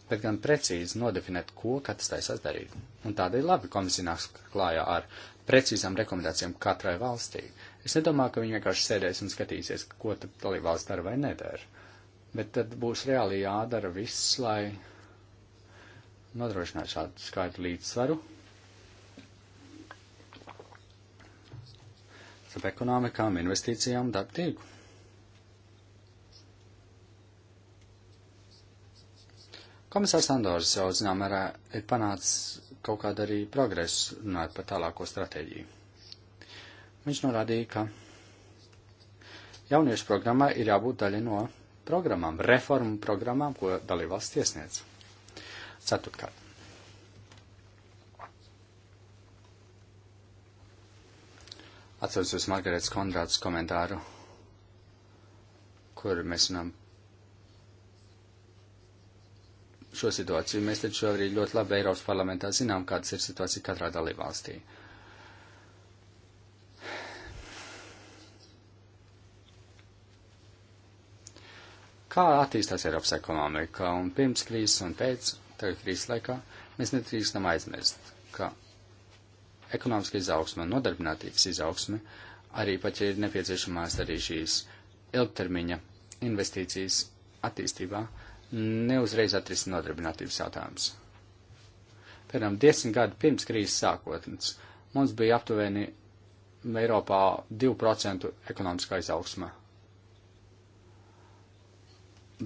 bet gan precīzi nodefinēt, ko katrs taisās darīt. Un tādēļ labi komisija nāks klājā ar precīzām rekomendācijām katrai valstī. Es nedomāju, ka viņi vienkārši sēdēs un skatīsies, ko tad dalībvalsts dara vai nedara, bet tad būs reāli jādara viss, lai nodrošinātu šādu skaitu līdzsvaru. Starp ekonomikām, investīcijām, darba tirgu. Komisārs Andors jau zinām mērā ir panācis kaut kādu arī progresu runājot par tālāko stratēģiju. Viņš norādīja, ka jauniešu programmai ir jābūt daļa no programmām, reformu programmām, ko dalībvalsts iesniedz. Ceturtkārt. Atceros uz Margaretas Konrādas komentāru, kur mēs runājam šo situāciju. Mēs taču arī ļoti labi Eiropas parlamentā zinām, kādas ir situācija katrā dalībvalstī. Kā attīstās Eiropas ekonomika un pirms krīzes un pēc, tagad krīzes laikā, mēs nedrīkstam aizmirst, ka ekonomiska izaugsme un nodarbinātības izaugsme arī pat ir nepieciešamās arī šīs ilgtermiņa investīcijas attīstībā, uh, neuzreiz atrisina nodarbinātības jautājums. Piemēram, desmit gadi pirms krīzes sākotnes mums bija aptuveni Eiropā 2% ekonomiskā izaugsma.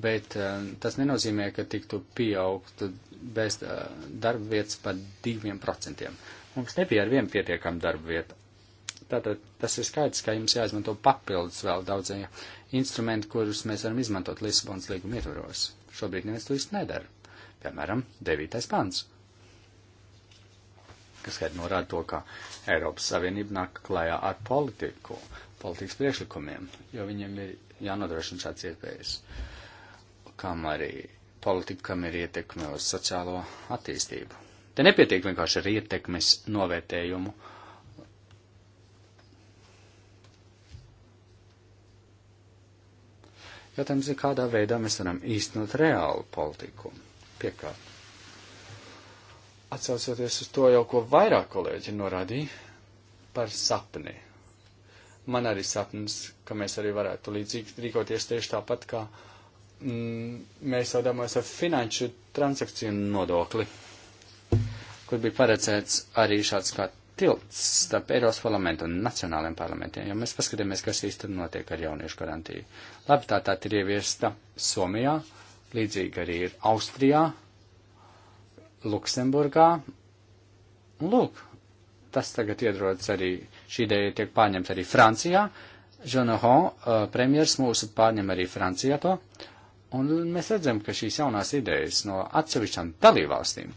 Bet eh, tas nenozīmē, ka tiktu pieaugtu bez eh, darba vietas par 2%. Mums nebija ar vienu pietiekam darba vietu. Tātad tas ir skaidrs, ka jums jāizmanto papildus vēl daudzie instrumenti, kurus mēs varam izmantot Lisabonas līguma ietvaros. Šobrīd neviens to īsti nedara. Piemēram, 9. pants, kas skaidri norāda to, ka Eiropas Savienība nāk klajā ar politiku, politikas priekšlikumiem, jo viņiem ir jānodrošina šāds iespējas, kam arī politika, kam ir ietekme uz sociālo attīstību. Te nepietiek vienkārši ar ietekmes novērtējumu, uh, Jautājums ir, kādā veidā mēs varam īstenot reālu politiku. Piekārt. Atcaucoties uz to jau, ko vairāk kolēģi norādīja par sapni. Man arī sapnis, ka mēs arī varētu līdzīgi rīkoties tieši tāpat, kā mm, mēs jau domājam ar finanšu transakciju nodokli, kur bija paredzēts arī šāds kā tilts starp Eiropas parlamentu un nacionāliem parlamentiem, jo mēs paskatāmies, kas īsti notiek ar jauniešu garantiju. Labi, tā tā ir ieviesta Somijā, līdzīgi arī ir Austrijā, Luksemburgā. Lūk, tas tagad iedrodas arī, šī ideja tiek pārņemta arī Francijā. Žonoho, uh, premjers mūsu pārņem arī Francijā to. Un mēs redzam, ka šīs jaunās idejas no atsevišķām dalībvalstīm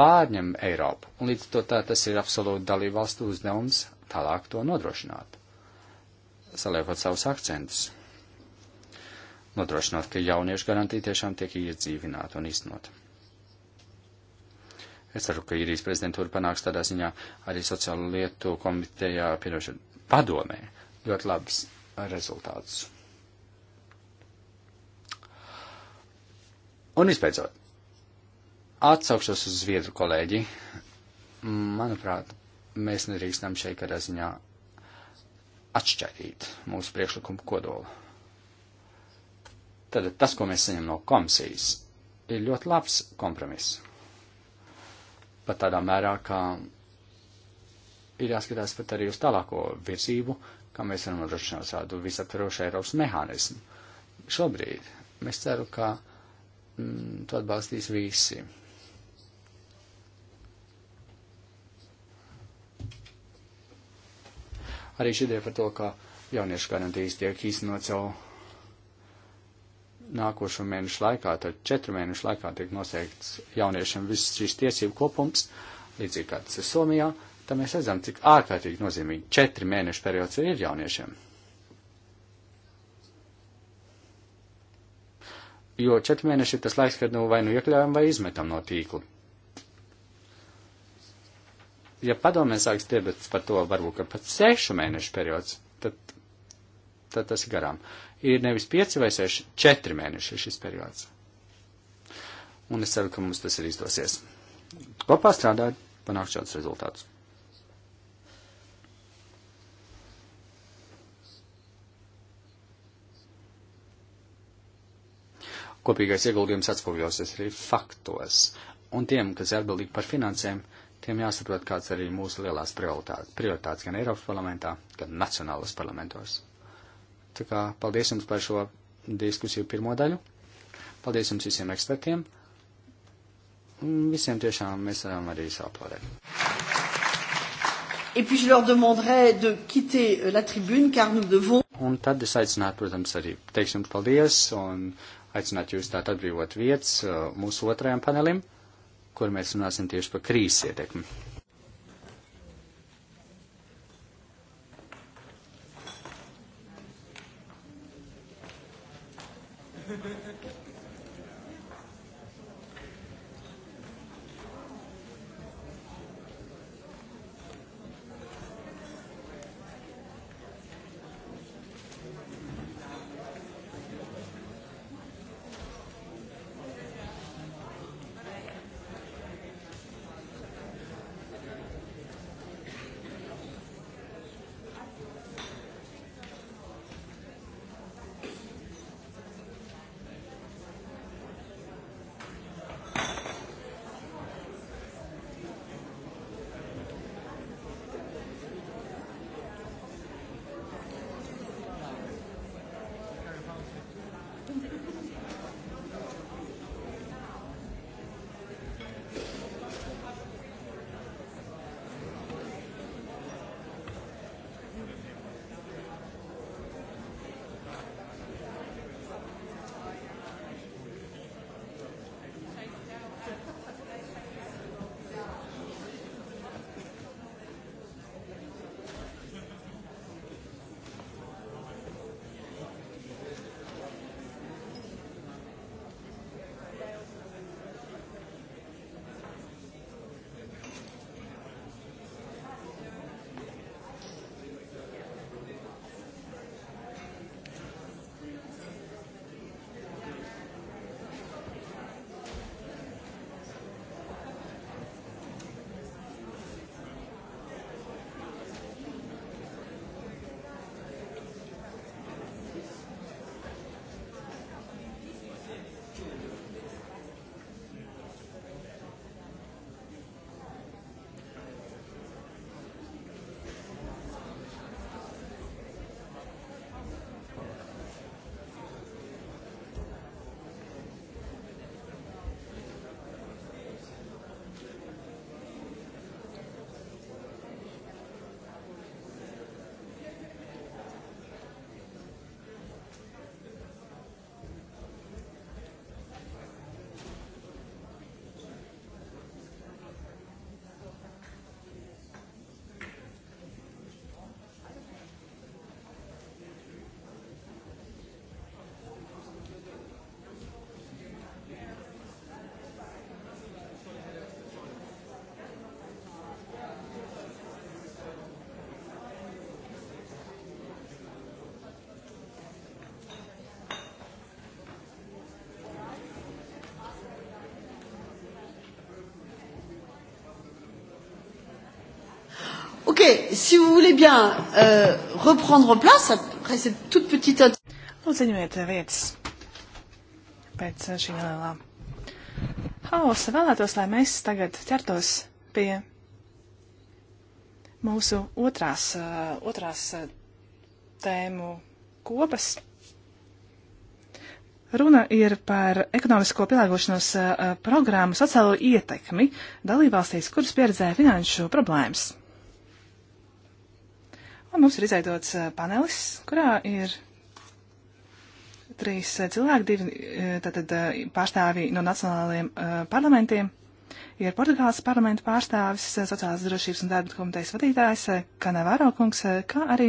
pārņem Eiropu, un līdz to tā tas ir absolūti dalībvalstu uzdevums tālāk to nodrošināt, saliekot savus akcentus, nodrošinot, ka jauniešu garantija tiešām tiek iedzīvināta un iznot. Es ceru, ka īrijas prezidentūra panāks tādā ziņā arī sociālo lietu komitejā, piedošana padomē, ļoti labs rezultāts. Un visbeidzot, Atsaukšos uz Zviedru kolēģi. Manuprāt, mēs nedrīkstam šeit kādā ziņā atšķaidīt mūsu priekšlikumu kodolu. Tad tas, ko mēs saņem no komisijas, ir ļoti labs kompromiss. Pat tādā mērā, ka ir jāskatās pat arī uz tālāko virzību, kā mēs varam nodrošināt tādu visaptvarošu Eiropas mehānismu. Šobrīd mēs ceru, ka mm, to atbalstīs visi. Arī šī ideja par to, ka jauniešu garantijas tiek īstenot jau nākošo mēnešu laikā, tad četru mēnešu laikā tiek noteikts jauniešiem viss šīs tiesību kopums, līdzīgi kā tas ir Somijā, tad mēs redzam, cik ārkārtīgi nozīmīgi četri mēnešu periods ir jauniešiem. Jo četri mēneši ir tas laiks, kad nu vai nu iekļaujam vai izmetam no tīkla ja padomē sāks debats par to, varbūt, ka pat sešu mēnešu periods, tad, tad tas ir garām. Ir nevis pieci vai seši, četri mēneši šis periods. Un es ceru, ka mums tas arī izdosies. Kopā strādāt, panākt šādus rezultātus. Kopīgais ieguldījums atspoguļosies arī faktos, un tiem, kas ir atbildīgi par finansēm, uh, Tiem jāsaprot, kāds arī mūsu lielās prioritātes, prioritātes gan Eiropas parlamentā, gan nacionālas parlamentos. Tā kā paldies jums par šo diskusiju pirmo daļu. Paldies jums visiem ekspertiem. Visiem tiešām mēs varam arī saplodēt. Et puis je leur demanderai de quitter euh, la tribune car nous devons. Un tad es aicinātu, protams, arī teikt jums paldies un aicinātu jūs tā atbrīvot vietas euh, mūsu otrajam panelim kur mēs runāsim tieši par krīzes ietekmi. Ok, si vous voulez bien euh, reprendre place après cette toute petite. Uzņemiet eh, vietas pēc eh, šī nelielā hausa. Vēlētos, lai mēs tagad ķertos pie mūsu otrās, uh, otrās uh, tēmu kopas. Runa ir par ekonomisko pielāgošanos uh, programmu sociālo ietekmi dalībvalstīs, kuras pieredzēja finanšu problēmas. Mums ir izveidots eh, panelis, kurā ir trīs eh, cilvēki, divi eh, tātad, pārstāvji no nacionālajiem parlamentiem. Ir Portugāles parlamenta pārstāvis, sociālās drošības un darba komitejas vadītājs Kanavaro kungs, kā arī,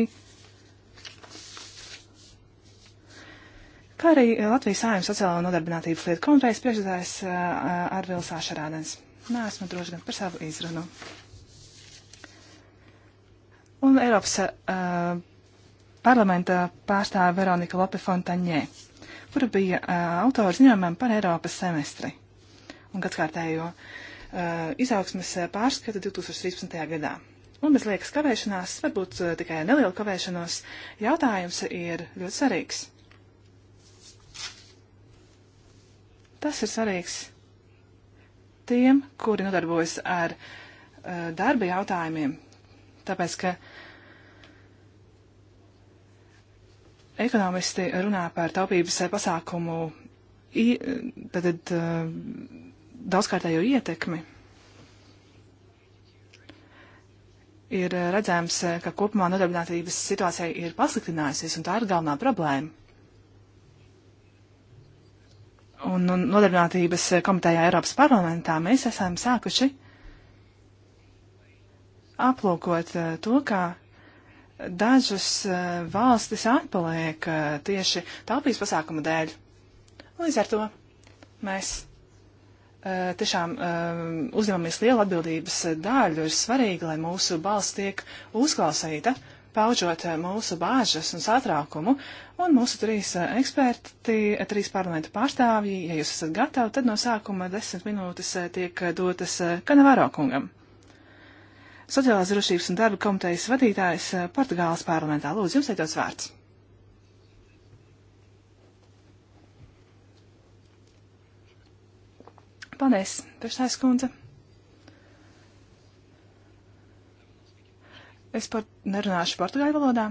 kā arī Latvijas sājuma sociālo nodarbinātības lietu komitejas priekšsēdājs Arvils Āšarādens. Nē, esmu droši gan par savu izrunu un Eiropas uh, parlamenta pārstāve Veronika Lope Fontaņē, kura bija uh, autora ziņojumam par Eiropas semestri un gadskārtējo uh, izaugsmes pārskatu 2013. gadā. Un bez liekas kavēšanās, varbūt uh, tikai neliela kavēšanos, jautājums ir ļoti svarīgs. Tas ir svarīgs tiem, kuri nodarbojas ar uh, darba jautājumiem, tāpēc, ka uh, Ekonomisti runā par taupības pasākumu tad, tad, uh, daudzkārtējo ietekmi. Ir uh, redzams, uh, ka kopumā nodarbinātības situācija ir pasliktinājusies, un tā ir galvenā problēma. Un, un nodarbinātības komitejā Eiropas parlamentā mēs esam sākuši aplūkot to, kā dažas eh, valstis atpaliek eh, tieši taupības pasākumu dēļ. Līdz ar to mēs eh, tiešām uzņemamies lielu atbildības daļu. Ir svarīgi, lai mūsu balss tiek uzklausīta, paužot mūsu bāžas un satraukumu. Un mūsu trīs eksperti, trīs parlamentu pārstāvji, ja jūs esat gatavi, tad no sākuma desmit minūtes tiek dotas Kanavaro kungam sociālās drošības un darba komitejas vadītājs eh, Portugāles parlamentā. Lūdzu, jums ir dots vārds. Paldies, priekšstājas kundze. Es par nerunāšu portugāļu valodā.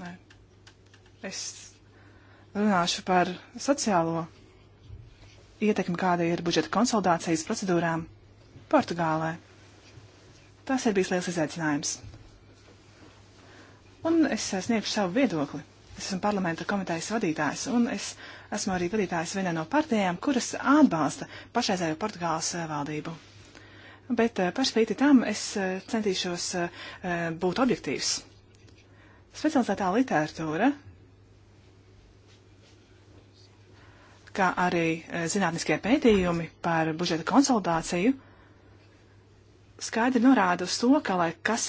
Nē. Es runāšu par sociālo ietekme, kāda ir budžeta konsolidācijas procedūrām Portugālē. Tas ir bijis liels izaicinājums. Un es sniegšu savu viedokli. Es esmu parlamenta komitejas vadītājs, un es esmu arī vadītājs vienā no partijām, kuras atbalsta pašreizējo Portugāles eh, valdību. Bet eh, par spīti tam es eh, centīšos būt objektīvs. Specializētā literatūra kā arī e, zinātniskie pētījumi par budžeta konsolidāciju skaidri norāda uz to, ka, lai kas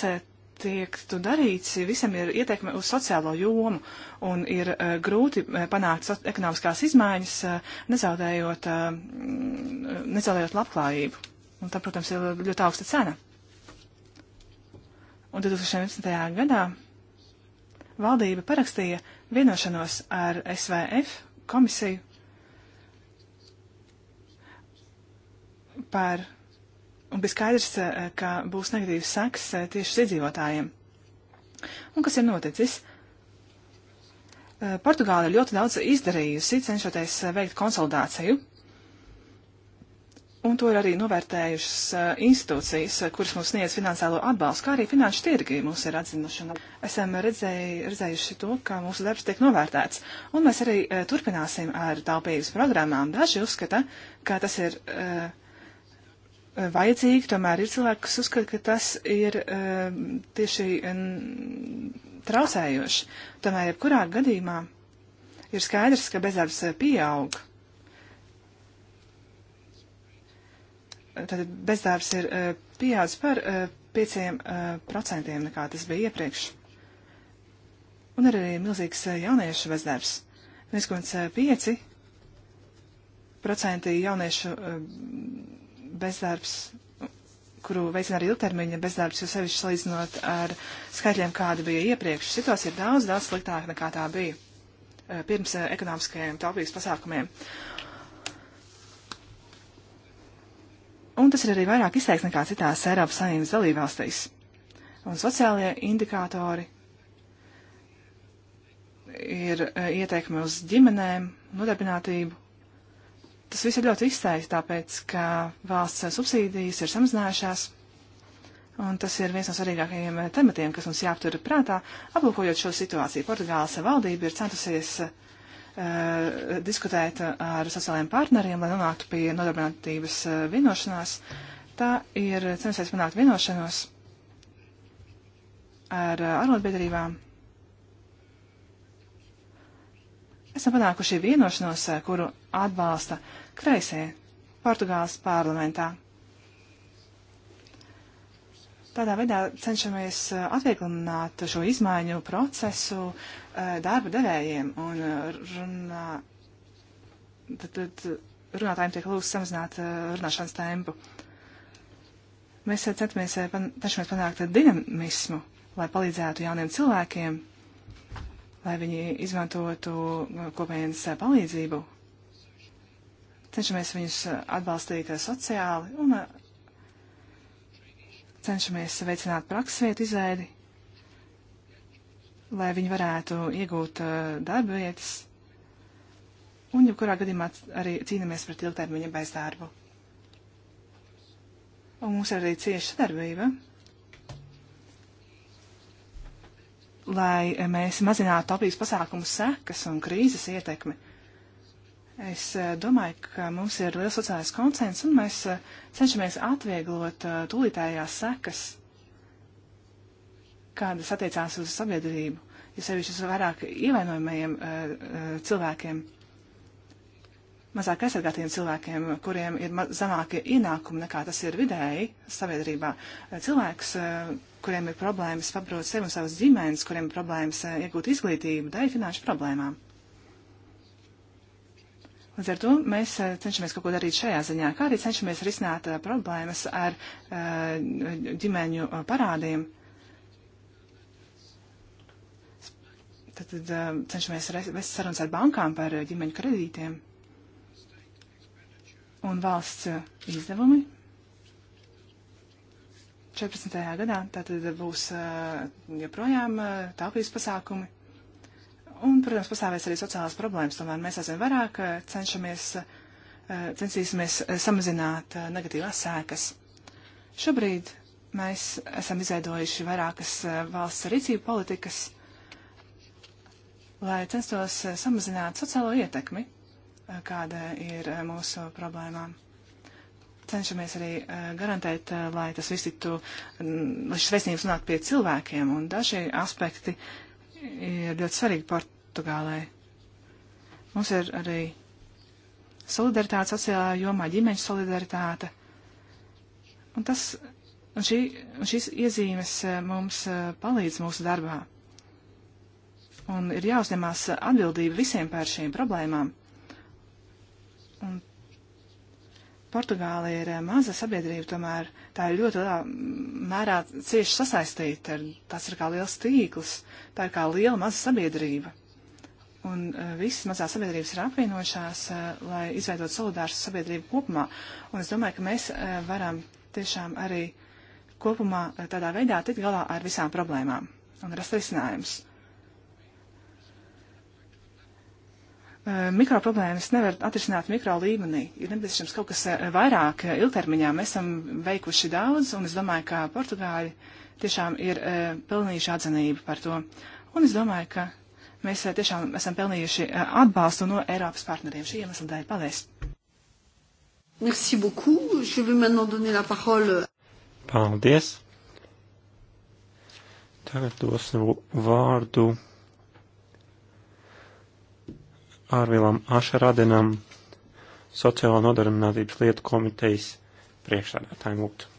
tiektu darīts, visam ir ietekme uz sociālo jomu un ir uh, grūti e, panākt so ekonomiskās izmaiņas, uh, nezaudējot, uh, nezaudējot labklājību. Un tā, protams, ir ļoti augsta cena. Un 2011. gadā valdība parakstīja vienošanos ar SVF komisiju par, un bija skaidrs, eh, ka būs negatīvs saks eh, tieši uz iedzīvotājiem. Un kas ir noticis? Eh, Portugāla ir ļoti daudz izdarījusi, cenšoties veikt konsolidāciju. Un to ir arī novērtējušas institūcijas, kuras mums sniedz finansiālo atbalstu, kā arī finanšu tirgi mūs ir atzinuši. Esam redzēju, redzējuši to, ka mūsu darbs tiek novērtēts. Un mēs arī turpināsim ar taupības programmām. Daži uzskata, ka tas ir uh, Eh, vajadzīgi, tomēr ir cilvēki, kas uzskata, ka tas ir eh, tieši traucējoši. Tomēr, jebkurā gadījumā, ir skaidrs, ka bezdarbs eh, pieaug. Tad bezdarbs ir pieaudzis par 5% nekā tas bija iepriekš. Un ir arī milzīgs jauniešu bezdarbs. 1,5% jauniešu bezdarbs, kuru veicina arī ilgtermiņa bezdarbs, jo sevišķi salīdzinot ar skaitļiem, kāda bija iepriekš. Situācija ir daudz, daudz sliktāka nekā tā bija eh, pirms eh, ekonomiskajiem taupības pasākumiem. Un tas ir arī vairāk izteikts nekā citās Eiropas Savienības dalībvalstīs. Un sociālie indikātori ir eh, ieteikumi uz ģimenēm, nodarbinātību, tas viss ir ļoti izteikti, tāpēc, ka valsts subsīdijas ir samazinājušās. Un tas ir viens no svarīgākajiem tematiem, kas mums jāaptur prātā, aplūkojot šo situāciju. Portugāles valdība ir centusies uh, diskutēt ar sociālajiem partneriem, lai nonāktu pie nodarbinātības uh, vienošanās. Tā ir centusies panākt vienošanos ar uh, arotbiedrībām. Esam panākuši vienošanos, kuru atbalsta uh, kreisē Portugāles parlamentā. Tādā veidā cenšamies eh, atvieglināt šo izmaiņu procesu eh, darba devējiem un eh, runā, tad, tad runātājiem tiek lūgts samazināt runāšanas tempu. Mēs centamies pan, panākt dinamismu, lai palīdzētu jauniem cilvēkiem, lai viņi izmantotu kopienas palīdzību cenšamies viņus eh, atbalstīt eh, sociāli un eh, cenšamies veicināt praksvietu izveidi, lai viņi varētu iegūt darba vietas. Un jebkurā gadījumā arī cīnāmies pret ilgtermiņa bezdarbu. Un mums ir arī cieša sadarbība, lai mēs mazinātu taupības pasākumu sekas un krīzes ietekmi. Es eh, domāju, ka mums ir liels sociālais konsens, un mēs eh, cenšamies atvieglot eh, tūlītējās sekas, kādas attiecās uz sabiedrību, jo sevišķi uz vairāk ievainojumajiem cilvēkiem, mazāk aizsargātiem cilvēkiem, kuriem ir zemākie ienākumi nekā tas ir vidēji sabiedrībā. Cilvēks, kuriem ir problēmas pabrot sevi un savas ģimenes, kuriem ir problēmas iegūt izglītību, dēļ finanšu problēmām. Līdz ar to mēs eh, cenšamies kaut ko darīt šajā ziņā, kā arī cenšamies risināt eh, problēmas ar eh, ģimeņu parādiem. Tad, tad cenšamies vest sarunas ar bankām par ģimeņu kredītiem un valsts izdevumi. 14. gadā tātad būs joprojām taupības pasākumi Un, protams, pastāvēs arī sociālās problēmas, tomēr mēs aizvien vairāk eh, cenšamies, eh, censīsimies eh, samazināt negatīvās sēkas. Šobrīd mēs esam izveidojuši vairākas valsts rīcību politikas, lai censtos samazināt sociālo ietekmi, kāda ir mūsu problēmām. Cenšamies arī garantēt, lai tas viss tiktu, mm, lai šis vēstījums nonāk pie cilvēkiem, un daži aspekti ir ļoti svarīgi par Portugālē. Mums ir arī solidaritāte sociālā jomā, ģimeņa solidaritāte. Un, tas, un, šī, un šīs iezīmes eh, mums eh, palīdz mūsu darbā. Un ir jāuzņemās atbildība visiem par šīm problēmām. Un Portugāla ir eh, maza sabiedrība, tomēr tā ir ļoti lielā mērā cieši sasaistīta. Ar, tas ir kā liels tīkls, tā ir kā liela maza sabiedrība un e, visas mazās sabiedrības ir apvienošās, e, lai izveidot solidāru sabiedrību kopumā. Un es domāju, ka mēs e, varam tiešām arī kopumā tādā veidā tikt galā ar visām problēmām un rast risinājumus. Mikroproblēmas nevar atrisināt mikro līmenī. Ir nepieciešams kaut kas vairāk ilgtermiņā. Mēs esam veikuši daudz, un es domāju, ka Portugāļi tiešām ir pelnījuši atzinību par to. Un es domāju, ka Mēs eh, tiešām esam pelnījuši eh, atbalstu no Eiropas partneriem šī iemesla dēļ. Paldies! Merci beaucoup. Je vais maintenant donner la parole. Paldies. Tagad dosim vārdu Ārvilam Ašaradenam, sociālo nodarbinātības lietu komitejas priekšsādātājiem lūgtu.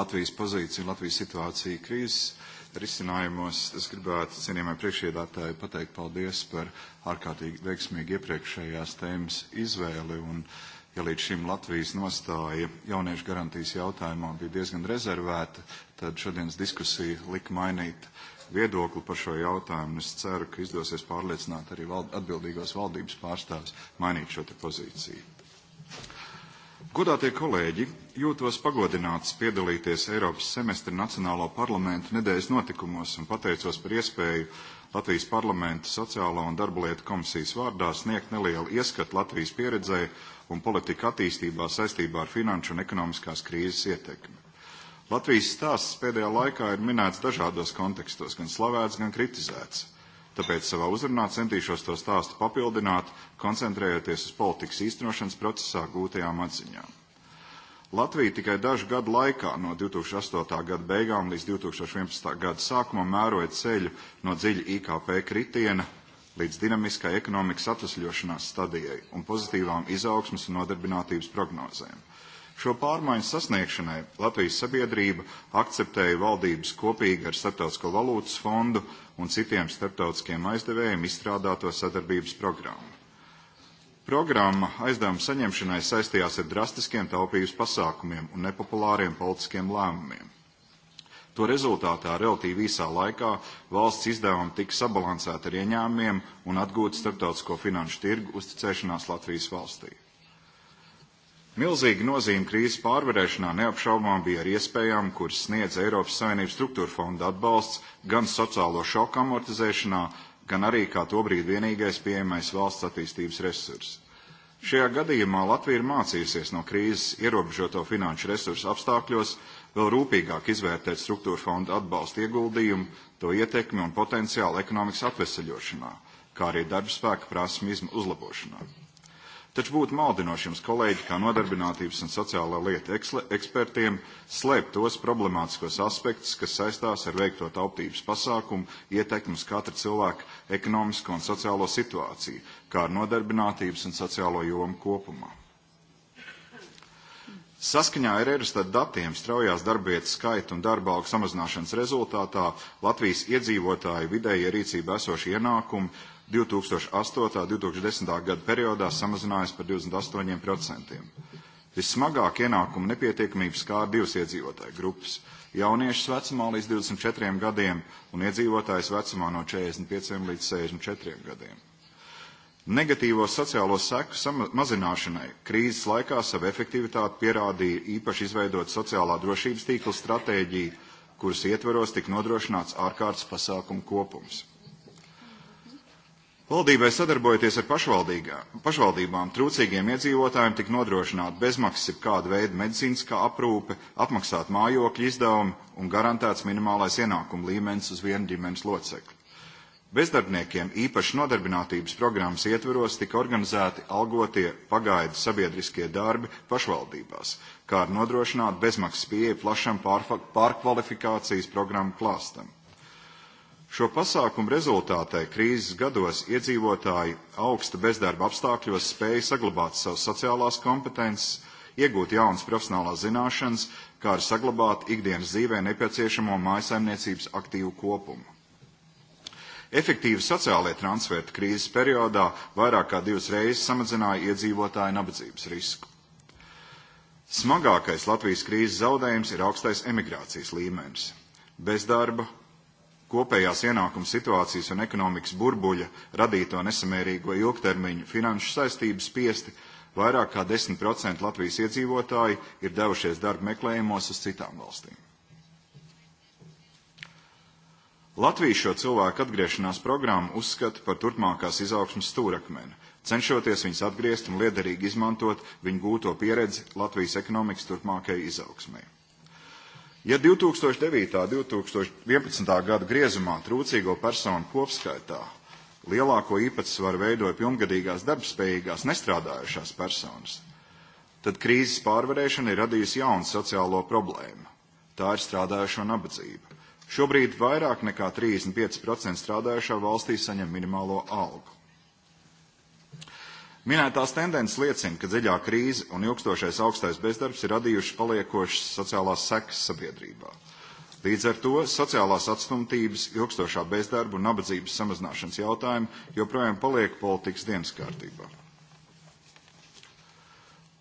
Latvijas pozīcija un Latvijas situācija krīzes risinājumos. Es gribētu cienījumai priekšiedātāji pateikt paldies par ārkārtīgi veiksmīgu iepriekšējās tēmas izvēli. Un, ja līdz šim Latvijas nostāja jauniešu garantijas jautājumā bija diezgan rezervēta, tad šodienas diskusija lika mainīt viedokli par šo jautājumu. Es ceru, ka izdosies pārliecināt arī vald atbildīgos valdības pārstāvis mainīt šo pozīciju. Godātie kolēģi, jūtos pagodināts piedalīties Eiropas semestra Nacionālo parlamentu nedēļas notikumos un pateicos par iespēju Latvijas parlamenta sociālo un darba lietu komisijas vārdā sniegt nelielu ieskatu Latvijas pieredzē un politika attīstībā saistībā ar finanšu un ekonomiskās krīzes ietekmi. Latvijas stāsts pēdējā laikā ir minēts dažādos kontekstos, gan slavēts, gan kritizēts tāpēc savā uzrunā centīšos to stāstu papildināt, koncentrējoties uz politikas īstenošanas procesā gūtajām atziņām. Latvija tikai dažu gadu laikā, no 2008. gada beigām līdz 2011. gada sākumam, mēroja ceļu no dziļa IKP kritiena līdz dinamiskai ekonomikas atvesļošanās stadijai un pozitīvām izaugsmas un nodarbinātības prognozēm. Šo pārmaiņu sasniegšanai Latvijas sabiedrība akceptēja valdības kopīgi ar Startautisko valūtas fondu un citiem starptautiskiem aizdevējiem izstrādāto sadarbības programmu. Programma aizdevuma saņemšanai saistījās ar drastiskiem taupības pasākumiem un nepopulāriem politiskiem lēmumiem. To rezultātā relatīvi īsā laikā valsts izdevumi tika sabalansēti ar ieņēmumiem un atgūta starptautisko finanšu tirgu uzticēšanās Latvijas valstī. Milzīga nozīme krīzes pārvarēšanā neapšaubām bija ar iespējām, kuras sniedz Eiropas Savienības struktūra fonda atbalsts gan sociālo šoku amortizēšanā, gan arī kā tobrīd vienīgais pieejamais valsts attīstības resurss. Šajā gadījumā Latvija ir mācījusies no krīzes ierobežoto finanšu resursu apstākļos vēl rūpīgāk izvērtēt struktūra fonda atbalsta ieguldījumu, to ietekmi un potenciālu ekonomikas atveseļošanā, kā arī darba spēka prasmu uzlabošanā. Taču būtu maldinoši jums, kolēģi, kā nodarbinātības un sociālā lieta ekspertiem, slēpt tos problemātiskos aspektus, kas saistās ar veikto taupības pasākumu ietekmi uz katra cilvēka ekonomisko un sociālo situāciju, kā ar nodarbinātības un sociālo jomu kopumā. Saskaņā ar Eurostat datiem straujās darbvietas skaita un darba auga samazināšanas rezultātā Latvijas iedzīvotāju vidējie rīcība esošie ienākumi 2008.–2010. gada periodā samazinājies par 28%. Vissmagāk ienākumu nepietiekamība skāra divas iedzīvotāju grupas - jauniešus vecumā līdz 24 gadiem un iedzīvotājus vecumā no 45 līdz 64 gadiem. Negatīvo sociālo seku mazināšanai krīzes laikā savu efektivitāti pierādīja īpaši izveidot sociālā drošības tīkla stratēģiju, kuras ietveros tika nodrošināts ārkārtas pasākumu kopums. Valdībai sadarbojoties ar pašvaldībām, trūcīgiem iedzīvotājiem tika nodrošināta bezmaksas ir kāda veida medicīniskā aprūpe, apmaksāt mājokļu izdevumi un garantēts minimālais ienākuma līmenis uz vienu ģimenes locekli. Bezdarbniekiem īpaši nodarbinātības programmas ietveros tika organizēti algotie pagaidu sabiedriskie darbi pašvaldībās, kā ar nodrošināt bezmaksas pieeja plašam pārkvalifikācijas programmu klāstam. Šo pasākumu rezultātē krīzes gados iedzīvotāji augsta bezdarba apstākļos spēja saglabāt savas sociālās kompetences, iegūt jaunas profesionālās zināšanas, kā arī saglabāt ikdienas dzīvē nepieciešamo mājasaimniecības aktīvu kopumu. Efektīvi sociālie transferti krīzes periodā vairāk kā divas reizes samazināja iedzīvotāju nabadzības risku. Smagākais Latvijas krīzes zaudējums ir augstais emigrācijas līmenis. Bezdarba, kopējās ienākuma situācijas un ekonomikas burbuļa radīto nesamērīgo ilgtermiņu finanšu saistību spiesti, vairāk kā 10% Latvijas iedzīvotāji ir devušies darba meklējumos uz citām valstīm. Latvijas šo cilvēku atgriešanās programmu uzskata par turpmākās izaugsmas stūrakmeni, cenšoties viņus atgriezt un liederīgi izmantot viņu gūto pieredzi Latvijas ekonomikas turpmākajai izaugsmai. Ja 2009. un 2011. gada griezumā trūcīgo personu kopskaitā lielāko īpatsvaru veidoja pilngadīgās darbspējīgās nestrādājušās personas, tad krīzes pārvarēšana ir radījusi jaunu sociālo problēmu. Tā ir strādājušo nabadzība. Šobrīd vairāk nekā 35% strādājušā valstī saņem minimālo algu. Minētās tendences liecina, ka dziļā krīze un ilgstošais augstais bezdarbs ir radījuši paliekošas sociālās sekas sabiedrībā. Līdz ar to sociālās atstumtības, ilgstošā bezdarba un nabadzības samazināšanas jautājumi joprojām paliek politikas dienas kārtībā.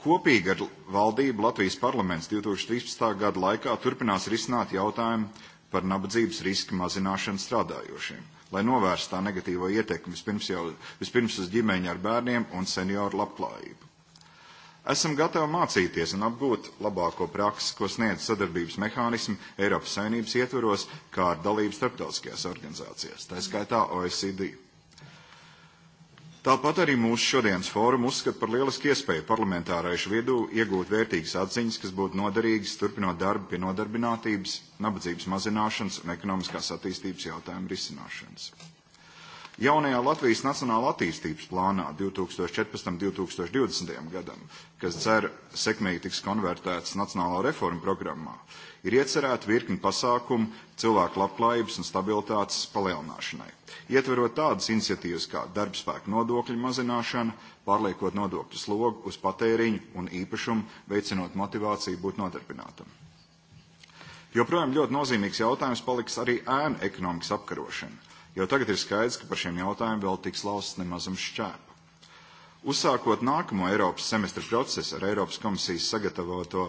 Kopīgi ar valdību Latvijas parlaments 2013. gada laikā turpinās risināt jautājumu par nabadzības riska mazināšanu strādājošiem – lai novērstu tā negatīvo ietekmi vispirms, jau, vispirms uz ģimeņa ar bērniem un senioru labklājību. Esam gatavi mācīties un apgūt labāko praksi, ko sniedz sadarbības mehānismi Eiropas Savienības ietveros, kā ar dalību starptautiskajās organizācijās, tā skaitā OECD. Tāpat arī mūsu šodienas fórumu uzskata par lielisku iespēju parlamentāriešu vidū iegūt vērtīgas atziņas, kas būtu noderīgas turpinot darbu pie nodarbinātības, nabadzības mazināšanas un ekonomiskās attīstības jautājumu risināšanas. Jaunajā Latvijas Nacionāla attīstības plānā 2014-2020 gadam, kas cer sekmīgi tiks konvertēts Nacionālā reforma programmā, ir iecerēta virkni pasākumu cilvēku labklājības un stabilitātes palielināšanai, ietverot tādas iniciatīvas kā darbspēka nodokļu mazināšana, pārliekot nodokļu slogu uz patēriņu un īpašumu, veicinot motivāciju būt nodarbinātam. Joprojām ļoti nozīmīgs jautājums paliks arī ēnu ekonomikas apkarošana, jo tagad ir skaidrs, ka par šiem jautājumiem vēl tiks lausts nemazums šķēpa. Uzsākot nākamo Eiropas semestra procesu ar Eiropas komisijas sagatavoto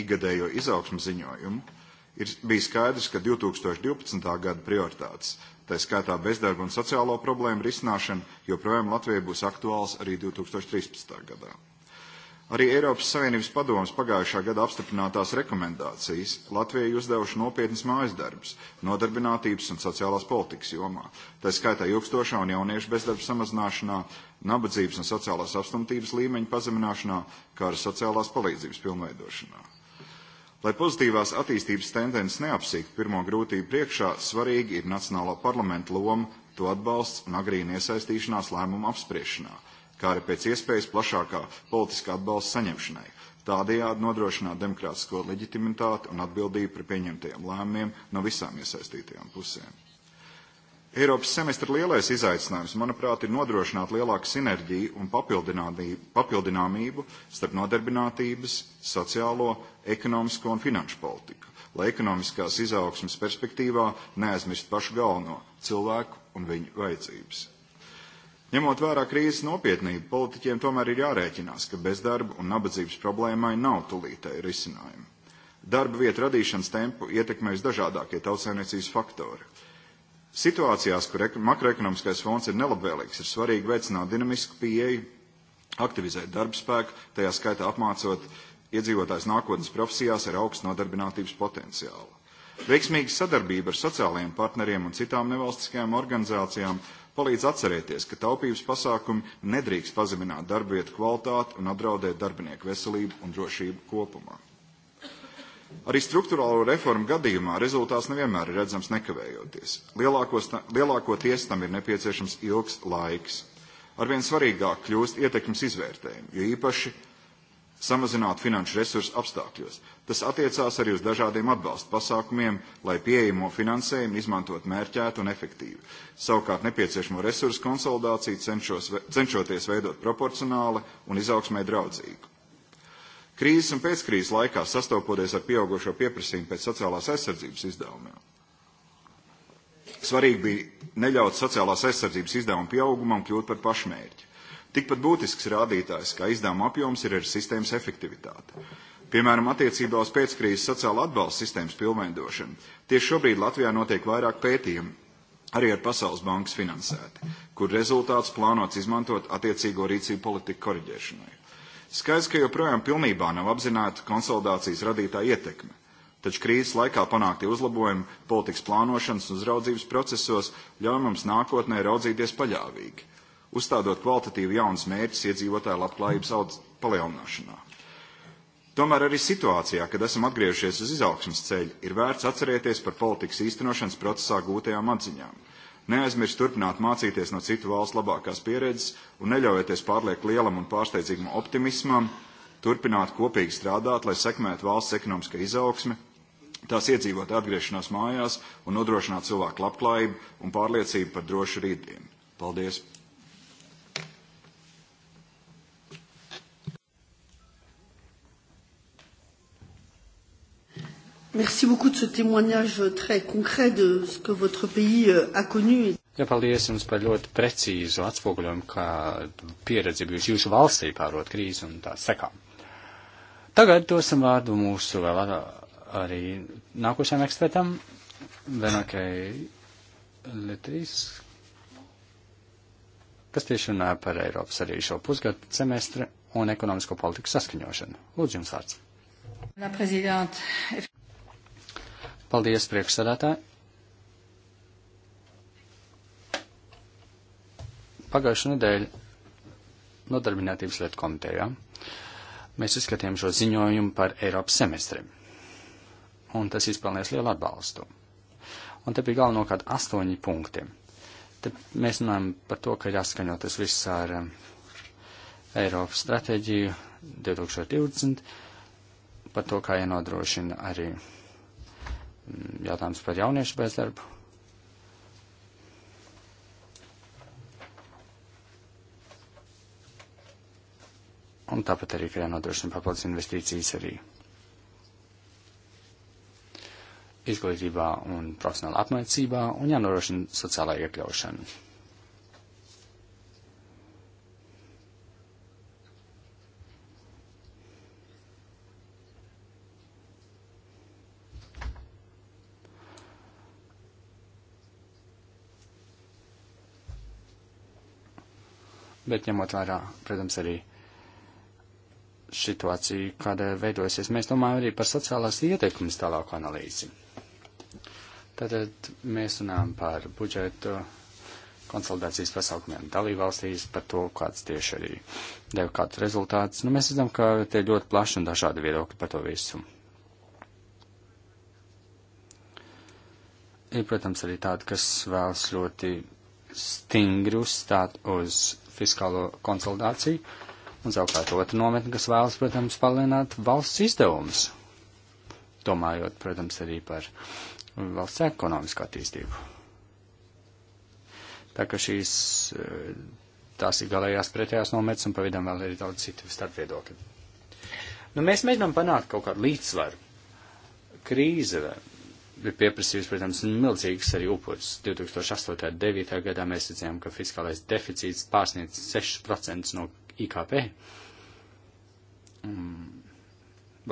ikgadējo izaugsmu ziņojumu, ir bijis skaidrs, ka 2012. gada prioritātes, tā skaitā bezdarba un sociālo problēmu risināšana, joprojām Latvijai būs aktuāls arī 2013. gadā. Arī Eiropas Savienības padomas pagājušā gada apstiprinātās rekomendācijas Latvijai uzdevuši nopietnas mājas darbus nodarbinātības un sociālās politikas jomā, tā skaitā ilgstošā un jauniešu bezdarba samazināšanā, nabadzības un sociālās apstumtības līmeņa pazemināšanā, kā arī sociālās palīdzības pilnveidošanā. Lai pozitīvās attīstības tendences neapsīktu pirmo grūtību priekšā, svarīgi ir Nacionālo parlamentu loma, to atbalsts un agrīna iesaistīšanās lēmumu apspriešanā, kā arī pēc iespējas plašākā politiskā atbalsta saņemšanai. Tādējādi nodrošināt demokrātisko leģitimitāti un atbildību par pieņemtajiem lēmumiem no visām iesaistītajām pusēm. Eiropas semestra lielais izaicinājums, manuprāt, ir nodrošināt lielāku sinerģiju un papildināmību starp nodarbinātības, sociālo, ekonomisko un finanšu politiku, lai ekonomiskās izaugsmas perspektīvā neaizmirst pašu galveno - cilvēku un viņu vajadzības. Ņemot vērā krīzes nopietnību, politiķiem tomēr ir jārēķinās, ka bezdarba un nabadzības problēmai nav tulītēji risinājumi. Darba vietu radīšanas tempu ietekmēs dažādākie tautsēmniecības faktori Situācijās, kur makroekonomiskais fons ir nelabvēlīgs, ir svarīgi veicināt dinamisku pieeju, aktivizēt darba spēku, tajā skaitā apmācot iedzīvotājs nākotnes profesijās ar augstu nodarbinātības potenciālu. Veiksmīga sadarbība ar sociālajiem partneriem un citām nevalstiskajām organizācijām palīdz atcerēties, ka taupības pasākumi nedrīkst pazemināt darbvietu kvalitāti un apdraudēt darbinieku veselību un drošību kopumā. Arī struktūrālo reformu gadījumā rezultāts nevienmēr ir redzams nekavējoties. Lielākos, lielākoties tam ir nepieciešams ilgs laiks. Arvien svarīgāk kļūst ietekmes izvērtējumi, jo īpaši samazināt finanšu resursu apstākļos. Tas attiecās arī uz dažādiem atbalsta pasākumiem, lai pieejamo finansējumu izmantot mērķēt un efektīvi. Savukārt nepieciešamo resursu konsolidāciju cenšos, cenšoties veidot proporcionāli un izaugsmē draudzīgu. Krīzes un pēckrīzes laikā sastopoties ar pieaugušo pieprasījumu pēc sociālās aizsardzības izdevumiem. Svarīgi bija neļaut sociālās aizsardzības izdevumu pieaugumam kļūt par pašmērķi. Tikpat būtisks rādītājs, kā izdevuma apjoms, ir arī sistēmas efektivitāte. Piemēram, attiecībā uz pēckrīzes sociāla atbalsta sistēmas pilnveidošanu. Tieši šobrīd Latvijā notiek vairāk pētījumu, arī ar Pasaules bankas finansēti, kur rezultāts plānots izmantot attiecīgo rīcību politiku koriģēšanai. Skaidrs, ka joprojām pilnībā nav apzināta konsolidācijas radītā ietekme, taču krīzes laikā panāktie uzlabojumi politikas plānošanas un uzraudzības procesos ļauj mums nākotnē raudzīties paļāvīgi, uzstādot kvalitatīvi jaunus mērķus iedzīvotāju labklājības palielināšanā. Tomēr arī situācijā, kad esam atgriežies uz izaugsmas ceļa, ir vērts atcerēties par politikas īstenošanas procesā gūtajām atziņām Neaizmirst turpināt mācīties no citu valstu labākās pieredzes un neļaujieties pārlieku lielam un pārsteidzīgam optimismam, turpināt kopīgi strādāt, lai sekmētu valsts ekonomiskā izaugsme, tās iedzīvot atgriešanās mājās un nodrošināt cilvēku labklājību un pārliecību par drošu rītdienu. Paldies! Merci beaucoup de ce témoignage très concret de ce que votre pays euh, a connu. Jā, paldies jums par ļoti precīzu atspoguļojumu, kā pieredze bijusi jūsu valstī pārot krīzi un tā sekām. Tagad dosim vārdu mūsu vēl ar, uh, arī nākošajam ekspertam, Venakai Litrīs, kas tieši runāja par Eiropas arī šo pusgadu semestri un ekonomisko politiku saskaņošanu. Lūdzu jums vārds. Paldies, priekšsēdētāji! Pagājušā nedēļa Nodarbinātības lietu komitejā mēs izskatījām šo ziņojumu par Eiropas semestri. Un tas izpelnījās lielu atbalstu. Un te bija galvenokārt astoņi punkti. Te mēs runājam par to, ka jāskaņo tas viss ar um, Eiropas stratēģiju 2020, par to, kā jānodrošina arī jautājums par jauniešu bezdarbu. Un tāpat arī, ka jānodrošina papildus investīcijas arī izglītībā un profesionāla apmācībā un jānodrošina sociālā iekļaušana. bet ņemot vērā, protams, arī situāciju, kāda veidojasies, mēs domājam arī par sociālās ietekmes tālāku analīzi. Tātad mēs runājam par budžetu konsolidācijas pasaukumiem dalībvalstīs, par to, kāds tieši arī deva kāds rezultāts. Nu, mēs redzam, ka te ir ļoti plaši un dažādi viedokļi par to visu. Ir, protams, arī tādi, kas vēlas ļoti stingri uzstāt uz fiskālo konsolidāciju, un savukārt otra nometne, kas vēlas, protams, palielināt valsts izdevumus, domājot, protams, arī par valsts ekonomisku attīstību. Tā ka šīs eh, tās ir galējās pretējās nometnes, un pavidam vēl ir daudz citu starpviedokļu. Nu, mēs mēģinām panākt kaut kādu līdzsvaru. Krīze vēl ir pieprasījis, protams, milzīgas arī upurus. 2008. un 2009. gadā mēs redzējām, ka fiskālais deficīts pārsniedz 6% no IKP. Mm.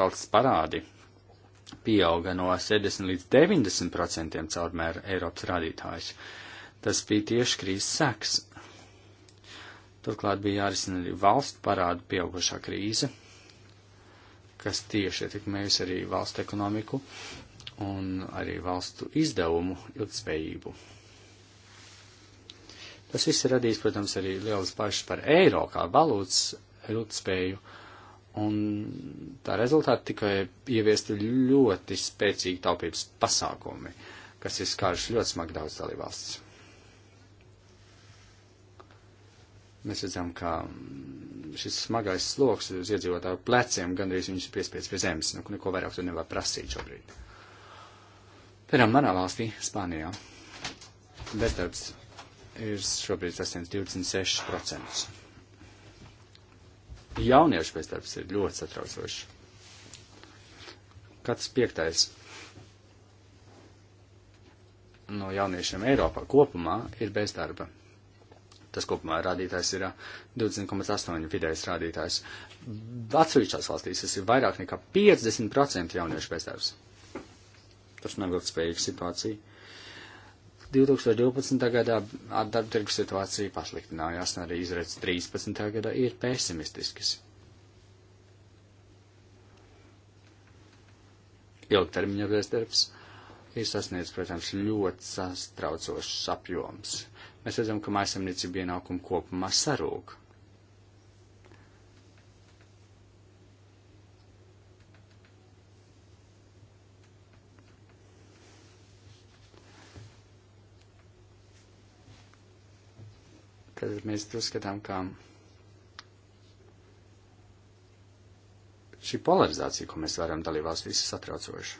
Valsts parādi pieauga no 70 līdz 90% caurmēr Eiropas rādītājs. Tas bija tieši krīzes seks. Turklāt bija jārisina arī valstu parādu pieaugušā krīze, kas tieši ietekmējusi arī valstu ekonomiku un arī valstu izdevumu ilgspējību. Tas viss ir radījis, protams, arī lielas bažas par eiro kā valūtas ilgspēju, un tā rezultāti tikai ieviesti ļoti spēcīgi taupības pasākumi, kas ir skāruši ļoti smagi daudz dalībvalsts. Mēs redzam, ka šis smagais sloks uz iedzīvotāju pleciem gandrīz viņus piespiedz pie zemes, nu, neko vairāk tu nevar prasīt šobrīd. Piemēram, manā valstī, Spānijā, bezdarbs ir šobrīd sasniedz 26%. Jauniešu bezdarbs ir ļoti satraucošs. Kāds piektais no jauniešiem Eiropā kopumā ir bezdarba. Tas kopumā rādītājs ir 20,8 vidējais rādītājs. Atsevišķās valstīs tas ir vairāk nekā 50% jauniešu bezdarbs. Tas nav ilgspējīga situācija. 2012. gadā darba tirgus situācija pasliktinājās, un arī izredzes 13. gadā ir pesimistiskas. Ilgtermiņa bezdarbs ir sasniedzis, protams, ļoti sastraucošs apjoms. Mēs redzam, ka mājasemniecība ienākuma kopumā sarūk. Tad mēs uzskatām, ka šī polarizācija, ko mēs varam dalībās, viss satraucoši.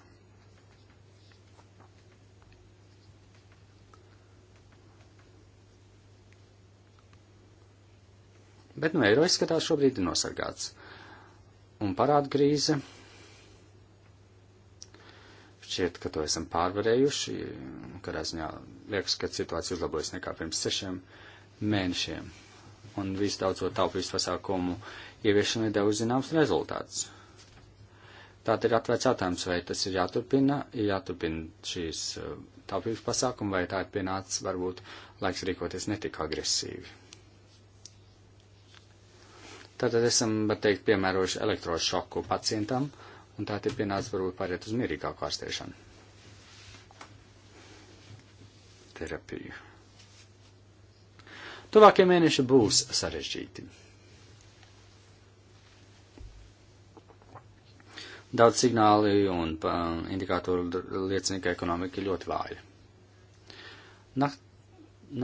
Bet, nu, eiro izskatās šobrīd ir nosargāts. Un parāda krīze. Šķiet, ka to esam pārvarējuši, karā ziņā liekas, ka situācija uzlabojas nekā pirms sešiem gadiem mēnešiem, un visu daudzo taupības pasākumu ieviešana ir devu zināms rezultāts. Tātad ir atvērts jautājums, vai tas ir jāturpina, ir jāturpina šīs uh, taupības pasākumi, vai tā ir pienācis varbūt laiks rīkoties netik agresīvi. Tātad esam, var teikt, piemērojuši elektrošoku pacientam, un tā ir pienācis varbūt pāriet uz mierīgāku ārstēšanu. Terapiju. Tuvākie mēneši būs sarežģīti. Daudz signāli un indikātoru liecina, ka ekonomika ir ļoti vāja. Nakt,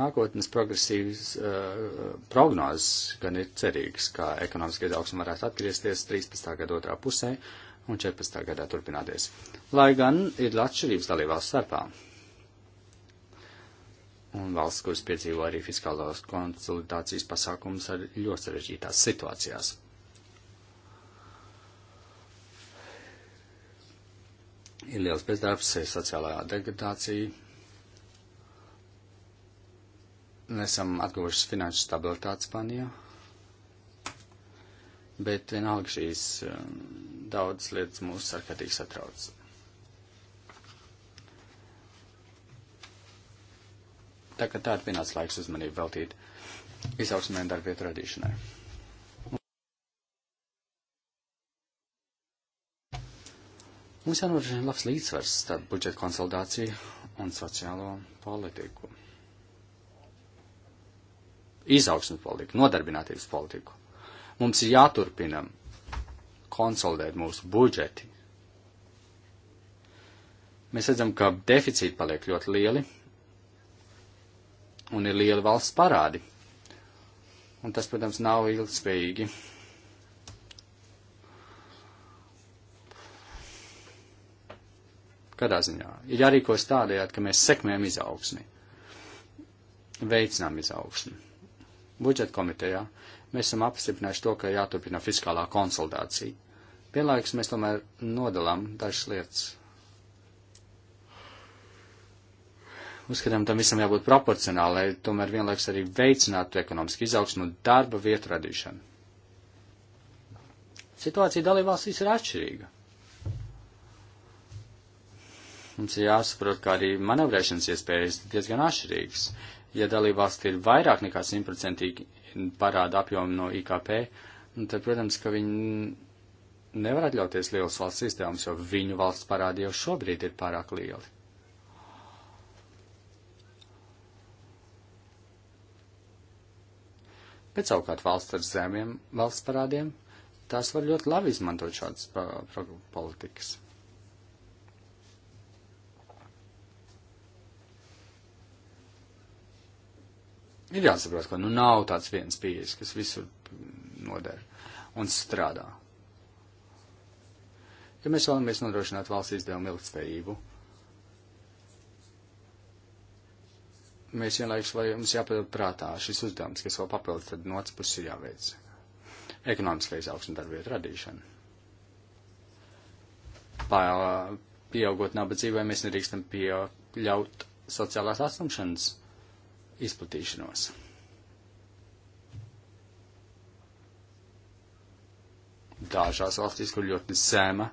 nākotnes progresīvas uh, prognozes gan ir cerīgas, ka ekonomiskā izaugsme varētu atgriezties 13. gada otrā pusē un 14. gadā turpināties, lai gan ir atšķirības dalībās starpā un valsts, kuras piedzīvo arī fiskālās konsolidācijas pasākums ar ļoti sarežģītās situācijās. Ir liels bezdarbs, ir sociālā degradācija. Nesam atguvuši finanšu stabilitāti Spanijā, bet vienalga šīs um, daudz lietas mūs sarkatīgi satrauc. Tā kā tāda pienāca laiks uzmanību veltīt izaugsmē un darbvietu radīšanai. Mums jānodrošina labs līdzsvars starp budžeta konsolidāciju un sociālo politiku. Izaugsmes politiku, nodarbinātības politiku. Mums ir jāturpina konsolidēt mūsu budžeti. Mēs redzam, ka deficīti paliek ļoti lieli, un ir lieli valsts parādi. Un tas, protams, nav ilgspējīgi. Kādā ziņā? Ir jārīkojas tādējādi, ka mēs sekmējam izaugsmi, veicinām izaugsmi. Budžeta komitejā mēs esam apstiprinājuši to, ka jāturpina fiskālā konsolidācija. Vienlaikus mēs tomēr nodalām dažas lietas Uzskatām, tam visam jābūt proporcionāli, lai tomēr vienlaiks arī veicinātu ekonomisku izaugsmu un darba vietu radīšanu. Situācija dalībvalstīs ir atšķirīga. Mums ir jāsaprot, ka arī manevrēšanas iespējas diezgan atšķirīgas. Ja dalībvalsts ir vairāk nekā simtprocentīgi parāda apjomu no IKP, nu, tad, protams, ka viņi nevar atļauties liels valsts izdevumus, jo viņu valsts parādi jau šobrīd ir pārāk lieli. bet savukārt valsts ar zemiem valsts parādiem, tās var ļoti labi izmantot šādas politikas. Ir jāsaprot, ka nu nav tāds viens pieejas, kas visur noder un strādā. Ja mēs vēlamies nodrošināt valsts izdevumu ilgspējību, mēs vienlaikus, lai mums jāpadod prātā šis uzdevums, kas vēl papildus, tad no otras puses ir jāveic ekonomiskā izaugsme darbvietu radīšana. Pā, pieaugot nabadzībai, mēs nedrīkstam pieļaut sociālās atstumšanas izplatīšanos. Dažās valstīs, kur ļoti zema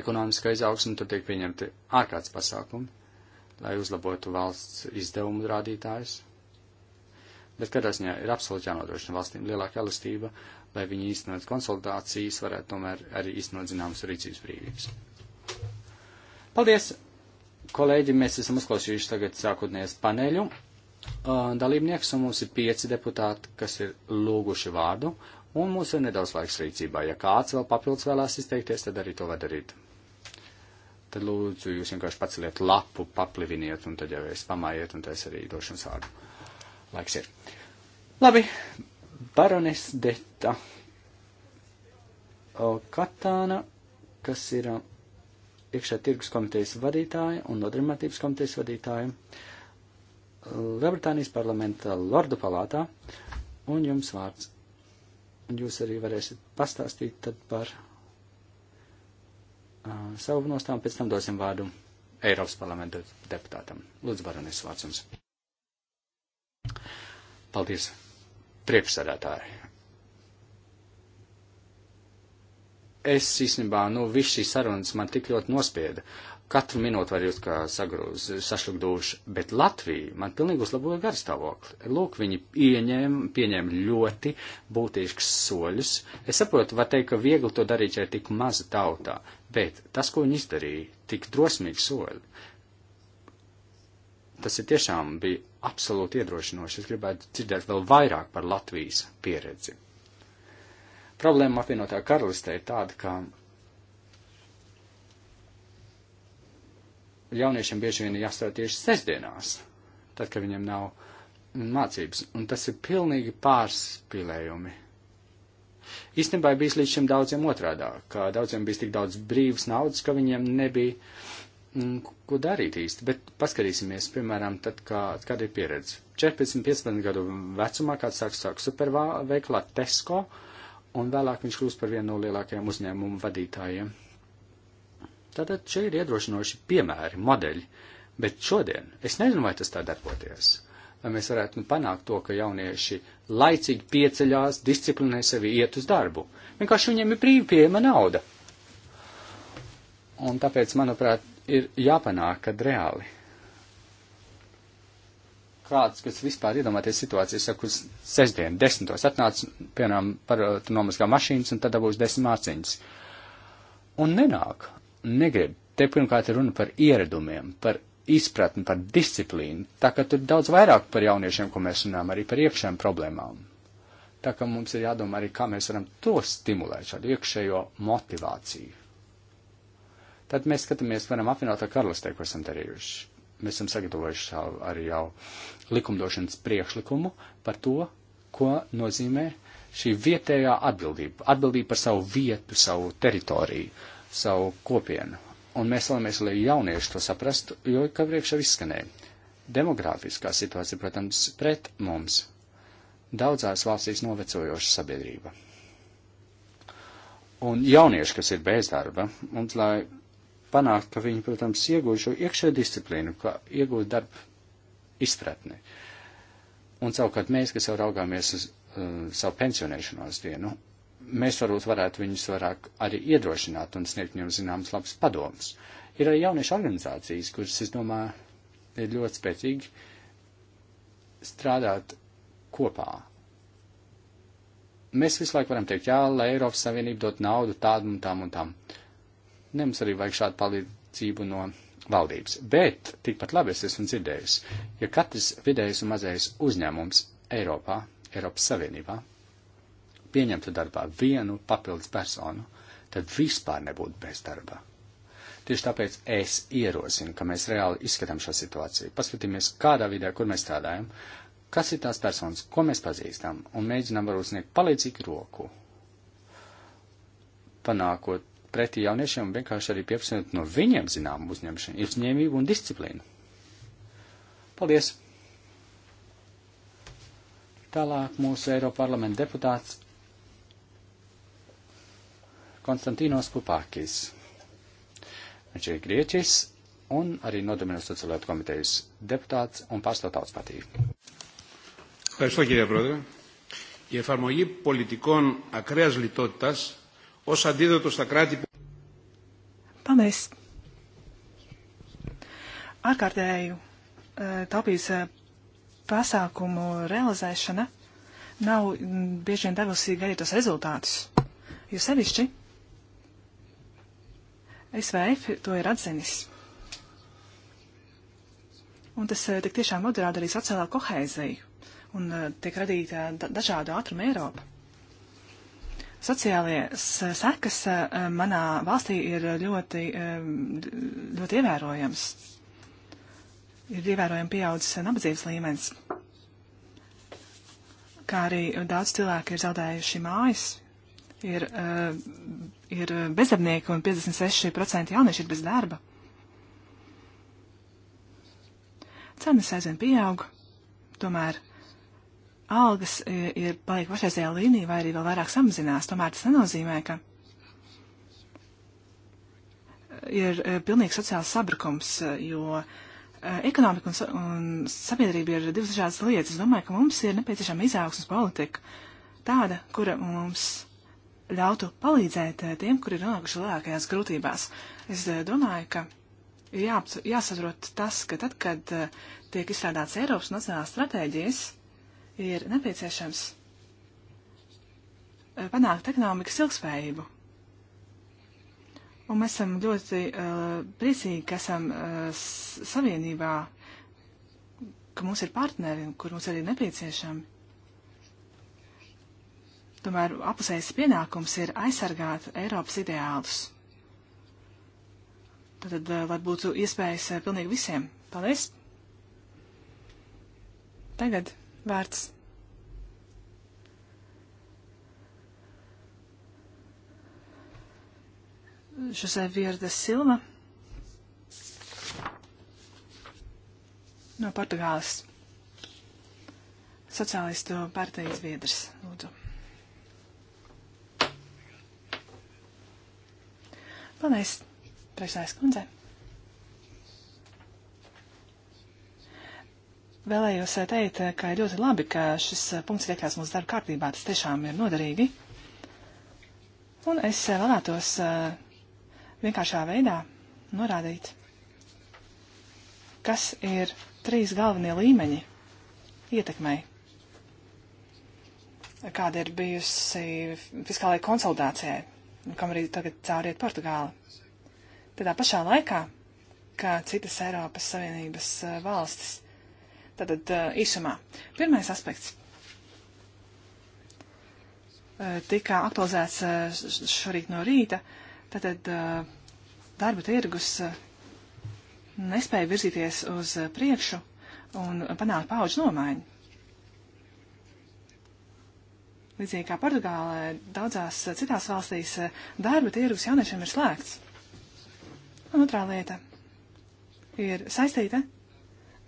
ekonomiskā izaugsme, tur tiek pieņemti ārkārtas pasākumi lai uzlabotu valsts izdevumu rādītājus. Bet kādā ziņā ir absolūti jānodrošina valstīm lielāka elastība, lai viņi īstenot konsultācijas, varētu tomēr arī īstenot zināmas rīcības brīvības. Paldies! Kolēģi, mēs esam uzklausījuši tagad sākotnējais paneļu dalībnieks, un mums ir pieci deputāti, kas ir lūguši vārdu, un mums ir nedaudz laiks rīcībā. Ja kāds vēl papildus vēlās izteikties, tad arī to var darīt tad lūdzu jūs vienkārši paceliet lapu, papliviniet, un tad jau es pamājiet, un tad es arī došu jums vārdu. Laiks ir. Labi, barones deta. O, Katāna, kas ir um, iekšē tirgus komitejas vadītāja un nodarbinātības komitejas vadītāja, Lielbritānijas parlamenta Lordu palātā, un jums vārds. Un jūs arī varēsiet pastāstīt tad par Ah, savu nostāmu, pēc tam dosim vārdu Eiropas parlamenta deputātam. Lūdzu, baronis vārds jums. Paldies, priekšsēdētāji. Es īstenībā, nu, viss šīs sarunas man tik ļoti nospieda. Uh, katru minūti var jūs kā sagrūz, sašlugdūši, bet Latvija man pilnīgi uzlaboja garstāvokli. Lūk, viņi ieņēma, pieņēma ļoti būtīškus soļus. Es saprotu, var teikt, ka viegli to darīt, ja ir tik maza tautā, bet tas, ko viņi izdarīja, tik drosmīgi soļi, tas ir tiešām bija absolūti iedrošinoši. Es gribētu dzirdēt vēl vairāk par Latvijas pieredzi. Problēma apvienotā karalistē ir tāda, ka jauniešiem bieži vien jāstāv tieši sestdienās, tad, kad viņiem nav mācības, un tas ir pilnīgi pārspīlējumi. Īstenībā bijis līdz šim daudziem otrādā, ka daudziem bija tik daudz brīvas naudas, ka viņiem nebija mm, ko darīt īsti, bet paskatīsimies, piemēram, tad, kā, kāda ir pieredze. 14-15 gadu vecumā kāds sāk sāk superveiklā Tesco, un vēlāk viņš kļūst par vienu no lielākajiem uzņēmumu vadītājiem Tātad šie ir iedrošinoši piemēri, modeļi, bet šodien es nezinu, vai tas tā darboties. Vai mēs varētu nu, panākt to, ka jaunieši laicīgi pieceļās, disciplinē sevi iet uz darbu. Vienkārši viņiem ir brīvi pieejama nauda. Un tāpēc, manuprāt, ir jāpanāk, kad reāli kāds, kas vispār iedomāties situāciju, saka, uz sestdienu, desmitos atnāc, piemēram, par, uh, tu nomazgā mašīnas un tad būs desmit māciņas. Un nenāk negrib. Te pirmkārt ir runa par ieradumiem, par izpratni, par disciplīnu. Tā kā tur daudz vairāk par jauniešiem, ko mēs runājam, arī par iekšējām problēmām. Tā kā mums ir jādomā arī, kā mēs varam to stimulēt, šādu iekšējo motivāciju. Tad mēs skatāmies, varam apvienot ar karalistē, ko esam darījuši. Mēs esam sagatavojuši arī jau likumdošanas priekšlikumu par to, ko nozīmē šī vietējā atbildība, atbildība par savu vietu, savu teritoriju savu kopienu. Un mēs vēlamies, lai jaunieši to saprastu, jo, kā priekšā izskanēja, demogrāfiskā situācija, protams, pret mums. Daudzās valstīs novecojoša sabiedrība. Un jaunieši, kas ir bezdarba, mums, lai panākt, ka viņi, protams, iegūst šo iekšējo disciplīnu, ka iegūst darbu izpratni. Un savukārt mēs, kas jau raugāmies uz uh, savu pensionēšanās dienu mēs varbūt varētu viņus vairāk arī iedrošināt un sniegt viņiem zināmas labas padomas. Ir arī jauniešu organizācijas, kuras, es domāju, ir ļoti spēcīgi strādāt kopā. Mēs visu laiku varam teikt, jā, lai Eiropas Savienība dot naudu tādam un tam un tam. Ne mums arī vajag šādu palīdzību no valdības. Bet, tikpat labi es esmu dzirdējis, ja katrs vidējs un mazais uzņēmums Eiropā, Eiropas Savienībā, pieņemtu darbā vienu papildus personu, tad vispār nebūtu bez darba. Tieši tāpēc es ierosinu, ka mēs reāli izskatām šo situāciju, paskatīmies, kādā vidē, kur mēs strādājam, kas ir tās personas, ko mēs pazīstam, un mēģinām varbūt sniegt palīdzīgu roku, panākot pretī jauniešiem vienkārši arī pieprasot no viņiem zinām uzņemšanu, uzņēmību un disciplīnu. Paldies! Tālāk mūsu Eiroparlamenta deputāts Konstantīnos Kupākis. Viņš ir Grieķis un arī nodomina sociālietu komitejas deputāts un pārstāv tautas partiju. Ευχαριστώ κύριε Πρόεδρε. Η εφαρμογή πολιτικών ακραίας λιτότητας ως αντίδοτο στα κράτη που... Paldies. Ārkārtēju taupības pasākumu realizēšana nav bieži vien devusi gaidītos rezultātus, jo sevišķi SVF to ir atzinis. Un tas eh, tik tiešām moderāda arī sociālā koheizija un eh, tiek radīta eh, dažādu ātrumu Eiropa. Sociālajās sekas manā valstī ir ļoti, ļoti ievērojams. Ir ievērojami pieaudzis nabadzības līmenis, kā arī daudz cilvēku ir zaudējuši mājas, ir, eh, ir bezdarbnieki un 56% jaunieši ir bez darba. Cenas aizvien pieaug, tomēr algas eh, ir paliek pašreizējā līnijā vai arī vēl vairāk samazinās. Tomēr tas nenozīmē, ka ir eh, pilnīgi sociāls sabrukums, jo ekonomika un, un sabiedrība ir divas dažādas lietas. Es domāju, ka mums ir nepieciešama izaugsmas politika, tāda, kura mums ļautu palīdzēt eh, tiem, kuri ir nonākuši lielākajās grūtībās. Es eh, domāju, ka ir jā, jāsaprot tas, ka tad, kad eh, tiek izstrādāts Eiropas nacionālās stratēģijas, ir nepieciešams panākt ekonomikas ilgspējību. Un mēs esam ļoti uh, priecīgi, ka esam uh, savienībā, ka mums ir partneri, kur mums arī nepieciešami. Tomēr apusējs pienākums ir aizsargāt Eiropas ideālus. Tad, lai eh, būtu iespējas eh, pilnīgi visiem. Paldies! Tagad vārds. José Vierda Silva no Portugāles. Sociālistu partijas biedrs, lūdzu. Paldies, priekšsēdētājas kundze. Vēlējos eh, teikt, eh, ka ir ļoti labi, ka šis eh, punkts ir iekļauts mūsu darba kārtībā. Tas tiešām ir noderīgi. Un es vēlētos vienkāršā veidā norādīt, kas ir trīs galvenie līmeņi ietekmei. Kāda ir bijusi fiskālajai konsolidācijai kam arī tagad cauriet Portugāla. Tādā pašā laikā, kā citas Eiropas Savienības eh, valstis. Tātad eh, īsumā. Pirmais aspekts eh, tika aktualizēts šorīt no rīta, tātad darba tirgus nespēja virzīties uz priekšu un panākt pauģu nomaiņu. Līdzīgi kā Portugālē, daudzās citās valstīs eh, darba tirgus jauniešiem ir slēgts. Un otrā lieta ir saistīta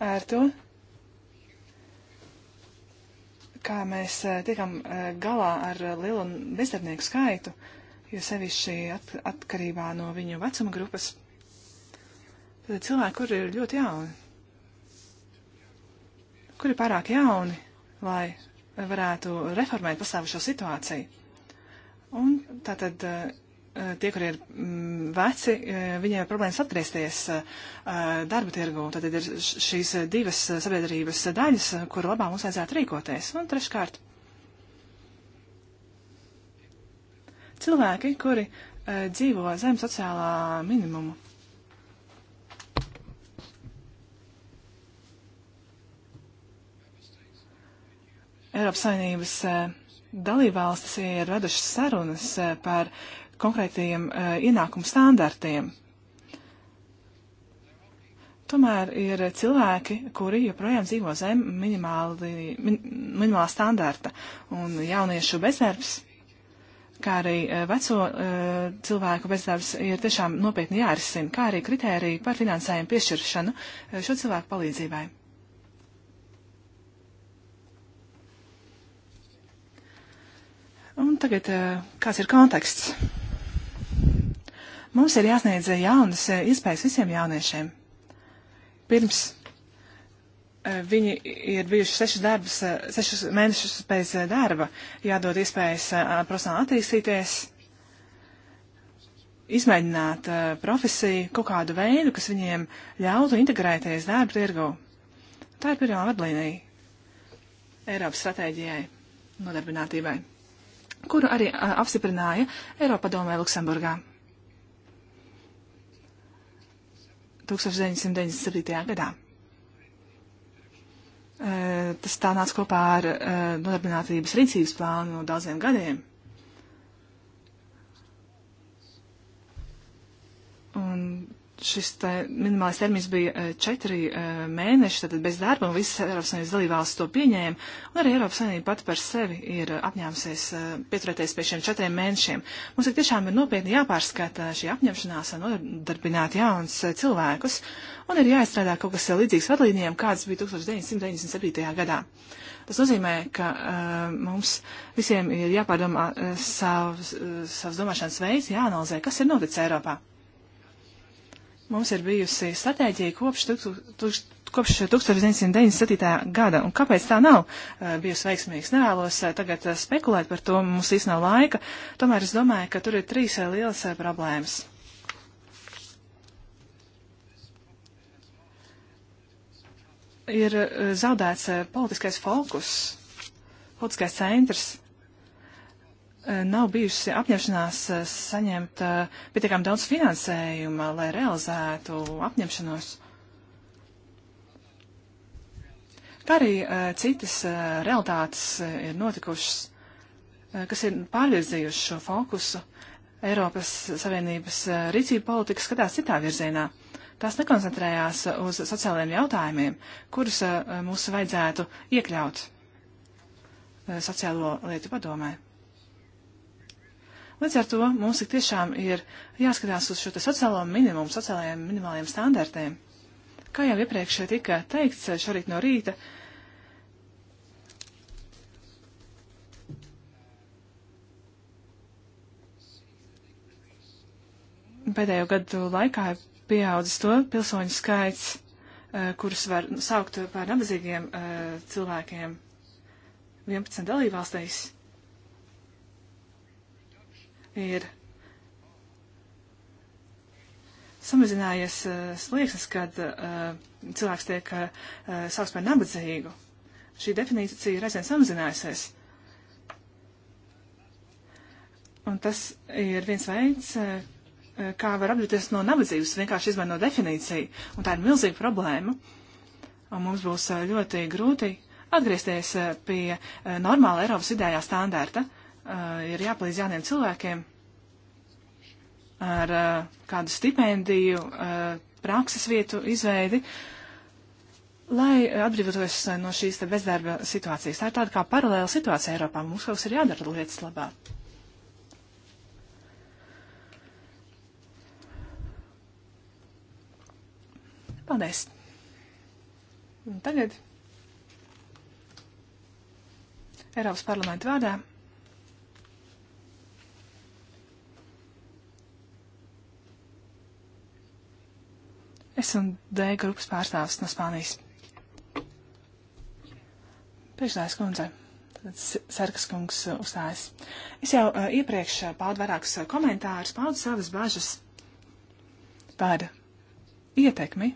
ar to, kā mēs eh, tiekam eh, galā ar lielu bezdarbnieku skaitu, jo sevišķi at atkarībā no viņu vecuma grupas. Tad cilvēki, kuri ir ļoti jauni, kuri ir pārāk jauni, lai varētu reformēt pastāvošo situāciju. Un tātad eh, tie, kur ir mm, veci, eh, viņiem ir problēmas atgriezties eh, darba tirgu. Tad ir šīs divas sabiedrības daļas, kuru labā mums vajadzētu rīkoties. Un treškārt, cilvēki, kuri dzīvo zem sociālā minimuma. Eiropas Savienības eh, dalībvalstis ir vedušas sarunas eh, par konkrētiem eh, ienākumu standartiem. Tomēr ir cilvēki, kuri joprojām dzīvo zem minimāli, min, minimālā standarta, un jauniešu bezdarbs, kā arī veco cilvēku bezdarbs, ir tiešām nopietni jārisina, kā arī kritērija par finansējumu piešķiršanu šo cilvēku palīdzībai. Un tagad eh, kāds ir konteksts? Mums ir jāsniedz jaunas eh, iespējas visiem jauniešiem. Pirms eh, viņi ir bijuši sešus, darbus, sešus mēnešus pēc darba, jādod iespējas profesionāli attīstīties, izmēģināt profesiju, kaut kādu veidu, kas viņiem ļautu integrēties darba tirgu. Tā ir pirmā vadlīnija Eiropas stratēģijai nodarbinātībai kuru arī a, apstiprināja Eiropadomē Luksemburgā 1997. gadā. E, tas tā nāca kopā ar e, nodarbinātības rīcības plānu no daudziem gadiem. Un šis tā, minimālais termins bija eh, četri eh, mēneši, tad bez darba, un visas Eiropas Savienības dalībvalstis to pieņēma, un arī Eiropas Savienība pati par sevi ir eh, apņēmusies pieturēties pie šiem četriem mēnešiem. Mums ir tiešām ir nopietni jāpārskata šī apņemšanās nodarbināt jauns cilvēkus, un ir jāizstrādā kaut kas līdzīgs vadlīnijām, kāds bija 1997. gadā. Tas nozīmē, ka uh, mums visiem ir jāpārdomā uh, savs, uh, savs domāšanas veids, jāanalizē, kas ir noticis Eiropā. Mums ir bijusi stratēģija kopš, tuktu, tukš, kopš 1997. gada, un kāpēc tā nav uh, bijusi veiksmīgs? Nevēlos uh, tagad uh, spekulēt par to, mums īsti nav laika, tomēr es domāju, ka tur ir trīs lielas problēmas. Ir zaudēts politiskais fokus, politiskais centrs Eh, nav bijusi apņemšanās eh, saņemt eh, pietiekami daudz finansējuma, lai realizētu apņemšanos. Kā arī citas realitātes ir notikušas, kas ir pārvirzījušas šo fokusu. Eiropas Savienības rīcība politika skatās citā virzienā. Tās nekoncentrējās uz sociālajiem jautājumiem, kurus mums vajadzētu iekļaut sociālo lietu padomē. Līdz ar to mums tik tiešām ir jāskatās uz šo sociālo minimumu, sociālajiem minimālajiem standartiem. Kā jau iepriekš tika teikts šorīt no rīta, pēdējo gadu laikā ir pieaudzis to pilsoņu skaits, eh, kurus var saukt par nabadzīgiem eh, cilvēkiem 11 dalībvalstīs ir samazinājies uh, slieksnis, kad uh, cilvēks tiek uh, eh, saukts par nabadzīgu. Šī definīcija reizēm samazinājusies. Un tas ir viens veids, uh, kā var apģirties no nabadzības, vienkārši izmainot definīciju. Un tā ir milzīga problēma. Un mums būs uh, ļoti grūti atgriezties uh, pie uh, normāla Eiropas idējā standārta. Uh, Uh, ir jāpalīdz jauniem cilvēkiem ar uh, kādu stipendiju, uh, prakses vietu izveidi, lai atbrīvotos no šīs bezdarba situācijas. Tā ir tāda kā paralēla situācija Eiropā. Mums kaut kas ir jādara lietas labā. Paldies! Un tagad Eiropas parlamenta vārdā S un D grupas pārstāvs no Spānijas. Priekšstājas kundze. Sarkas kungs uzstājas. Es jau uh, iepriekš paudu vairākus komentārus, paudu savas bažas par ietekmi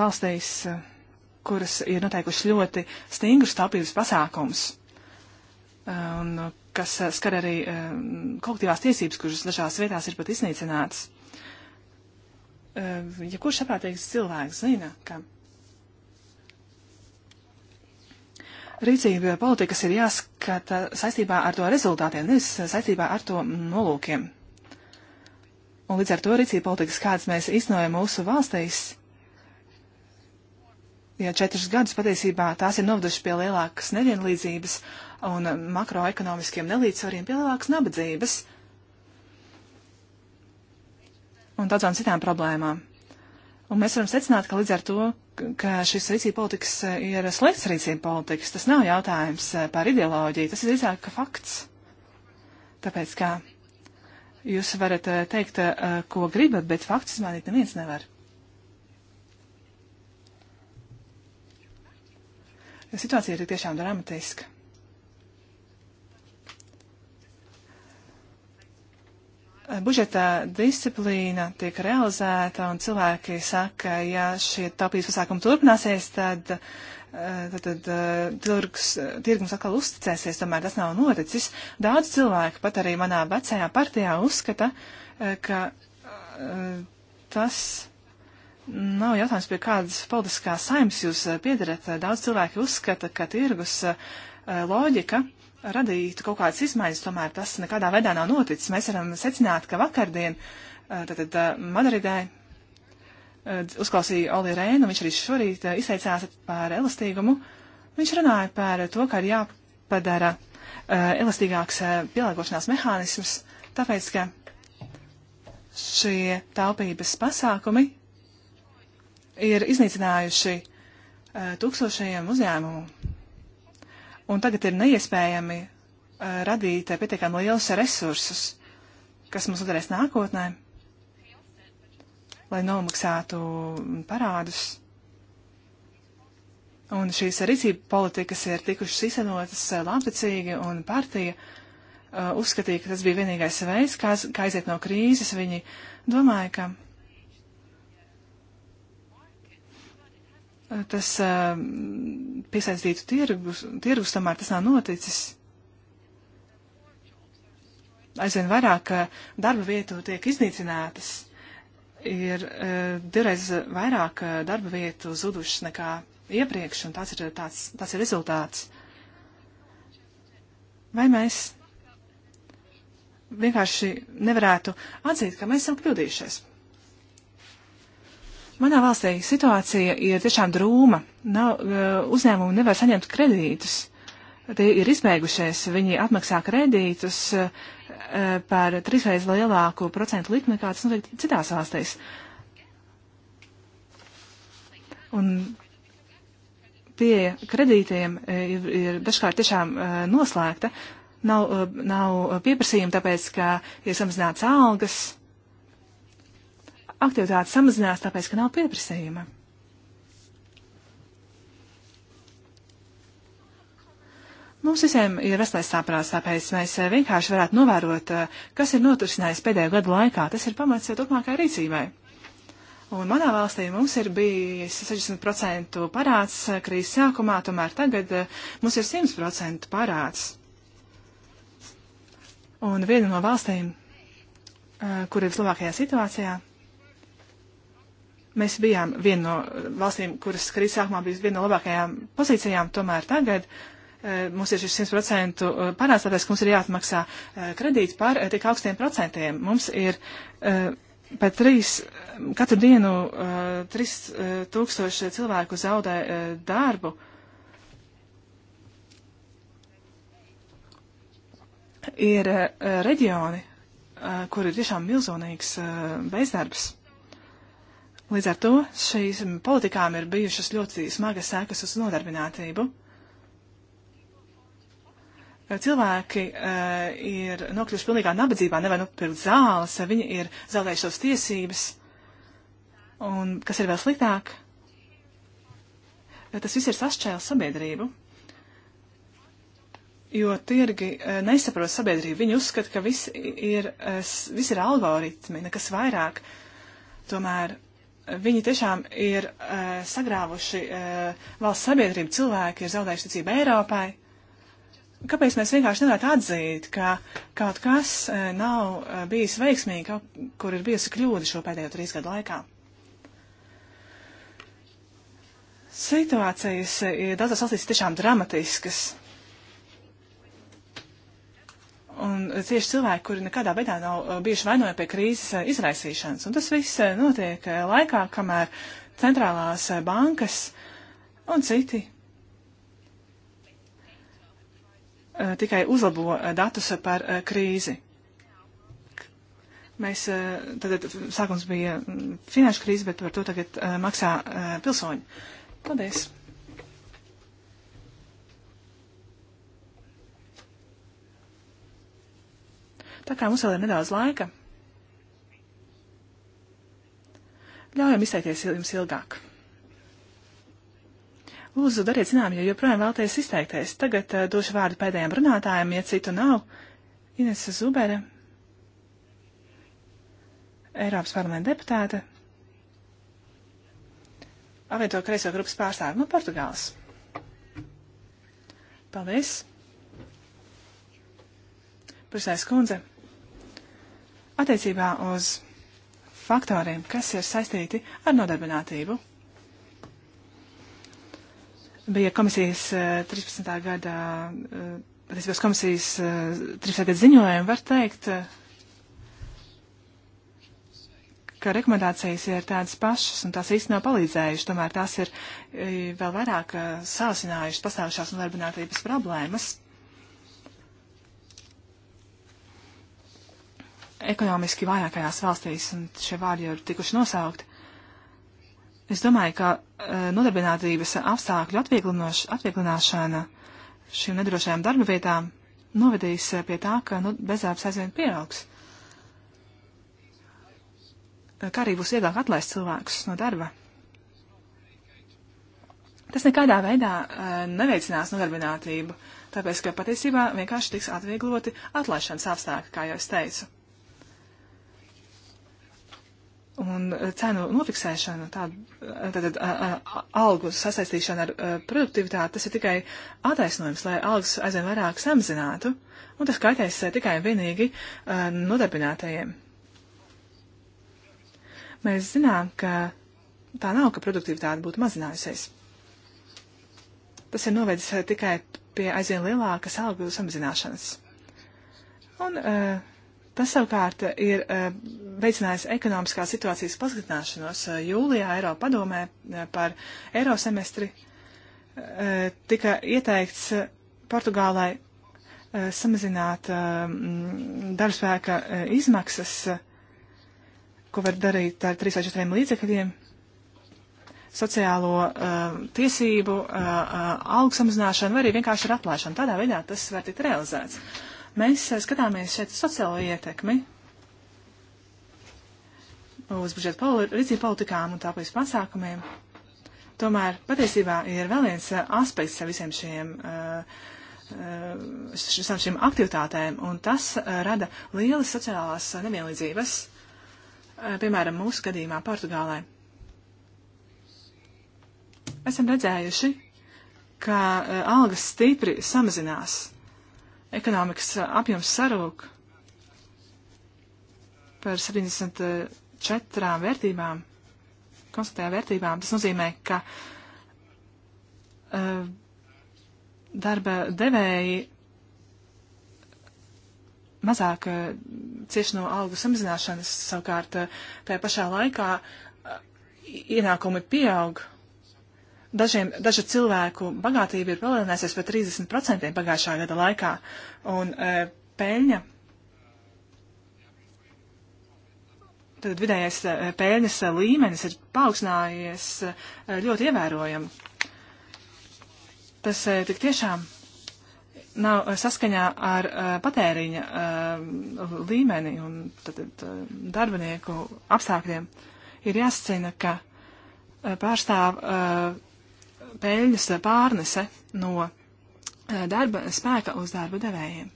valstīs, kuras ir noteikuši ļoti stingrus taupības pasākums. Un kas eh, skar arī eh, kolektīvās tiesības, kuras dažās vietās ir pat iznīcināts. Eh, ja kurš saprātīgs cilvēks zina, ka rīcība politikas ir jāskata saistībā ar to rezultātiem, nevis saistībā ar to nolūkiem. Un līdz ar to rīcība politikas, kādas mēs iznojam mūsu valstīs, ja četrus gadus patiesībā tās ir novedušas pie lielākas nevienlīdzības un makroekonomiskiem nelīdzsvariem pie lielākas nabadzības un daudzām citām problēmām. Un mēs varam secināt, ka līdz ar to, ka šis rīcība politikas e, ir slikts rīcība politikas, tas nav jautājums e, par ideoloģiju, tas ir drīzāk fakts. Tāpēc, kā jūs varat e, teikt, ko gribat, bet faktus mainīt neviens nevar. Situācija ir tiešām dramatiska. budžeta disciplīna tiek realizēta un cilvēki saka, ja šie taupības pasākumi turpināsies, tad, eh, tad, tad eh, tirgus, tirgus atkal uzticēsies, tomēr tas nav noticis. Daudz cilvēku, pat arī manā vecajā partijā, uzskata, eh, ka tas nav jautājums, pie kādas politiskās saimas jūs piedarat. Daudz cilvēki uzskata, ka tirgus loģika radītu kaut kādas izmaiņas, tomēr tas nekādā veidā nav noticis. Mēs varam secināt, ka vakardien tātad Madridē uzklausīja Oli Rēnu, viņš arī šorīt izteicās par elastīgumu. Viņš runāja par to, ka ir jāpadara elastīgāks pielāgošanās mehānisms, tāpēc, ka šie taupības pasākumi ir iznīcinājuši tūkstošiem uzņēmumu un tagad ir neiespējami uh, radīt eh, pietiekami lielus resursus, kas mums noderēs nākotnē, lai nomaksātu parādus. Un šīs rīcība politikas ir tikušas izsenotas eh, lāmticīgi, un partija uh, uzskatīja, ka tas bija vienīgais veids, kā, kā aiziet no krīzes. Viņi domāja, ka tas piesaistītu tirgus, tirgus, tomēr tas nav noticis. Aizvien vairāk darba vietu tiek iznīcinātas, ir divreiz vairāk darba vietu zudušas nekā iepriekš, un tas ir, tāds, tas ir rezultāts. Vai mēs vienkārši nevarētu atzīt, ka mēs esam kļūdījušies? Manā valstī situācija ir tiešām drūma. Nav, e, uzņēmumi nevar saņemt kredītus. Tie ir izbeigušies, viņi atmaksā kredītus e, e, par trīsreiz lielāku procentu likmi, kā tas notiek citās valstīs. Un pieeja kredītiem ir, ir dažkārt tiešām noslēgta. Nav, nav pieprasījuma, tāpēc, ka ir samazināts algas aktivitāte samazinās, tāpēc, ka nav pieprasījuma. Mums visiem ir veselais saprāts, tāpēc mēs eh, vienkārši varētu novērot, eh, kas ir notursinājis pēdējo gadu laikā. Tas ir pamats eh, turpmākai rīcībai. Un manā valstī mums ir bijis 60% parāds krīzes sākumā, tomēr tagad mums ir 100% parāds. Un viena no valstīm, kur ir vislabākajā situācijā, Mēs bijām viena no eh, valstīm, kuras krīzes sākumā bija viena no labākajām pozīcijām, tomēr tagad eh, mums ir šis 100% parāds, tāpēc, ka mums ir jāatmaksā eh, kredīts par tik augstiem procentiem. Mums ir pat trīs, katru dienu trīs tūkstoši cilvēku zaudē darbu. Ir reģioni, kur ir tiešām milzonīgs bezdarbs. Līdz ar to šīs politikām ir bijušas ļoti smagas sekas uz nodarbinātību. Cilvēki uh, ir nokļuvuši pilnīgā nabadzībā, nevar nopirkt zāles, viņi ir zaudējuši savas tiesības. Un kas ir vēl sliktāk? Tas viss ir sašķēlis sabiedrību. Jo tirgi uh, nesaprot sabiedrību. Viņi uzskata, ka viss ir, uh, viss ir algoritmi, nekas vairāk. Tomēr viņi tiešām ir uh, sagrāvuši uh, valsts sabiedrību, cilvēki ir zaudējuši ticību Eiropai. Kāpēc mēs vienkārši nevarētu atzīt, ka kaut kas uh, nav uh, bijis veiksmīgi, kaut kur ir bijusi kļūda šo pēdējo trīs gadu laikā? Situācijas ir daudzās valstīs tiešām dramatiskas. Un tieši cilvēki, kuri nekādā veidā nav uh, bijuši vainojami pie krīzes uh, izraisīšanas. Un tas viss uh, notiek laikā, kamēr centrālās bankas un citi tikai uzlabo datus par krīzi. Mēs, tad sākums bija mm, finanšu krīze, bet par to tagad maksā pilsoņi. Paldies! Tā kā mums vēl ir nedaudz laika, ļaujam izteikties jums ilgāk. Lūdzu, dariet zinām, ja joprojām vēlaties izteikties. Tagad uh, došu vārdu pēdējiem runātājiem, ja citu nav. Inese Zubere, Eiropas parlamenta deputāte, Avieto kreiso grupas pārstāvi no Portugāles. Paldies! Prisēs kundze! attiecībā uz faktoriem, kas ir saistīti ar nodarbinātību. Bija komisijas 13. Eh, gada, eh, attiecībās komisijas 13. Eh, gada ziņojumi, var teikt, ka rekomendācijas ir tādas pašas un tās īsti nav palīdzējušas, tomēr tās ir vēl vairāk sāsinājušas pastāvušās nodarbinātības problēmas. ekonomiski vājākajās valstīs, un šie vārdi jau ir tikuši nosaukti. Es domāju, ka uh, nodarbinātības apstākļu atvieglināšana šīm nedrošajām darba vietām novedīs e, pie tā, ka nu, bezdarbs aizvien pieaugs. E, kā arī būs vieglāk atlaist cilvēkus no darba. Tas nekādā veidā uh, neveicinās nodarbinātību, tāpēc, ka patiesībā vienkārši tiks atviegloti atlaišanas apstākļi, kā jau es teicu un eh, cenu nofiksēšana, eh, tātad eh, algu sasaistīšana ar produktivitāti, tas ir tikai attaisnojums, lai algas aizvien vairāk samazinātu, un tas kaitēs tikai un vienīgi nodarbinātajiem. Mēs zinām, ka tā nav, ka produktivitāte būtu mazinājusies. Tas ir novedis tikai pie aizvien lielākas algu samazināšanas. Un uh, Tas savukārt ir e, veicinājis ekonomiskās situācijas pasliktināšanos. E, jūlijā Eiropa padomē e, par eiro semestri tika ieteikts Portugālai samazināt darbspēka izmaksas, ko var darīt ar 3 vai 4 līdzekļiem, sociālo tiesību, algu samazināšanu vai arī vienkārši ar atlaišanu. Tādā veidā tas var tikt realizēts. Mēs eh, skatāmies šeit sociālo ietekmi uz budžeta poli rīcību politikām un tāpēc pasākumiem. Tomēr patiesībā ir vēl viens eh, aspekts visiem šiem, eh, visām šīm aktivitātēm, un tas rada lielas sociālās nevienlīdzības, piemēram, mūsu gadījumā Portugālē. Esam redzējuši, ka algas stipri samazinās ekonomikas uh, apjoms sarūk par 74 vērtībām, konstatējām vērtībām, tas nozīmē, ka uh, darba devēji mazāk uh, cieši no algu samazināšanas, savukārt uh, tajā pašā laikā uh, ienākumi pieaug Dažiem, dažu cilvēku bagātība ir palielinājusies par 30% pagājušā gada laikā, un e, peļņa, tad vidējais e, peļņas līmenis ir paaugstinājies e, ļoti ievērojami. Tas e, tik tiešām nav e, saskaņā ar uh, patēriņa uh, līmeni un tad, uh, darbinieku apstākļiem, ir jāsacina, ka uh, pārstāv uh, peļņas pārnese no eh, darba spēka uz darba devējiem.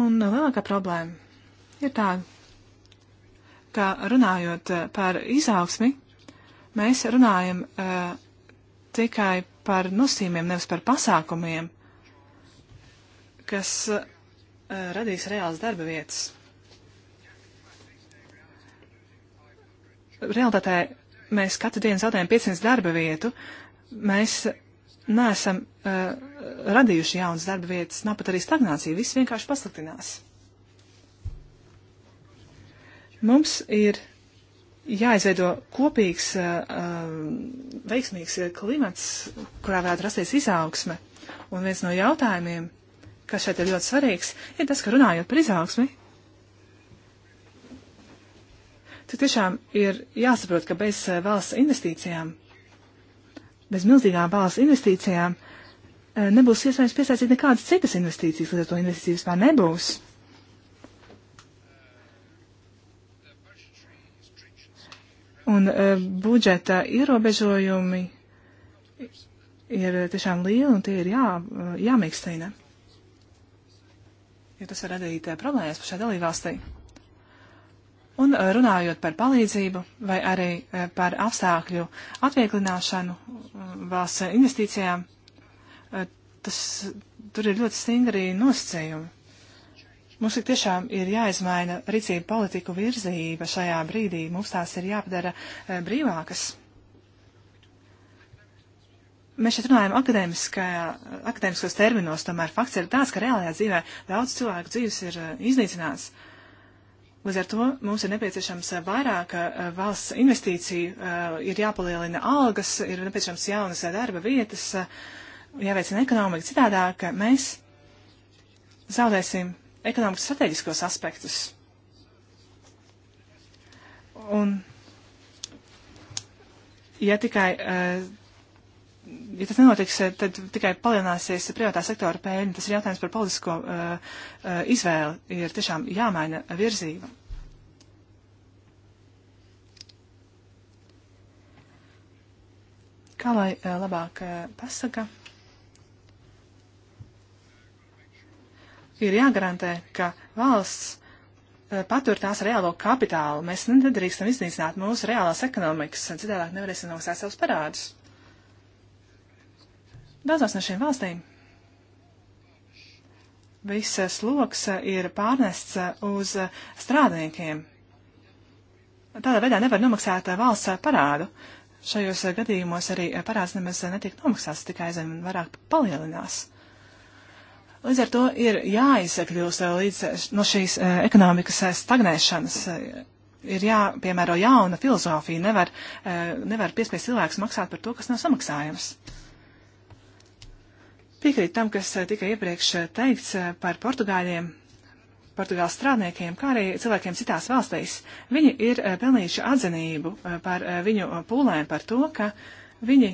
Un lielākā problēma ir tāda, ka runājot eh, par izaugsmi, mēs runājam uh, tikai par nosīmiem, nevis par pasākumiem, kas uh, radīs reāls darba vietas. Realtātē mēs katru dienu zaudējam 500 darba vietu. Mēs neesam uh, radījuši jaunas darba vietas, nav pat arī stagnācija. Viss vienkārši pasliktinās. Mums ir jāizveido kopīgs, uh, uh veiksmīgs uh, klimats, kurā varētu rasties izaugsme. Un viens no jautājumiem, kas šeit ir ļoti svarīgs, ir tas, ka runājot par izaugsmi, Tik tiešām ir jāsaprot, ka bez eh, valsts investīcijām, bez milzīgām valsts investīcijām, eh, nebūs iespējams piesaistīt nekādas citas investīcijas, līdz ar to investīcijas vispār nebūs. Un uh, budžeta ierobežojumi ir tiešām lieli un tie ir jā, jāmīkstina. Jo tas var radīt uh, problēmas pašai dalībvalstī. Un eh, runājot par palīdzību vai arī eh, par apstākļu atvieglināšanu eh, valsts investīcijām, tas, tur ir ļoti stingri nosacījumi. Mums ir tiešām ir jāizmaina rīcība politiku virzība šajā brīdī. Mums tās ir jāpadara brīvākas. Mēs šeit runājam akadēmiskos terminos, tomēr fakts ir tāds, ka reālajā dzīvē daudz cilvēku dzīves ir iznīcināts. Uh, Līdz ar to mums ir nepieciešams vairāk eh, valsts investīciju, eh, ir jāpalielina algas, ir nepieciešams jaunas darba vietas, eh, jāveicina ekonomika. Citādāk mēs zaudēsim ekonomikas strateģiskos aspektus. Un, ja tikai uh, ja tas nenotiks, eh, tad tikai palielināsies privātā sektora pēļņi. Tas ir jautājums par politisko uh, uh, izvēli. Ir tiešām jāmaina virzība. Kā lai uh, labāk uh, pasaka? Ir jāgarantē, ka valsts uh, patur tās reālo kapitālu. Mēs nedrīkstam iznīcināt mūsu reālās ekonomikas, citādi nevarēsim nomaksāt savus parādus. Daudzās no šīm valstīm viss sloks ir pārnests uz strādniekiem. Tādā veidā nevar nomaksāt valsts parādu. Šajos gadījumos arī parāds nemaz netiek nomaksāts, tikai aizvien vairāk palielinās. Līdz ar to ir jāizkļūst līdz no šīs eh, ekonomikas stagnēšanas. Ir jāpiemēro jauna filozofija, nevar, eh, nevar piespiest cilvēks maksāt par to, kas nav samaksājams. Piekrīt tam, kas eh, tika iepriekš eh, teikts eh, par portugāļiem, portugāles strādniekiem, kā arī cilvēkiem citās valstīs. Viņi ir pelnījuši atzinību par viņu pūlēm, par to, ka viņi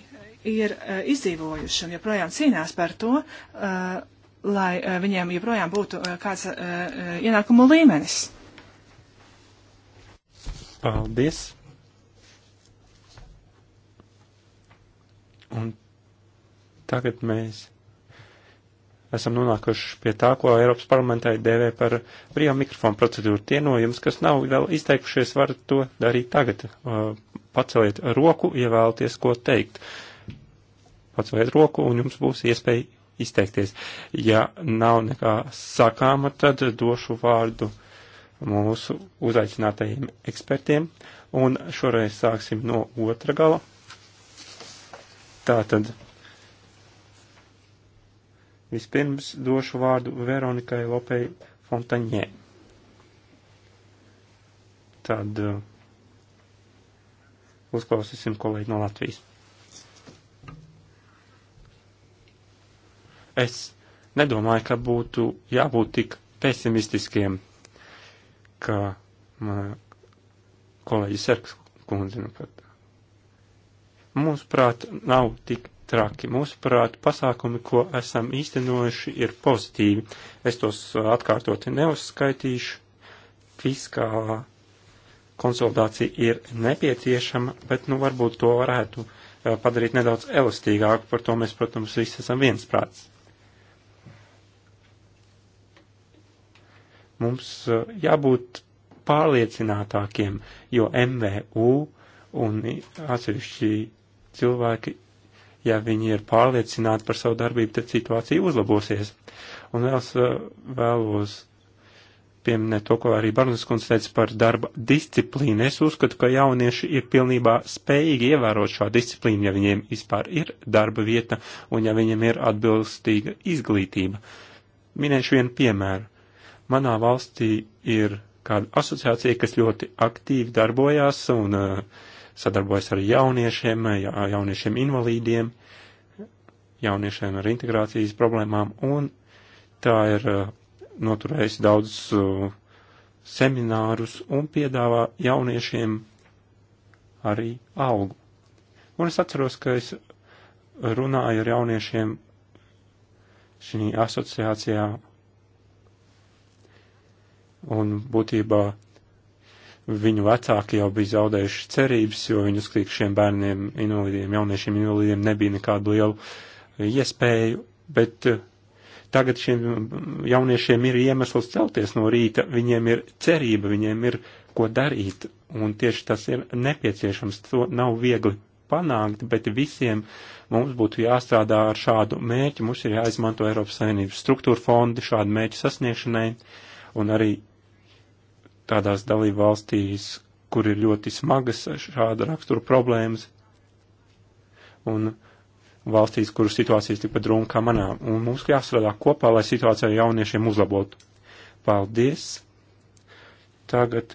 ir izdzīvojuši un joprojām cīnās par to, lai viņiem joprojām būtu kāds ienākumu līmenis. Paldies! Un tagad mēs esam nonākuši pie tā, ko Eiropas parlamentai dēvē par brīvā mikrofonu procedūru. Tie no jums, kas nav vēl izteikušies, varat to darīt tagad. Uh, paceliet roku, ja vēlaties ko teikt. Paceliet roku un jums būs iespēja izteikties. Ja nav nekā sakāma, tad došu vārdu mūsu uzaicinātajiem ekspertiem. Un šoreiz sāksim no otra gala. Tātad Vispirms došu vārdu Veronikai Lopei Fontaņē. Tad uh, uzklausīsim kolēģi no Latvijas. Es nedomāju, ka būtu jābūt tik pesimistiskiem, ka man kolēģis Serks kundze, nu pat. Mūsuprāt, nav tik traki. Mūsuprāt, pasākumi, ko esam īstenojuši, ir pozitīvi. Es tos atkārtoti neuzskaitīšu. Fiskālā konsolidācija ir nepieciešama, bet, nu, varbūt to varētu padarīt nedaudz elastīgāku. Par to mēs, protams, visi esam viensprāts. Mums jābūt pārliecinātākiem, jo MVU un atsevišķi cilvēki ja viņi ir pārliecināti par savu darbību, tad situācija uzlabosies. Un vēl vēlos pieminēt to, ko arī Barnas kundze teica par darba disciplīnu. Es uzskatu, ka jaunieši ir pilnībā spējīgi ievērot šo disciplīnu, ja viņiem vispār ir darba vieta un ja viņiem ir atbilstīga izglītība. Minēšu vienu piemēru. Manā valstī ir kāda asociācija, kas ļoti aktīvi darbojās un uh, sadarbojas ar jauniešiem, ja, jauniešiem invalīdiem, jauniešiem ar integrācijas problēmām, un tā ir eh, noturējusi daudz eh, seminārus un piedāvā jauniešiem arī algu. Un es atceros, ka es runāju ar jauniešiem šī asociācijā, un būtībā viņu vecāki jau bija zaudējuši cerības, jo viņi uzskatīja, ka šiem bērniem, invalīdiem, jauniešiem invalīdiem nebija nekādu lielu eh, iespēju, bet eh, tagad šiem mm, jauniešiem ir iemesls celties no rīta, viņiem ir cerība, viņiem ir ko darīt, un tieši tas ir nepieciešams, to nav viegli panākt, bet visiem mums būtu jāstrādā ar šādu mērķi, mums ir jāizmanto Eiropas Savienības struktūra fondi šādu mērķu sasniegšanai, un arī tādās dalību valstīs, kur ir ļoti smagas šāda rakstura problēmas, un valstīs, kuru situācijas tikpat drūma kā manā, un mums jāstrādā kopā, lai situācija jauniešiem uzlabotu. Paldies! Tagad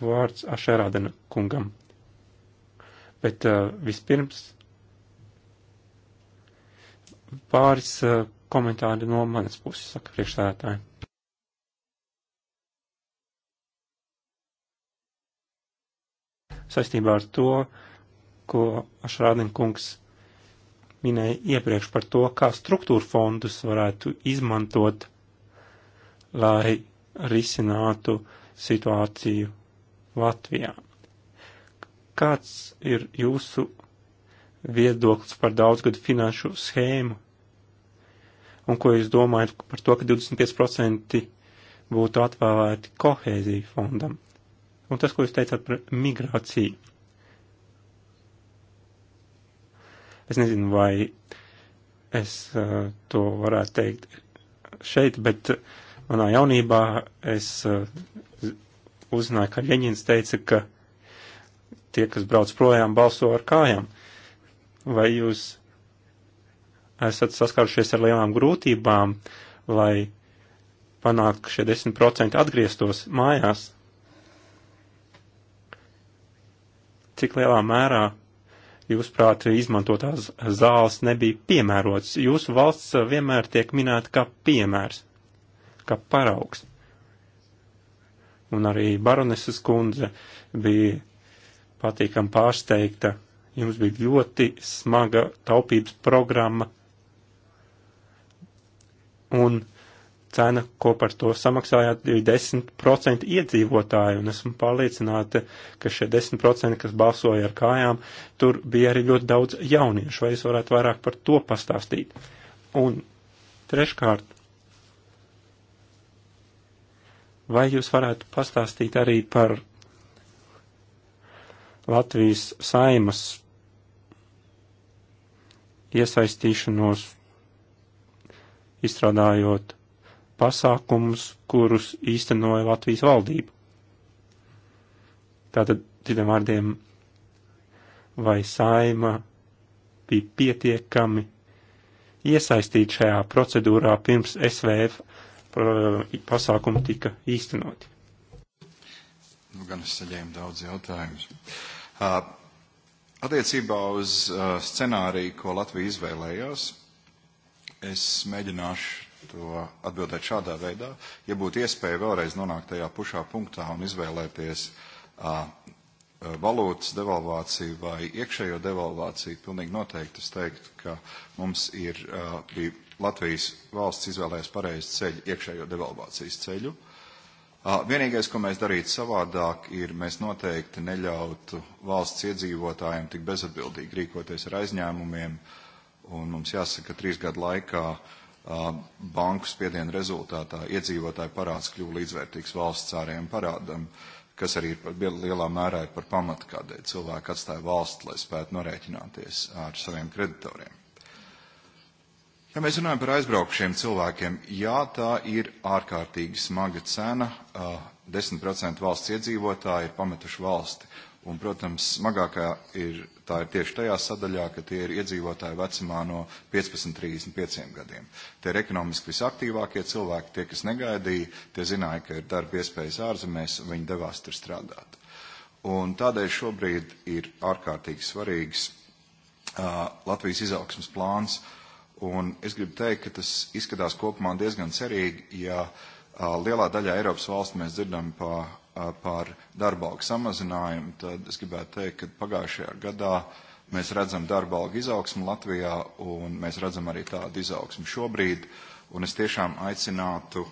vārds Ašerādena kungam. Bet uh, vispirms pāris uh, komentāri no manas puses, saka priekšstādātāji. saistībā ar to, ko Šrādinkungs minēja iepriekš par to, kā struktūra fondus varētu izmantot, lai risinātu situāciju Latvijā. Kāds ir jūsu viedoklis par daudzgadu finanšu schēmu? Un ko jūs domājat par to, ka 25% būtu atvēlēti kohēziju fondam? Un tas, ko jūs teicāt par migrāciju. Es nezinu, vai es uh, to varētu teikt šeit, bet manā jaunībā es uh, uzzināju, ka Ļeņins teica, ka tie, kas brauc projām, balso ar kājām. Vai jūs esat saskārušies ar lielām grūtībām, lai panāktu, ka šie 10% atgrieztos mājās? cik lielā mērā jūs prāt izmantotās zāles nebija piemērotas. Jūsu valsts vienmēr tiek minēta kā piemērs, kā paraugs. Un arī baroneses kundze bija patīkam pārsteigta. Jums bija ļoti smaga taupības programma. Un cena, ko par to samaksājāt, bija 10% iedzīvotāju, un esmu pārliecināta, ka šie 10%, kas balsoja ar kājām, tur bija arī ļoti daudz jauniešu, vai es varētu vairāk par to pastāstīt. Un treškārt, vai jūs varētu pastāstīt arī par Latvijas saimas iesaistīšanos, izstrādājot pasākumus, kurus īstenoja Latvijas valdība. Tātad, citiem vārdiem, vai saima bija pietiekami iesaistīta šajā procedūrā pirms SVF pasākumi tika īstenoti? Nu, gan es saņēmu daudz jautājumus. Uh, attiecībā uz uh, scenāriju, ko Latvija izvēlējās, es mēģināšu to atbildēt šādā veidā. Ja būtu iespēja vēlreiz nonākt tajā pušā punktā un izvēlēties uh, valūtas devalvāciju vai iekšējo devalvāciju, pilnīgi noteikti es teiktu, ka mums ir uh, bija Latvijas valsts izvēlējis pareizi ceļu, iekšējo devalvācijas ceļu. Uh, vienīgais, ko mēs darītu savādāk, ir mēs noteikti neļautu valsts iedzīvotājiem tik bezatbildīgi rīkoties ar aizņēmumiem, un mums jāsaka, ka trīs gadu laikā uh, Uh, banku spiedienu rezultātā iedzīvotāju parāds kļuva līdzvērtīgs valsts ārējiem parādam, kas arī ir lielā mērā ir par pamatu, kādēļ cilvēki atstāja valsts, lai spētu norēķināties ar saviem kreditoriem. Ja mēs runājam par aizbraukušiem cilvēkiem, jā, tā ir ārkārtīgi smaga cena. 10% uh, valsts iedzīvotāji ir pametuši valsti Un, protams, smagākā ir tā ir tieši tajā sadaļā, ka tie ir iedzīvotāji vecumā no 15 līdz 35 gadiem. Tie ir ekonomiski visaktīvākie cilvēki, tie, kas negaidīja, tie zināja, ka ir darba iespējas ārzemēs, viņi devās tur strādāt. Un tādēļ šobrīd ir ārkārtīgi svarīgs uh, Latvijas izaugsmas plāns, un es gribu teikt, ka tas izskatās kopumā diezgan cerīgi, ja uh, lielā daļā Eiropas valstu mēs dzirdam pa par darba algu samazinājumu, tad es gribētu teikt, ka pagājušajā gadā mēs redzam darba algu izaugsmu Latvijā, un mēs redzam arī tādu izaugsmu šobrīd, un es tiešām aicinātu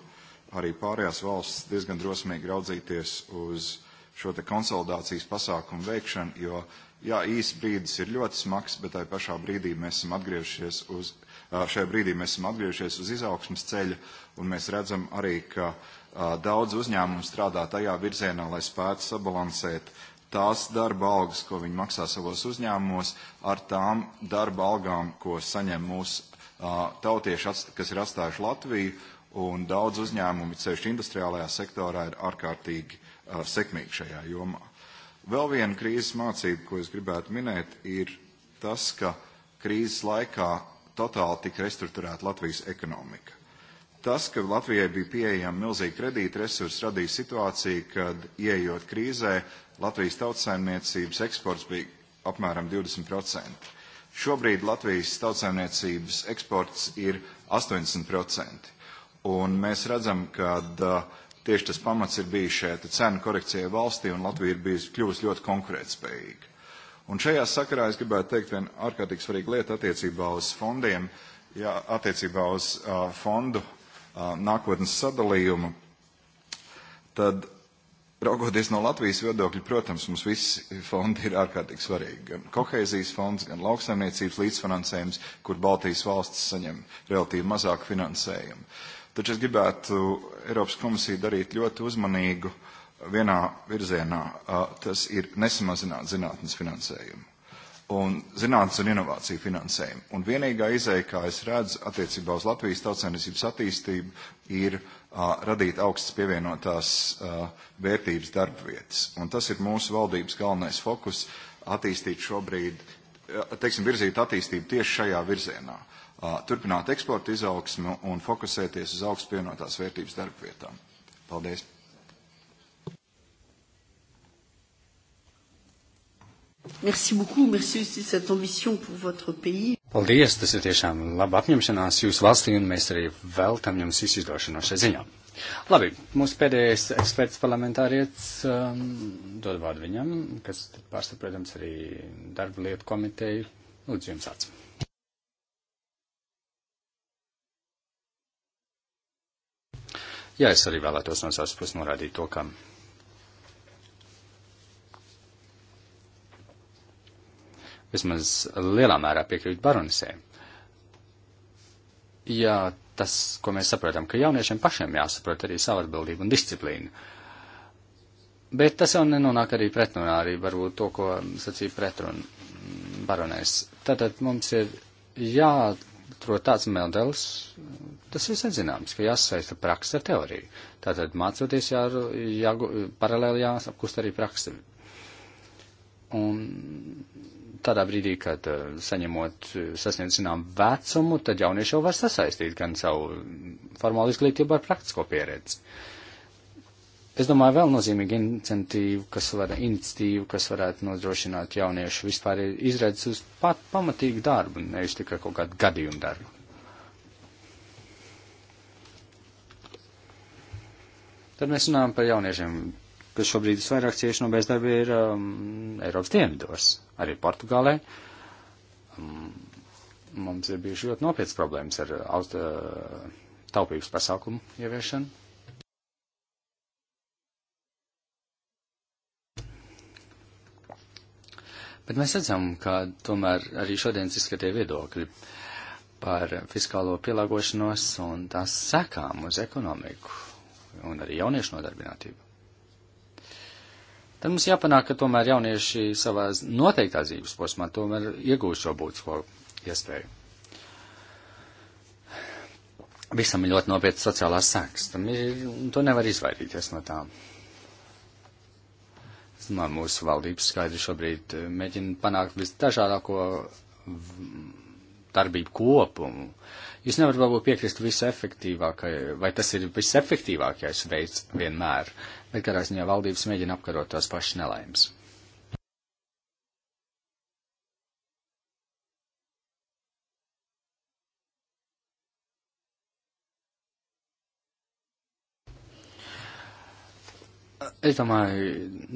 arī pārējās valsts diezgan drosmīgi raudzīties uz šo te konsolidācijas pasākumu veikšanu, jo, jā, īs brīdis ir ļoti smags, bet tai pašā brīdī mēs esam atgriežies uz, šajā brīdī mēs esam atgriežies uz izaugsmas ceļa, un mēs redzam arī, ka uh, daudz uzņēmumu strādā tajā virzienā, lai spētu sabalansēt tās darba algas, ko viņi maksā savos uzņēmumos, ar tām darba algām, ko saņem mūsu tautieši, kas ir atstājuši Latviju, un daudz uzņēmumu, ceļš industriālajā sektorā, ir ārkārtīgi uh, sekmīgi šajā jomā. Vēl viena krīzes mācība, ko es gribētu minēt, ir tas, ka krīzes laikā totāli tika restruktūrēta Latvijas ekonomika. Tas, ka Latvijai bija pieejama milzīga kredīta resursa, radīja situāciju, kad, ieejot krīzē, Latvijas tautsaimniecības eksports bija apmēram 20%. Šobrīd Latvijas tautsaimniecības eksports ir 80%. Un mēs redzam, ka uh, tieši tas pamats ir bijis šeit cenu korekcijai valstī, un Latvija ir bijusi kļuvusi ļoti konkurētspējīga. Un šajā sakarā es gribētu teikt vienu ārkārtīgi svarīgu lietu attiecībā uz fondiem, jā, attiecībā uz uh, fondu nākotnes sadalījumu, tad Raugoties no Latvijas viedokļa, protams, mums visi fondi ir ārkārtīgi svarīgi. Gan kohēzijas fonds, gan lauksaimniecības līdzfinansējums, kur Baltijas valsts saņem relatīvi mazāku finansējumu. Taču es gribētu Eiropas komisiju darīt ļoti uzmanīgu vienā virzienā. Tas ir nesamazināt zinātnes finansējumu un zinātnes un inovāciju finansējumu. Un vienīgā izēja, kā es redzu, attiecībā uz Latvijas tautsainicības attīstību, ir uh, radīt augstas pievienotās uh, vērtības darba vietas. Un tas ir mūsu valdības galvenais fokus - attīstīt šobrīd, teiksim, virzīt attīstību tieši šajā virzienā. Uh, turpināt eksporta izaugsmu un fokusēties uz augstas pievienotās vērtības darba vietām. Paldies! Merci beaucoup, merci aussi cette ambition pour votre pays. Paldies, tas ir tiešām laba apņemšanās jūsu valstī, un mēs arī veltam jums izdošanu šai ziņā. Labi, mūsu pēdējais eksperts parlamentārietis, um, dod vārdu viņam, kas pārstāv, protams, arī darba lietu komiteju. Lūdzu, jums vārds. Jā, es arī vēlētos no savas puses norādīt to, ka vismaz lielā mērā piekrīt baronisē. Jā, tas, ko mēs saprotam, ka jauniešiem pašiem jāsaprot arī savu atbildību un disciplīnu. Bet tas jau nenonāk arī pretrunā arī varbūt to, ko sacīja pretrun baronēs. Tātad mums ir jāatrod tāds modelis, tas ir sadzināms, ka jāsaista praksa ar teoriju. Tātad mācoties jā, jā, paralēli jāapkust arī praksa. Un tādā brīdī, kad eh, saņemot, sasniedz zinām vecumu, tad jaunieši jau var sasaistīt gan savu formālu izglītību ar praktisko pieredzi. Es domāju, vēl nozīmīgi incentīvu, kas var, inicitīvu, kas varētu nodrošināt jauniešu vispār izredzes uz pat pamatīgu darbu, nevis tikai kaut kādu gadījumu darbu. Tad mēs runājam par jauniešiem kas šobrīd visvairāk cieši no bezdarba, ir um, Eiropas dienvidos, arī Portugālē. Um, mums ir bijuši ļoti nopietnas problēmas ar uh, aust, uh, taupības pasākumu ieviešanu. Bet mēs redzam, ka tomēr arī šodienas izskatie viedokļi par fiskālo pielāgošanos un tās sekām uz ekonomiku un arī jauniešu nodarbinātību tad mums jāpanāk, ka tomēr jaunieši savā noteiktā dzīves posmā tomēr iegūst šo būtisko iespēju. Visam ir ļoti nopietnas sociālās sekas, tam ir, to nevar izvairīties no tām. Es domāju, mūsu valdības skaidri šobrīd eh, mēģina panākt visdažādāko darbību kopumu. Jūs nevarat varbūt piekrist visefektīvākajai, vai tas ir visefektīvākais veids vienmēr, bet katrā ziņā valdības mēģina apkarot tās pašas nelaimes. Es domāju,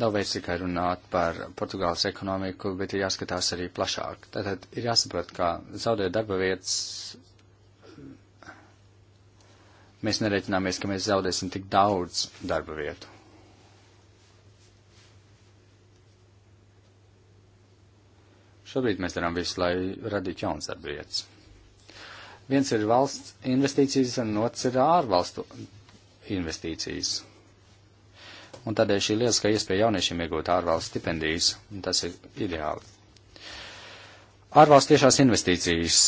nav veids tikai runāt par Portugāles ekonomiku, bet ir jāskatās arī plašāk. Tātad ir jāsaprot, ka zaudēt darba vietas, mēs nereķināmies, ka mēs zaudēsim tik daudz darba vietu. Šobrīd mēs darām visu, lai radītu jaunas darbvietas. Viens ir valsts investīcijas, un otrs ir ārvalstu investīcijas. Un tādēļ šī lieliskā iespēja jauniešiem iegūt ārvalstu stipendijas, un tas ir ideāli. Ārvalstu tiešās investīcijas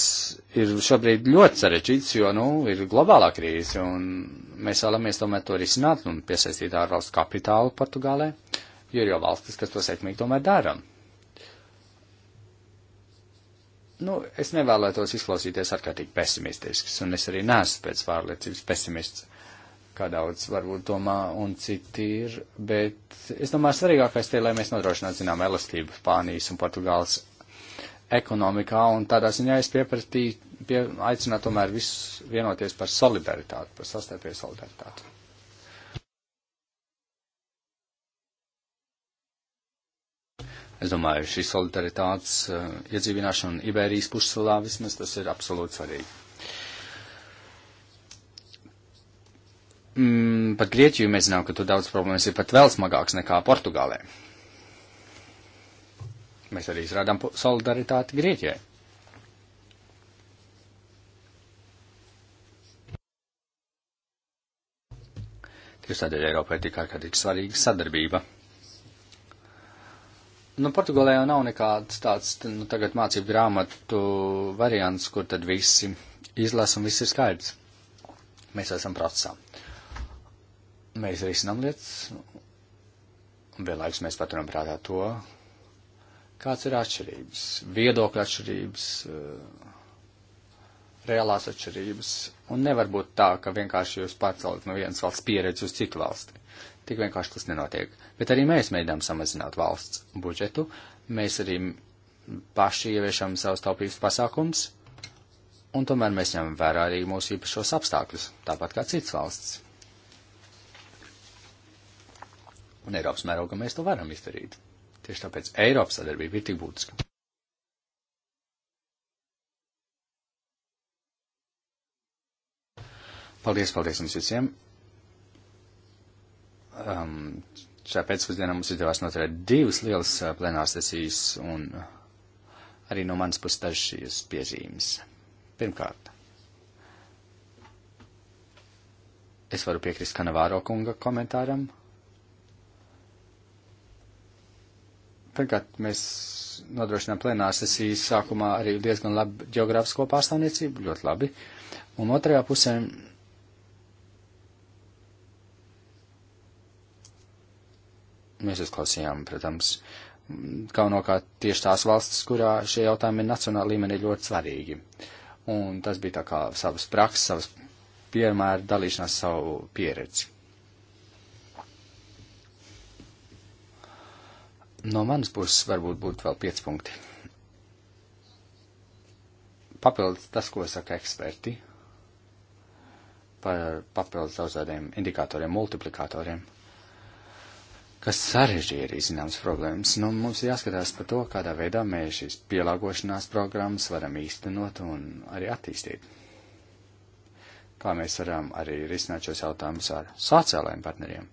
ir šobrīd ļoti sarežģīts, jo, nu, ir globālā krīze, un mēs vēlamies tomēr to risināt un piesaistīt ārvalstu kapitālu Portugālē, jo ir jau valstis, kas to sekmīgi tomēr dara. nu, es nevēlētos izklausīties ārkārtīgi pesimistisks, un es arī neesmu pēc pārliecības pesimists, kā daudz varbūt domā un citi ir, bet es domāju, svarīgākais ir, lai mēs nodrošinātu, zinām, elastību Spānijas un Portugāles ekonomikā, un tādā ziņā es piepratīju, pie, aicinātu tomēr visus vienoties par solidaritāti, par sastarpēju solidaritāti. Es domāju, šī solidaritātes uh, iedzīvināšana Iberijas pussalā vismaz tas ir absolūti svarīgi. Mm, pat Grieķiju mēs zinām, ka tur daudz problēmas ir pat vēl smagāks nekā Portugālē. Mēs arī izrādām solidaritāti Grieķijai. Tieši tādēļ Eiropai tik ārkārtīgi svarīga sadarbība. Nu, Portugālē jau nav nekāds tāds, nu, tagad mācību grāmatu variants, kur tad visi izlasa un viss ir skaidrs. Mēs esam procesā. Mēs risinām lietas, un vienlaikus mēs paturam prātā to, kāds ir atšķirības, viedokļa atšķirības, eh, reālās atšķirības, un nevar būt tā, ka vienkārši jūs pārcelt no vienas valsts pieredzi uz citu valsti. Tik vienkārši tas nenotiek. Bet arī mēs mēģinām samazināt valsts budžetu. Mēs arī paši ieviešam savus taupības pasākums. Un tomēr mēs ņemam vērā arī mūsu īpašos apstākļus, tāpat kā citas valsts. Un Eiropas mērogā mēs to varam izdarīt. Tieši tāpēc Eiropas sadarbība ir tik būtiska. Paldies, paldies jums visiem! um, šajā pēcpusdienā mums izdevās noturēt divas lielas uh, plenārsesijas un uh, arī no manas puses dažas piezīmes. Pirmkārt, es varu piekrist Kanavāro kunga komentāram. Pirmkārt, mēs nodrošinām plenārsesijas sākumā arī diezgan labu geogrāfisko pārstāvniecību, ļoti labi. Un otrajā pusē mēs uzklausījām, protams, galvenokārt tieši tās valstis, kurā šie jautājumi ir nacionāla līmenī ļoti svarīgi. Un tas bija tā kā savas prakses, savas piemēra dalīšanās savu pieredzi. No manas puses varbūt būtu vēl pieci punkti. Papildus tas, ko saka eksperti par papildus daudzādiem indikatoriem, multiplikatoriem kas sarežģīja arī zināmas problēmas. Nu, mums jāskatās par to, kādā veidā mēs šīs pielāgošanās programmas varam īstenot un arī attīstīt. Kā mēs varam arī risināt šos jautājumus ar sociālajiem partneriem.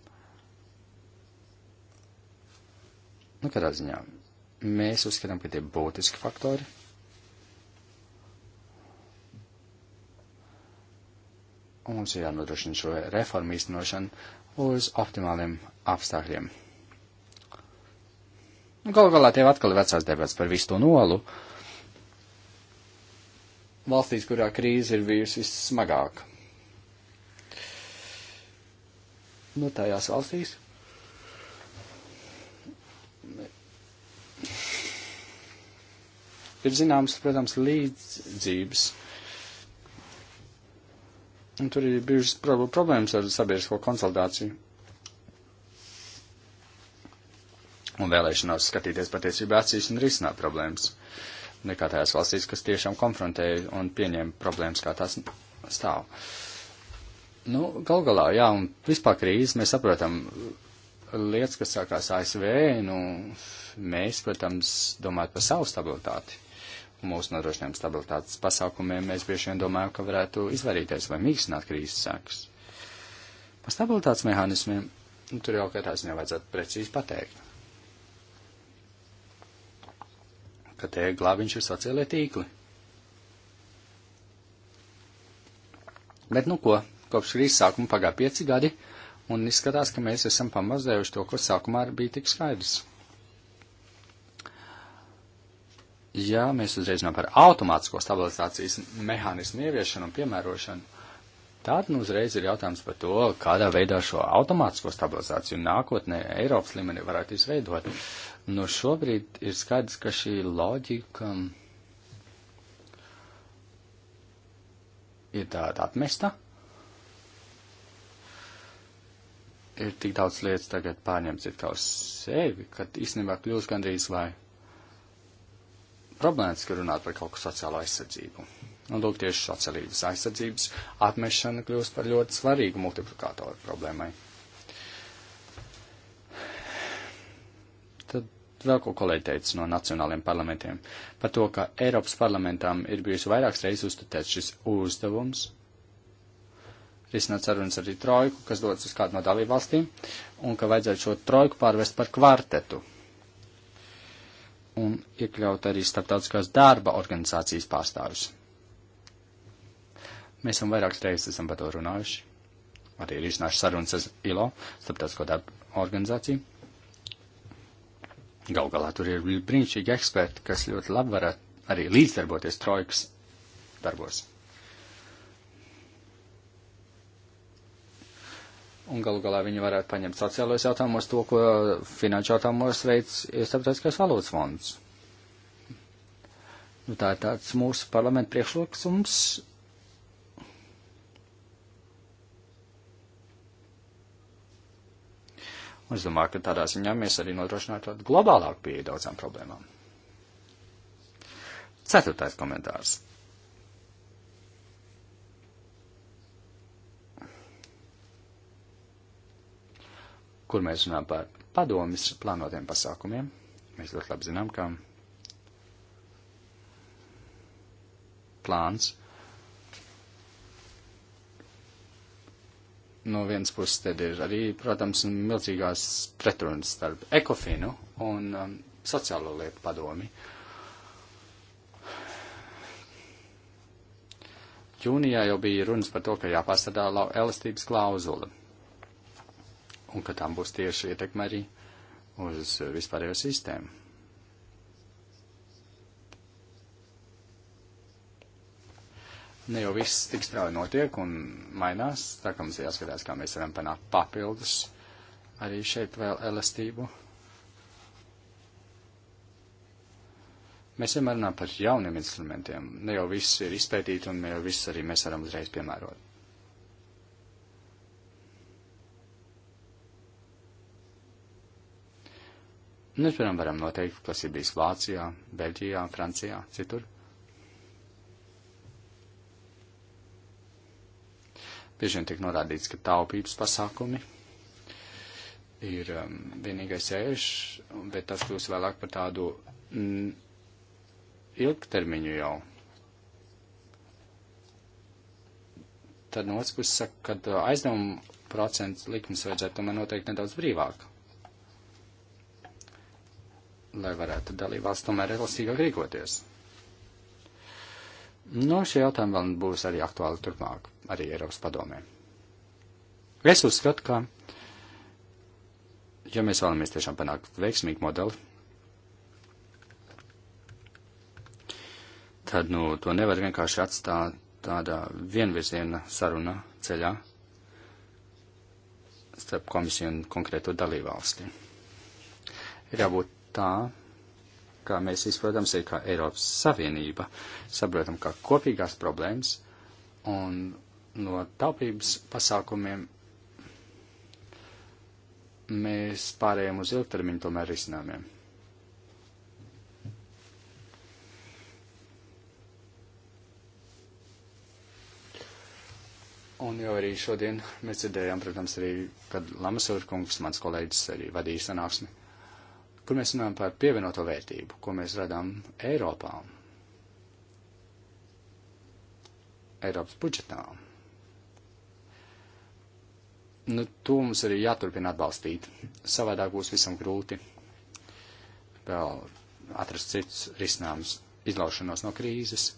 Nu, kādā ziņā mēs uzskatām, ka tie būtiski faktori, mums ir jānodrošina šo reformu īstenošanu, uz optimāliem apstākļiem. Galu galā tie atkal ir vecās debats par visu to nolu. Valstīs, kurā krīze ir bijusi vissmagāka. Nu, tajās valstīs. Ir zināms, protams, līdzdzības Un tur ir bijušas problēmas ar sabiedrisko konsultāciju. Un vēlēšanos skatīties patiesībā acīs un risināt problēmas. Nekā tajās valstīs, kas tiešām konfrontēja un pieņēma problēmas, kā tās stāv. Nu, gal galā, jā, un vispār krīzes mēs saprotam lietas, kas sākās ASV, nu, mēs, protams, domājam par savu stabilitāti mūsu nodrošinājumu stabilitātes pasākumiem, mēs bieži vien domājam, ka varētu izvairīties vai mīkstināt krīzes sākas. Par stabilitātes mehānismiem nu, tur jau katrā ziņā vajadzētu precīzi pateikt. Ka te glābiņš ir sociālai tīkli. Bet nu ko, kopš krīzes sākuma pagāja pieci gadi, un izskatās, ka mēs esam pamazdējuši to, kas sākumā bija tik skaidrs. ja mēs uzreiz runājam par automātisko stabilizācijas mehānismu ieviešanu un piemērošanu, tad nu uzreiz ir jautājums par to, kādā veidā šo automātisko stabilizāciju nākotnē Eiropas līmenī varētu izveidot. Nu šobrīd ir skaidrs, ka šī loģika ir tāda atmesta. Ir tik daudz lietas tagad pārņemts it kā uz sevi, kad īstenībā kļūst gandrīz vai. Vai problemātiski runāt par kaut ko sociālo aizsardzību. Un lūk, tieši sociālības aizsardzības atmešana kļūst par ļoti svarīgu multiplikātoru problēmai. Tad vēl ko kolēģi teica no nacionāliem parlamentiem par to, ka Eiropas parlamentam ir bijusi vairākas reizes uzticēts šis uzdevums risināt sarunas arī trojku, kas dodas uz kādu no dalībvalstīm, un ka vajadzētu šo trojku pārvest par kvartetu un iekļaut arī starptautiskās darba organizācijas pārstāvis. Mēs jau vairākas reizes esam par to runājuši, arī ir iznājuši sarunas ar ILO, starptautisko darbu organizāciju. Gal galā tur ir brīnišķīgi eksperti, kas ļoti labi varat arī līdzdarboties trojkas darbos. un galu galā viņi varētu paņemt sociālos jautājumos to, ko finanšu jautājumos veids starptautiskais valūtas fonds. Nu, tā ir tāds mūsu parlamenta priekšlikums. Un es domāju, ka tādā ziņā mēs arī nodrošinātu tādu globālāku pieeju daudzām problēmām. Ceturtais komentārs. kur mēs runājam par padomis plānotiem pasākumiem. Mēs ļoti labi zinām, ka plāns no vienas puses tad ir arī, protams, milzīgās pretrunas starp ekofinu un um, sociālo lietu padomi. Jūnijā jau bija runas par to, ka jāpārstrādā elastības klauzula un ka tām būs tieši ietekme arī uz vispārējo sistēmu. Ne jau viss tik strauji notiek un mainās, tā kā mums jāskatās, kā mēs varam panākt papildus arī šeit vēl elastību. Mēs vienmēr runājam par jauniem instrumentiem, ne jau viss ir izpētīti un ne jau viss arī mēs varam uzreiz piemērot. Mēs, piemēram, varam noteikt, kas ir bijis Vācijā, Beļģijā, Francijā, citur. Bieži vien tiek norādīts, ka taupības pasākumi ir um, vienīgais ēž, bet tas kļūst vēlāk par tādu mm, ilgtermiņu jau. Tad no otras puses saka, ka uh, aizdevumu procentu likmes vajadzētu tomēr noteikti nedaudz brīvāk lai varētu dalībvalsts tomēr elastīgāk rīkoties. No nu, šie jautājumi vēl būs arī aktuāli turpmāk, arī Eiropas padomē. Es uzskatu, ka, ja mēs vēlamies tiešām panākt veiksmīgu modeli, tad, nu, to nevar vienkārši atstāt tādā vienvirziena saruna ceļā starp komisiju un konkrēto dalībvalsti. Ir jābūt tā, kā mēs izprotam sevi kā Eiropas Savienība, saprotam kā kopīgās problēmas un no taupības pasākumiem mēs pārējām uz ilgtermiņu tomēr risinājumiem. Un jau arī šodien mēs dzirdējām, protams, arī, kad Lamasūra kungs, mans kolēģis, arī vadīja sanāksmi kur mēs runājam par pievienoto vērtību, ko mēs radām Eiropā, Eiropas budžetā. Nu, to mums arī jāturpina atbalstīt. Savādāk būs visam grūti vēl atrast cits risinājums izlaušanos no krīzes.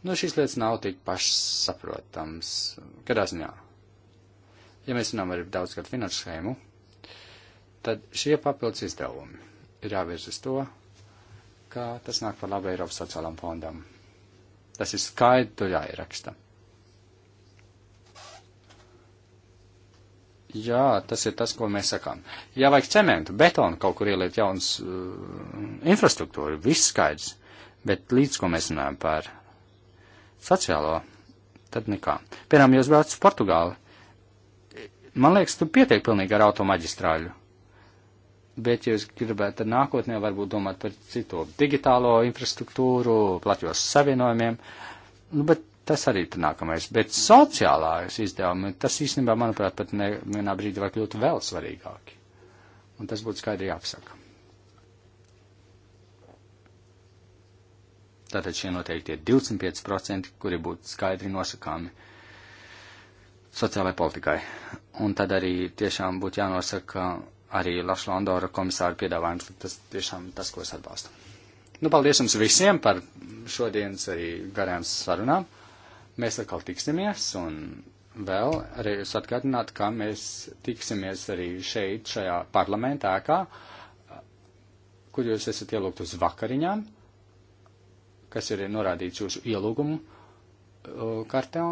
Nu, šīs lietas nav tik pašsaprotams. Kādā ziņā? Ja mēs runājam par daudzgadu finanšu schēmu, tad šie papildus izdevumi ir jāvirz uz to, ka tas nāk par labu Eiropas sociālam fondam. Tas ir skaidri jāieraksta. Jā, tas ir tas, ko mēs sakām. Jā, vajag cementu, betonu kaut kur ieliet jaunas uh, infrastruktūru, viss skaidrs. Bet līdz ko mēs runājam par sociālo, tad nekā. Piemēram, jūs braucat uz Portugāli. Man liekas, tu pietiek pilnīgi ar automaģistrāļu. Bet, ja jūs gribētu nākotnē varbūt domāt par citu digitālo infrastruktūru, platjos savienojumiem, nu, bet tas arī ir nākamais. Bet sociālās izdevumi, tas īstenībā, manuprāt, pat nevienā brīdī var kļūt vēl svarīgāki. Un tas būtu skaidri jāapsaka. Tātad šie noteikti ir 25%, kuri būtu skaidri nosakāmi sociālai politikai. Un tad arī tiešām būtu jānosaka arī Lašla Andora komisāra piedāvājums, tas tiešām tas, ko es atbalstu. Nu, paldies jums visiem par šodienas arī garajām sarunām. Mēs atkal tiksimies un vēl arī jūs atgādināt, ka mēs tiksimies arī šeit, šajā parlamentā, kā, kur jūs esat ielūgt uz vakariņām kas ir norādīts jūsu ielūgumu uh, kartē,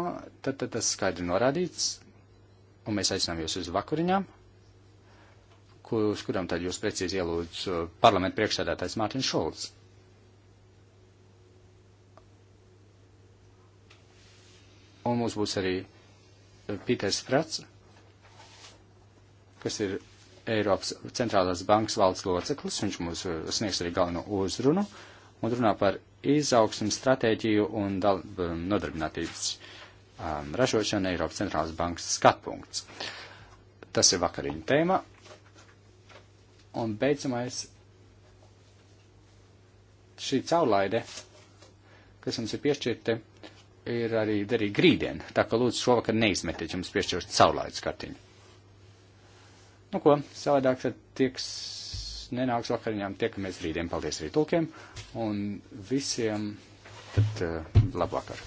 tad, tad tas skaidri norādīts, un mēs aicinām jūs uz vakariņām, kur, uz kurām tad jūs precīzi ielūdz uh, parlamentu priekšsēdētājs Mārtiņš Šulcs. Un mums būs arī uh, Pīters Prats, kas ir Eiropas centrālās bankas valdes loceklis, viņš mums sniegs arī galveno uzrunu un runā par izaugsmu stratēģiju un dal, um, nodarbinātības um, ražošanu Eiropas centrālās bankas skatpunkts. Tas ir vakariņu tēma. Un beidzamais šī caurlaide, kas mums ir piešķirta, ir arī derīga grīdien. Tā ka lūdzu šovakar neizmetiet jums piešķirt caurlaides kartiņu. Nu ko, savādāk tad tieks nenāks vakariņām, tiekamies rītdien. Paldies rītulkiem un visiem tad uh, eh, labvakar.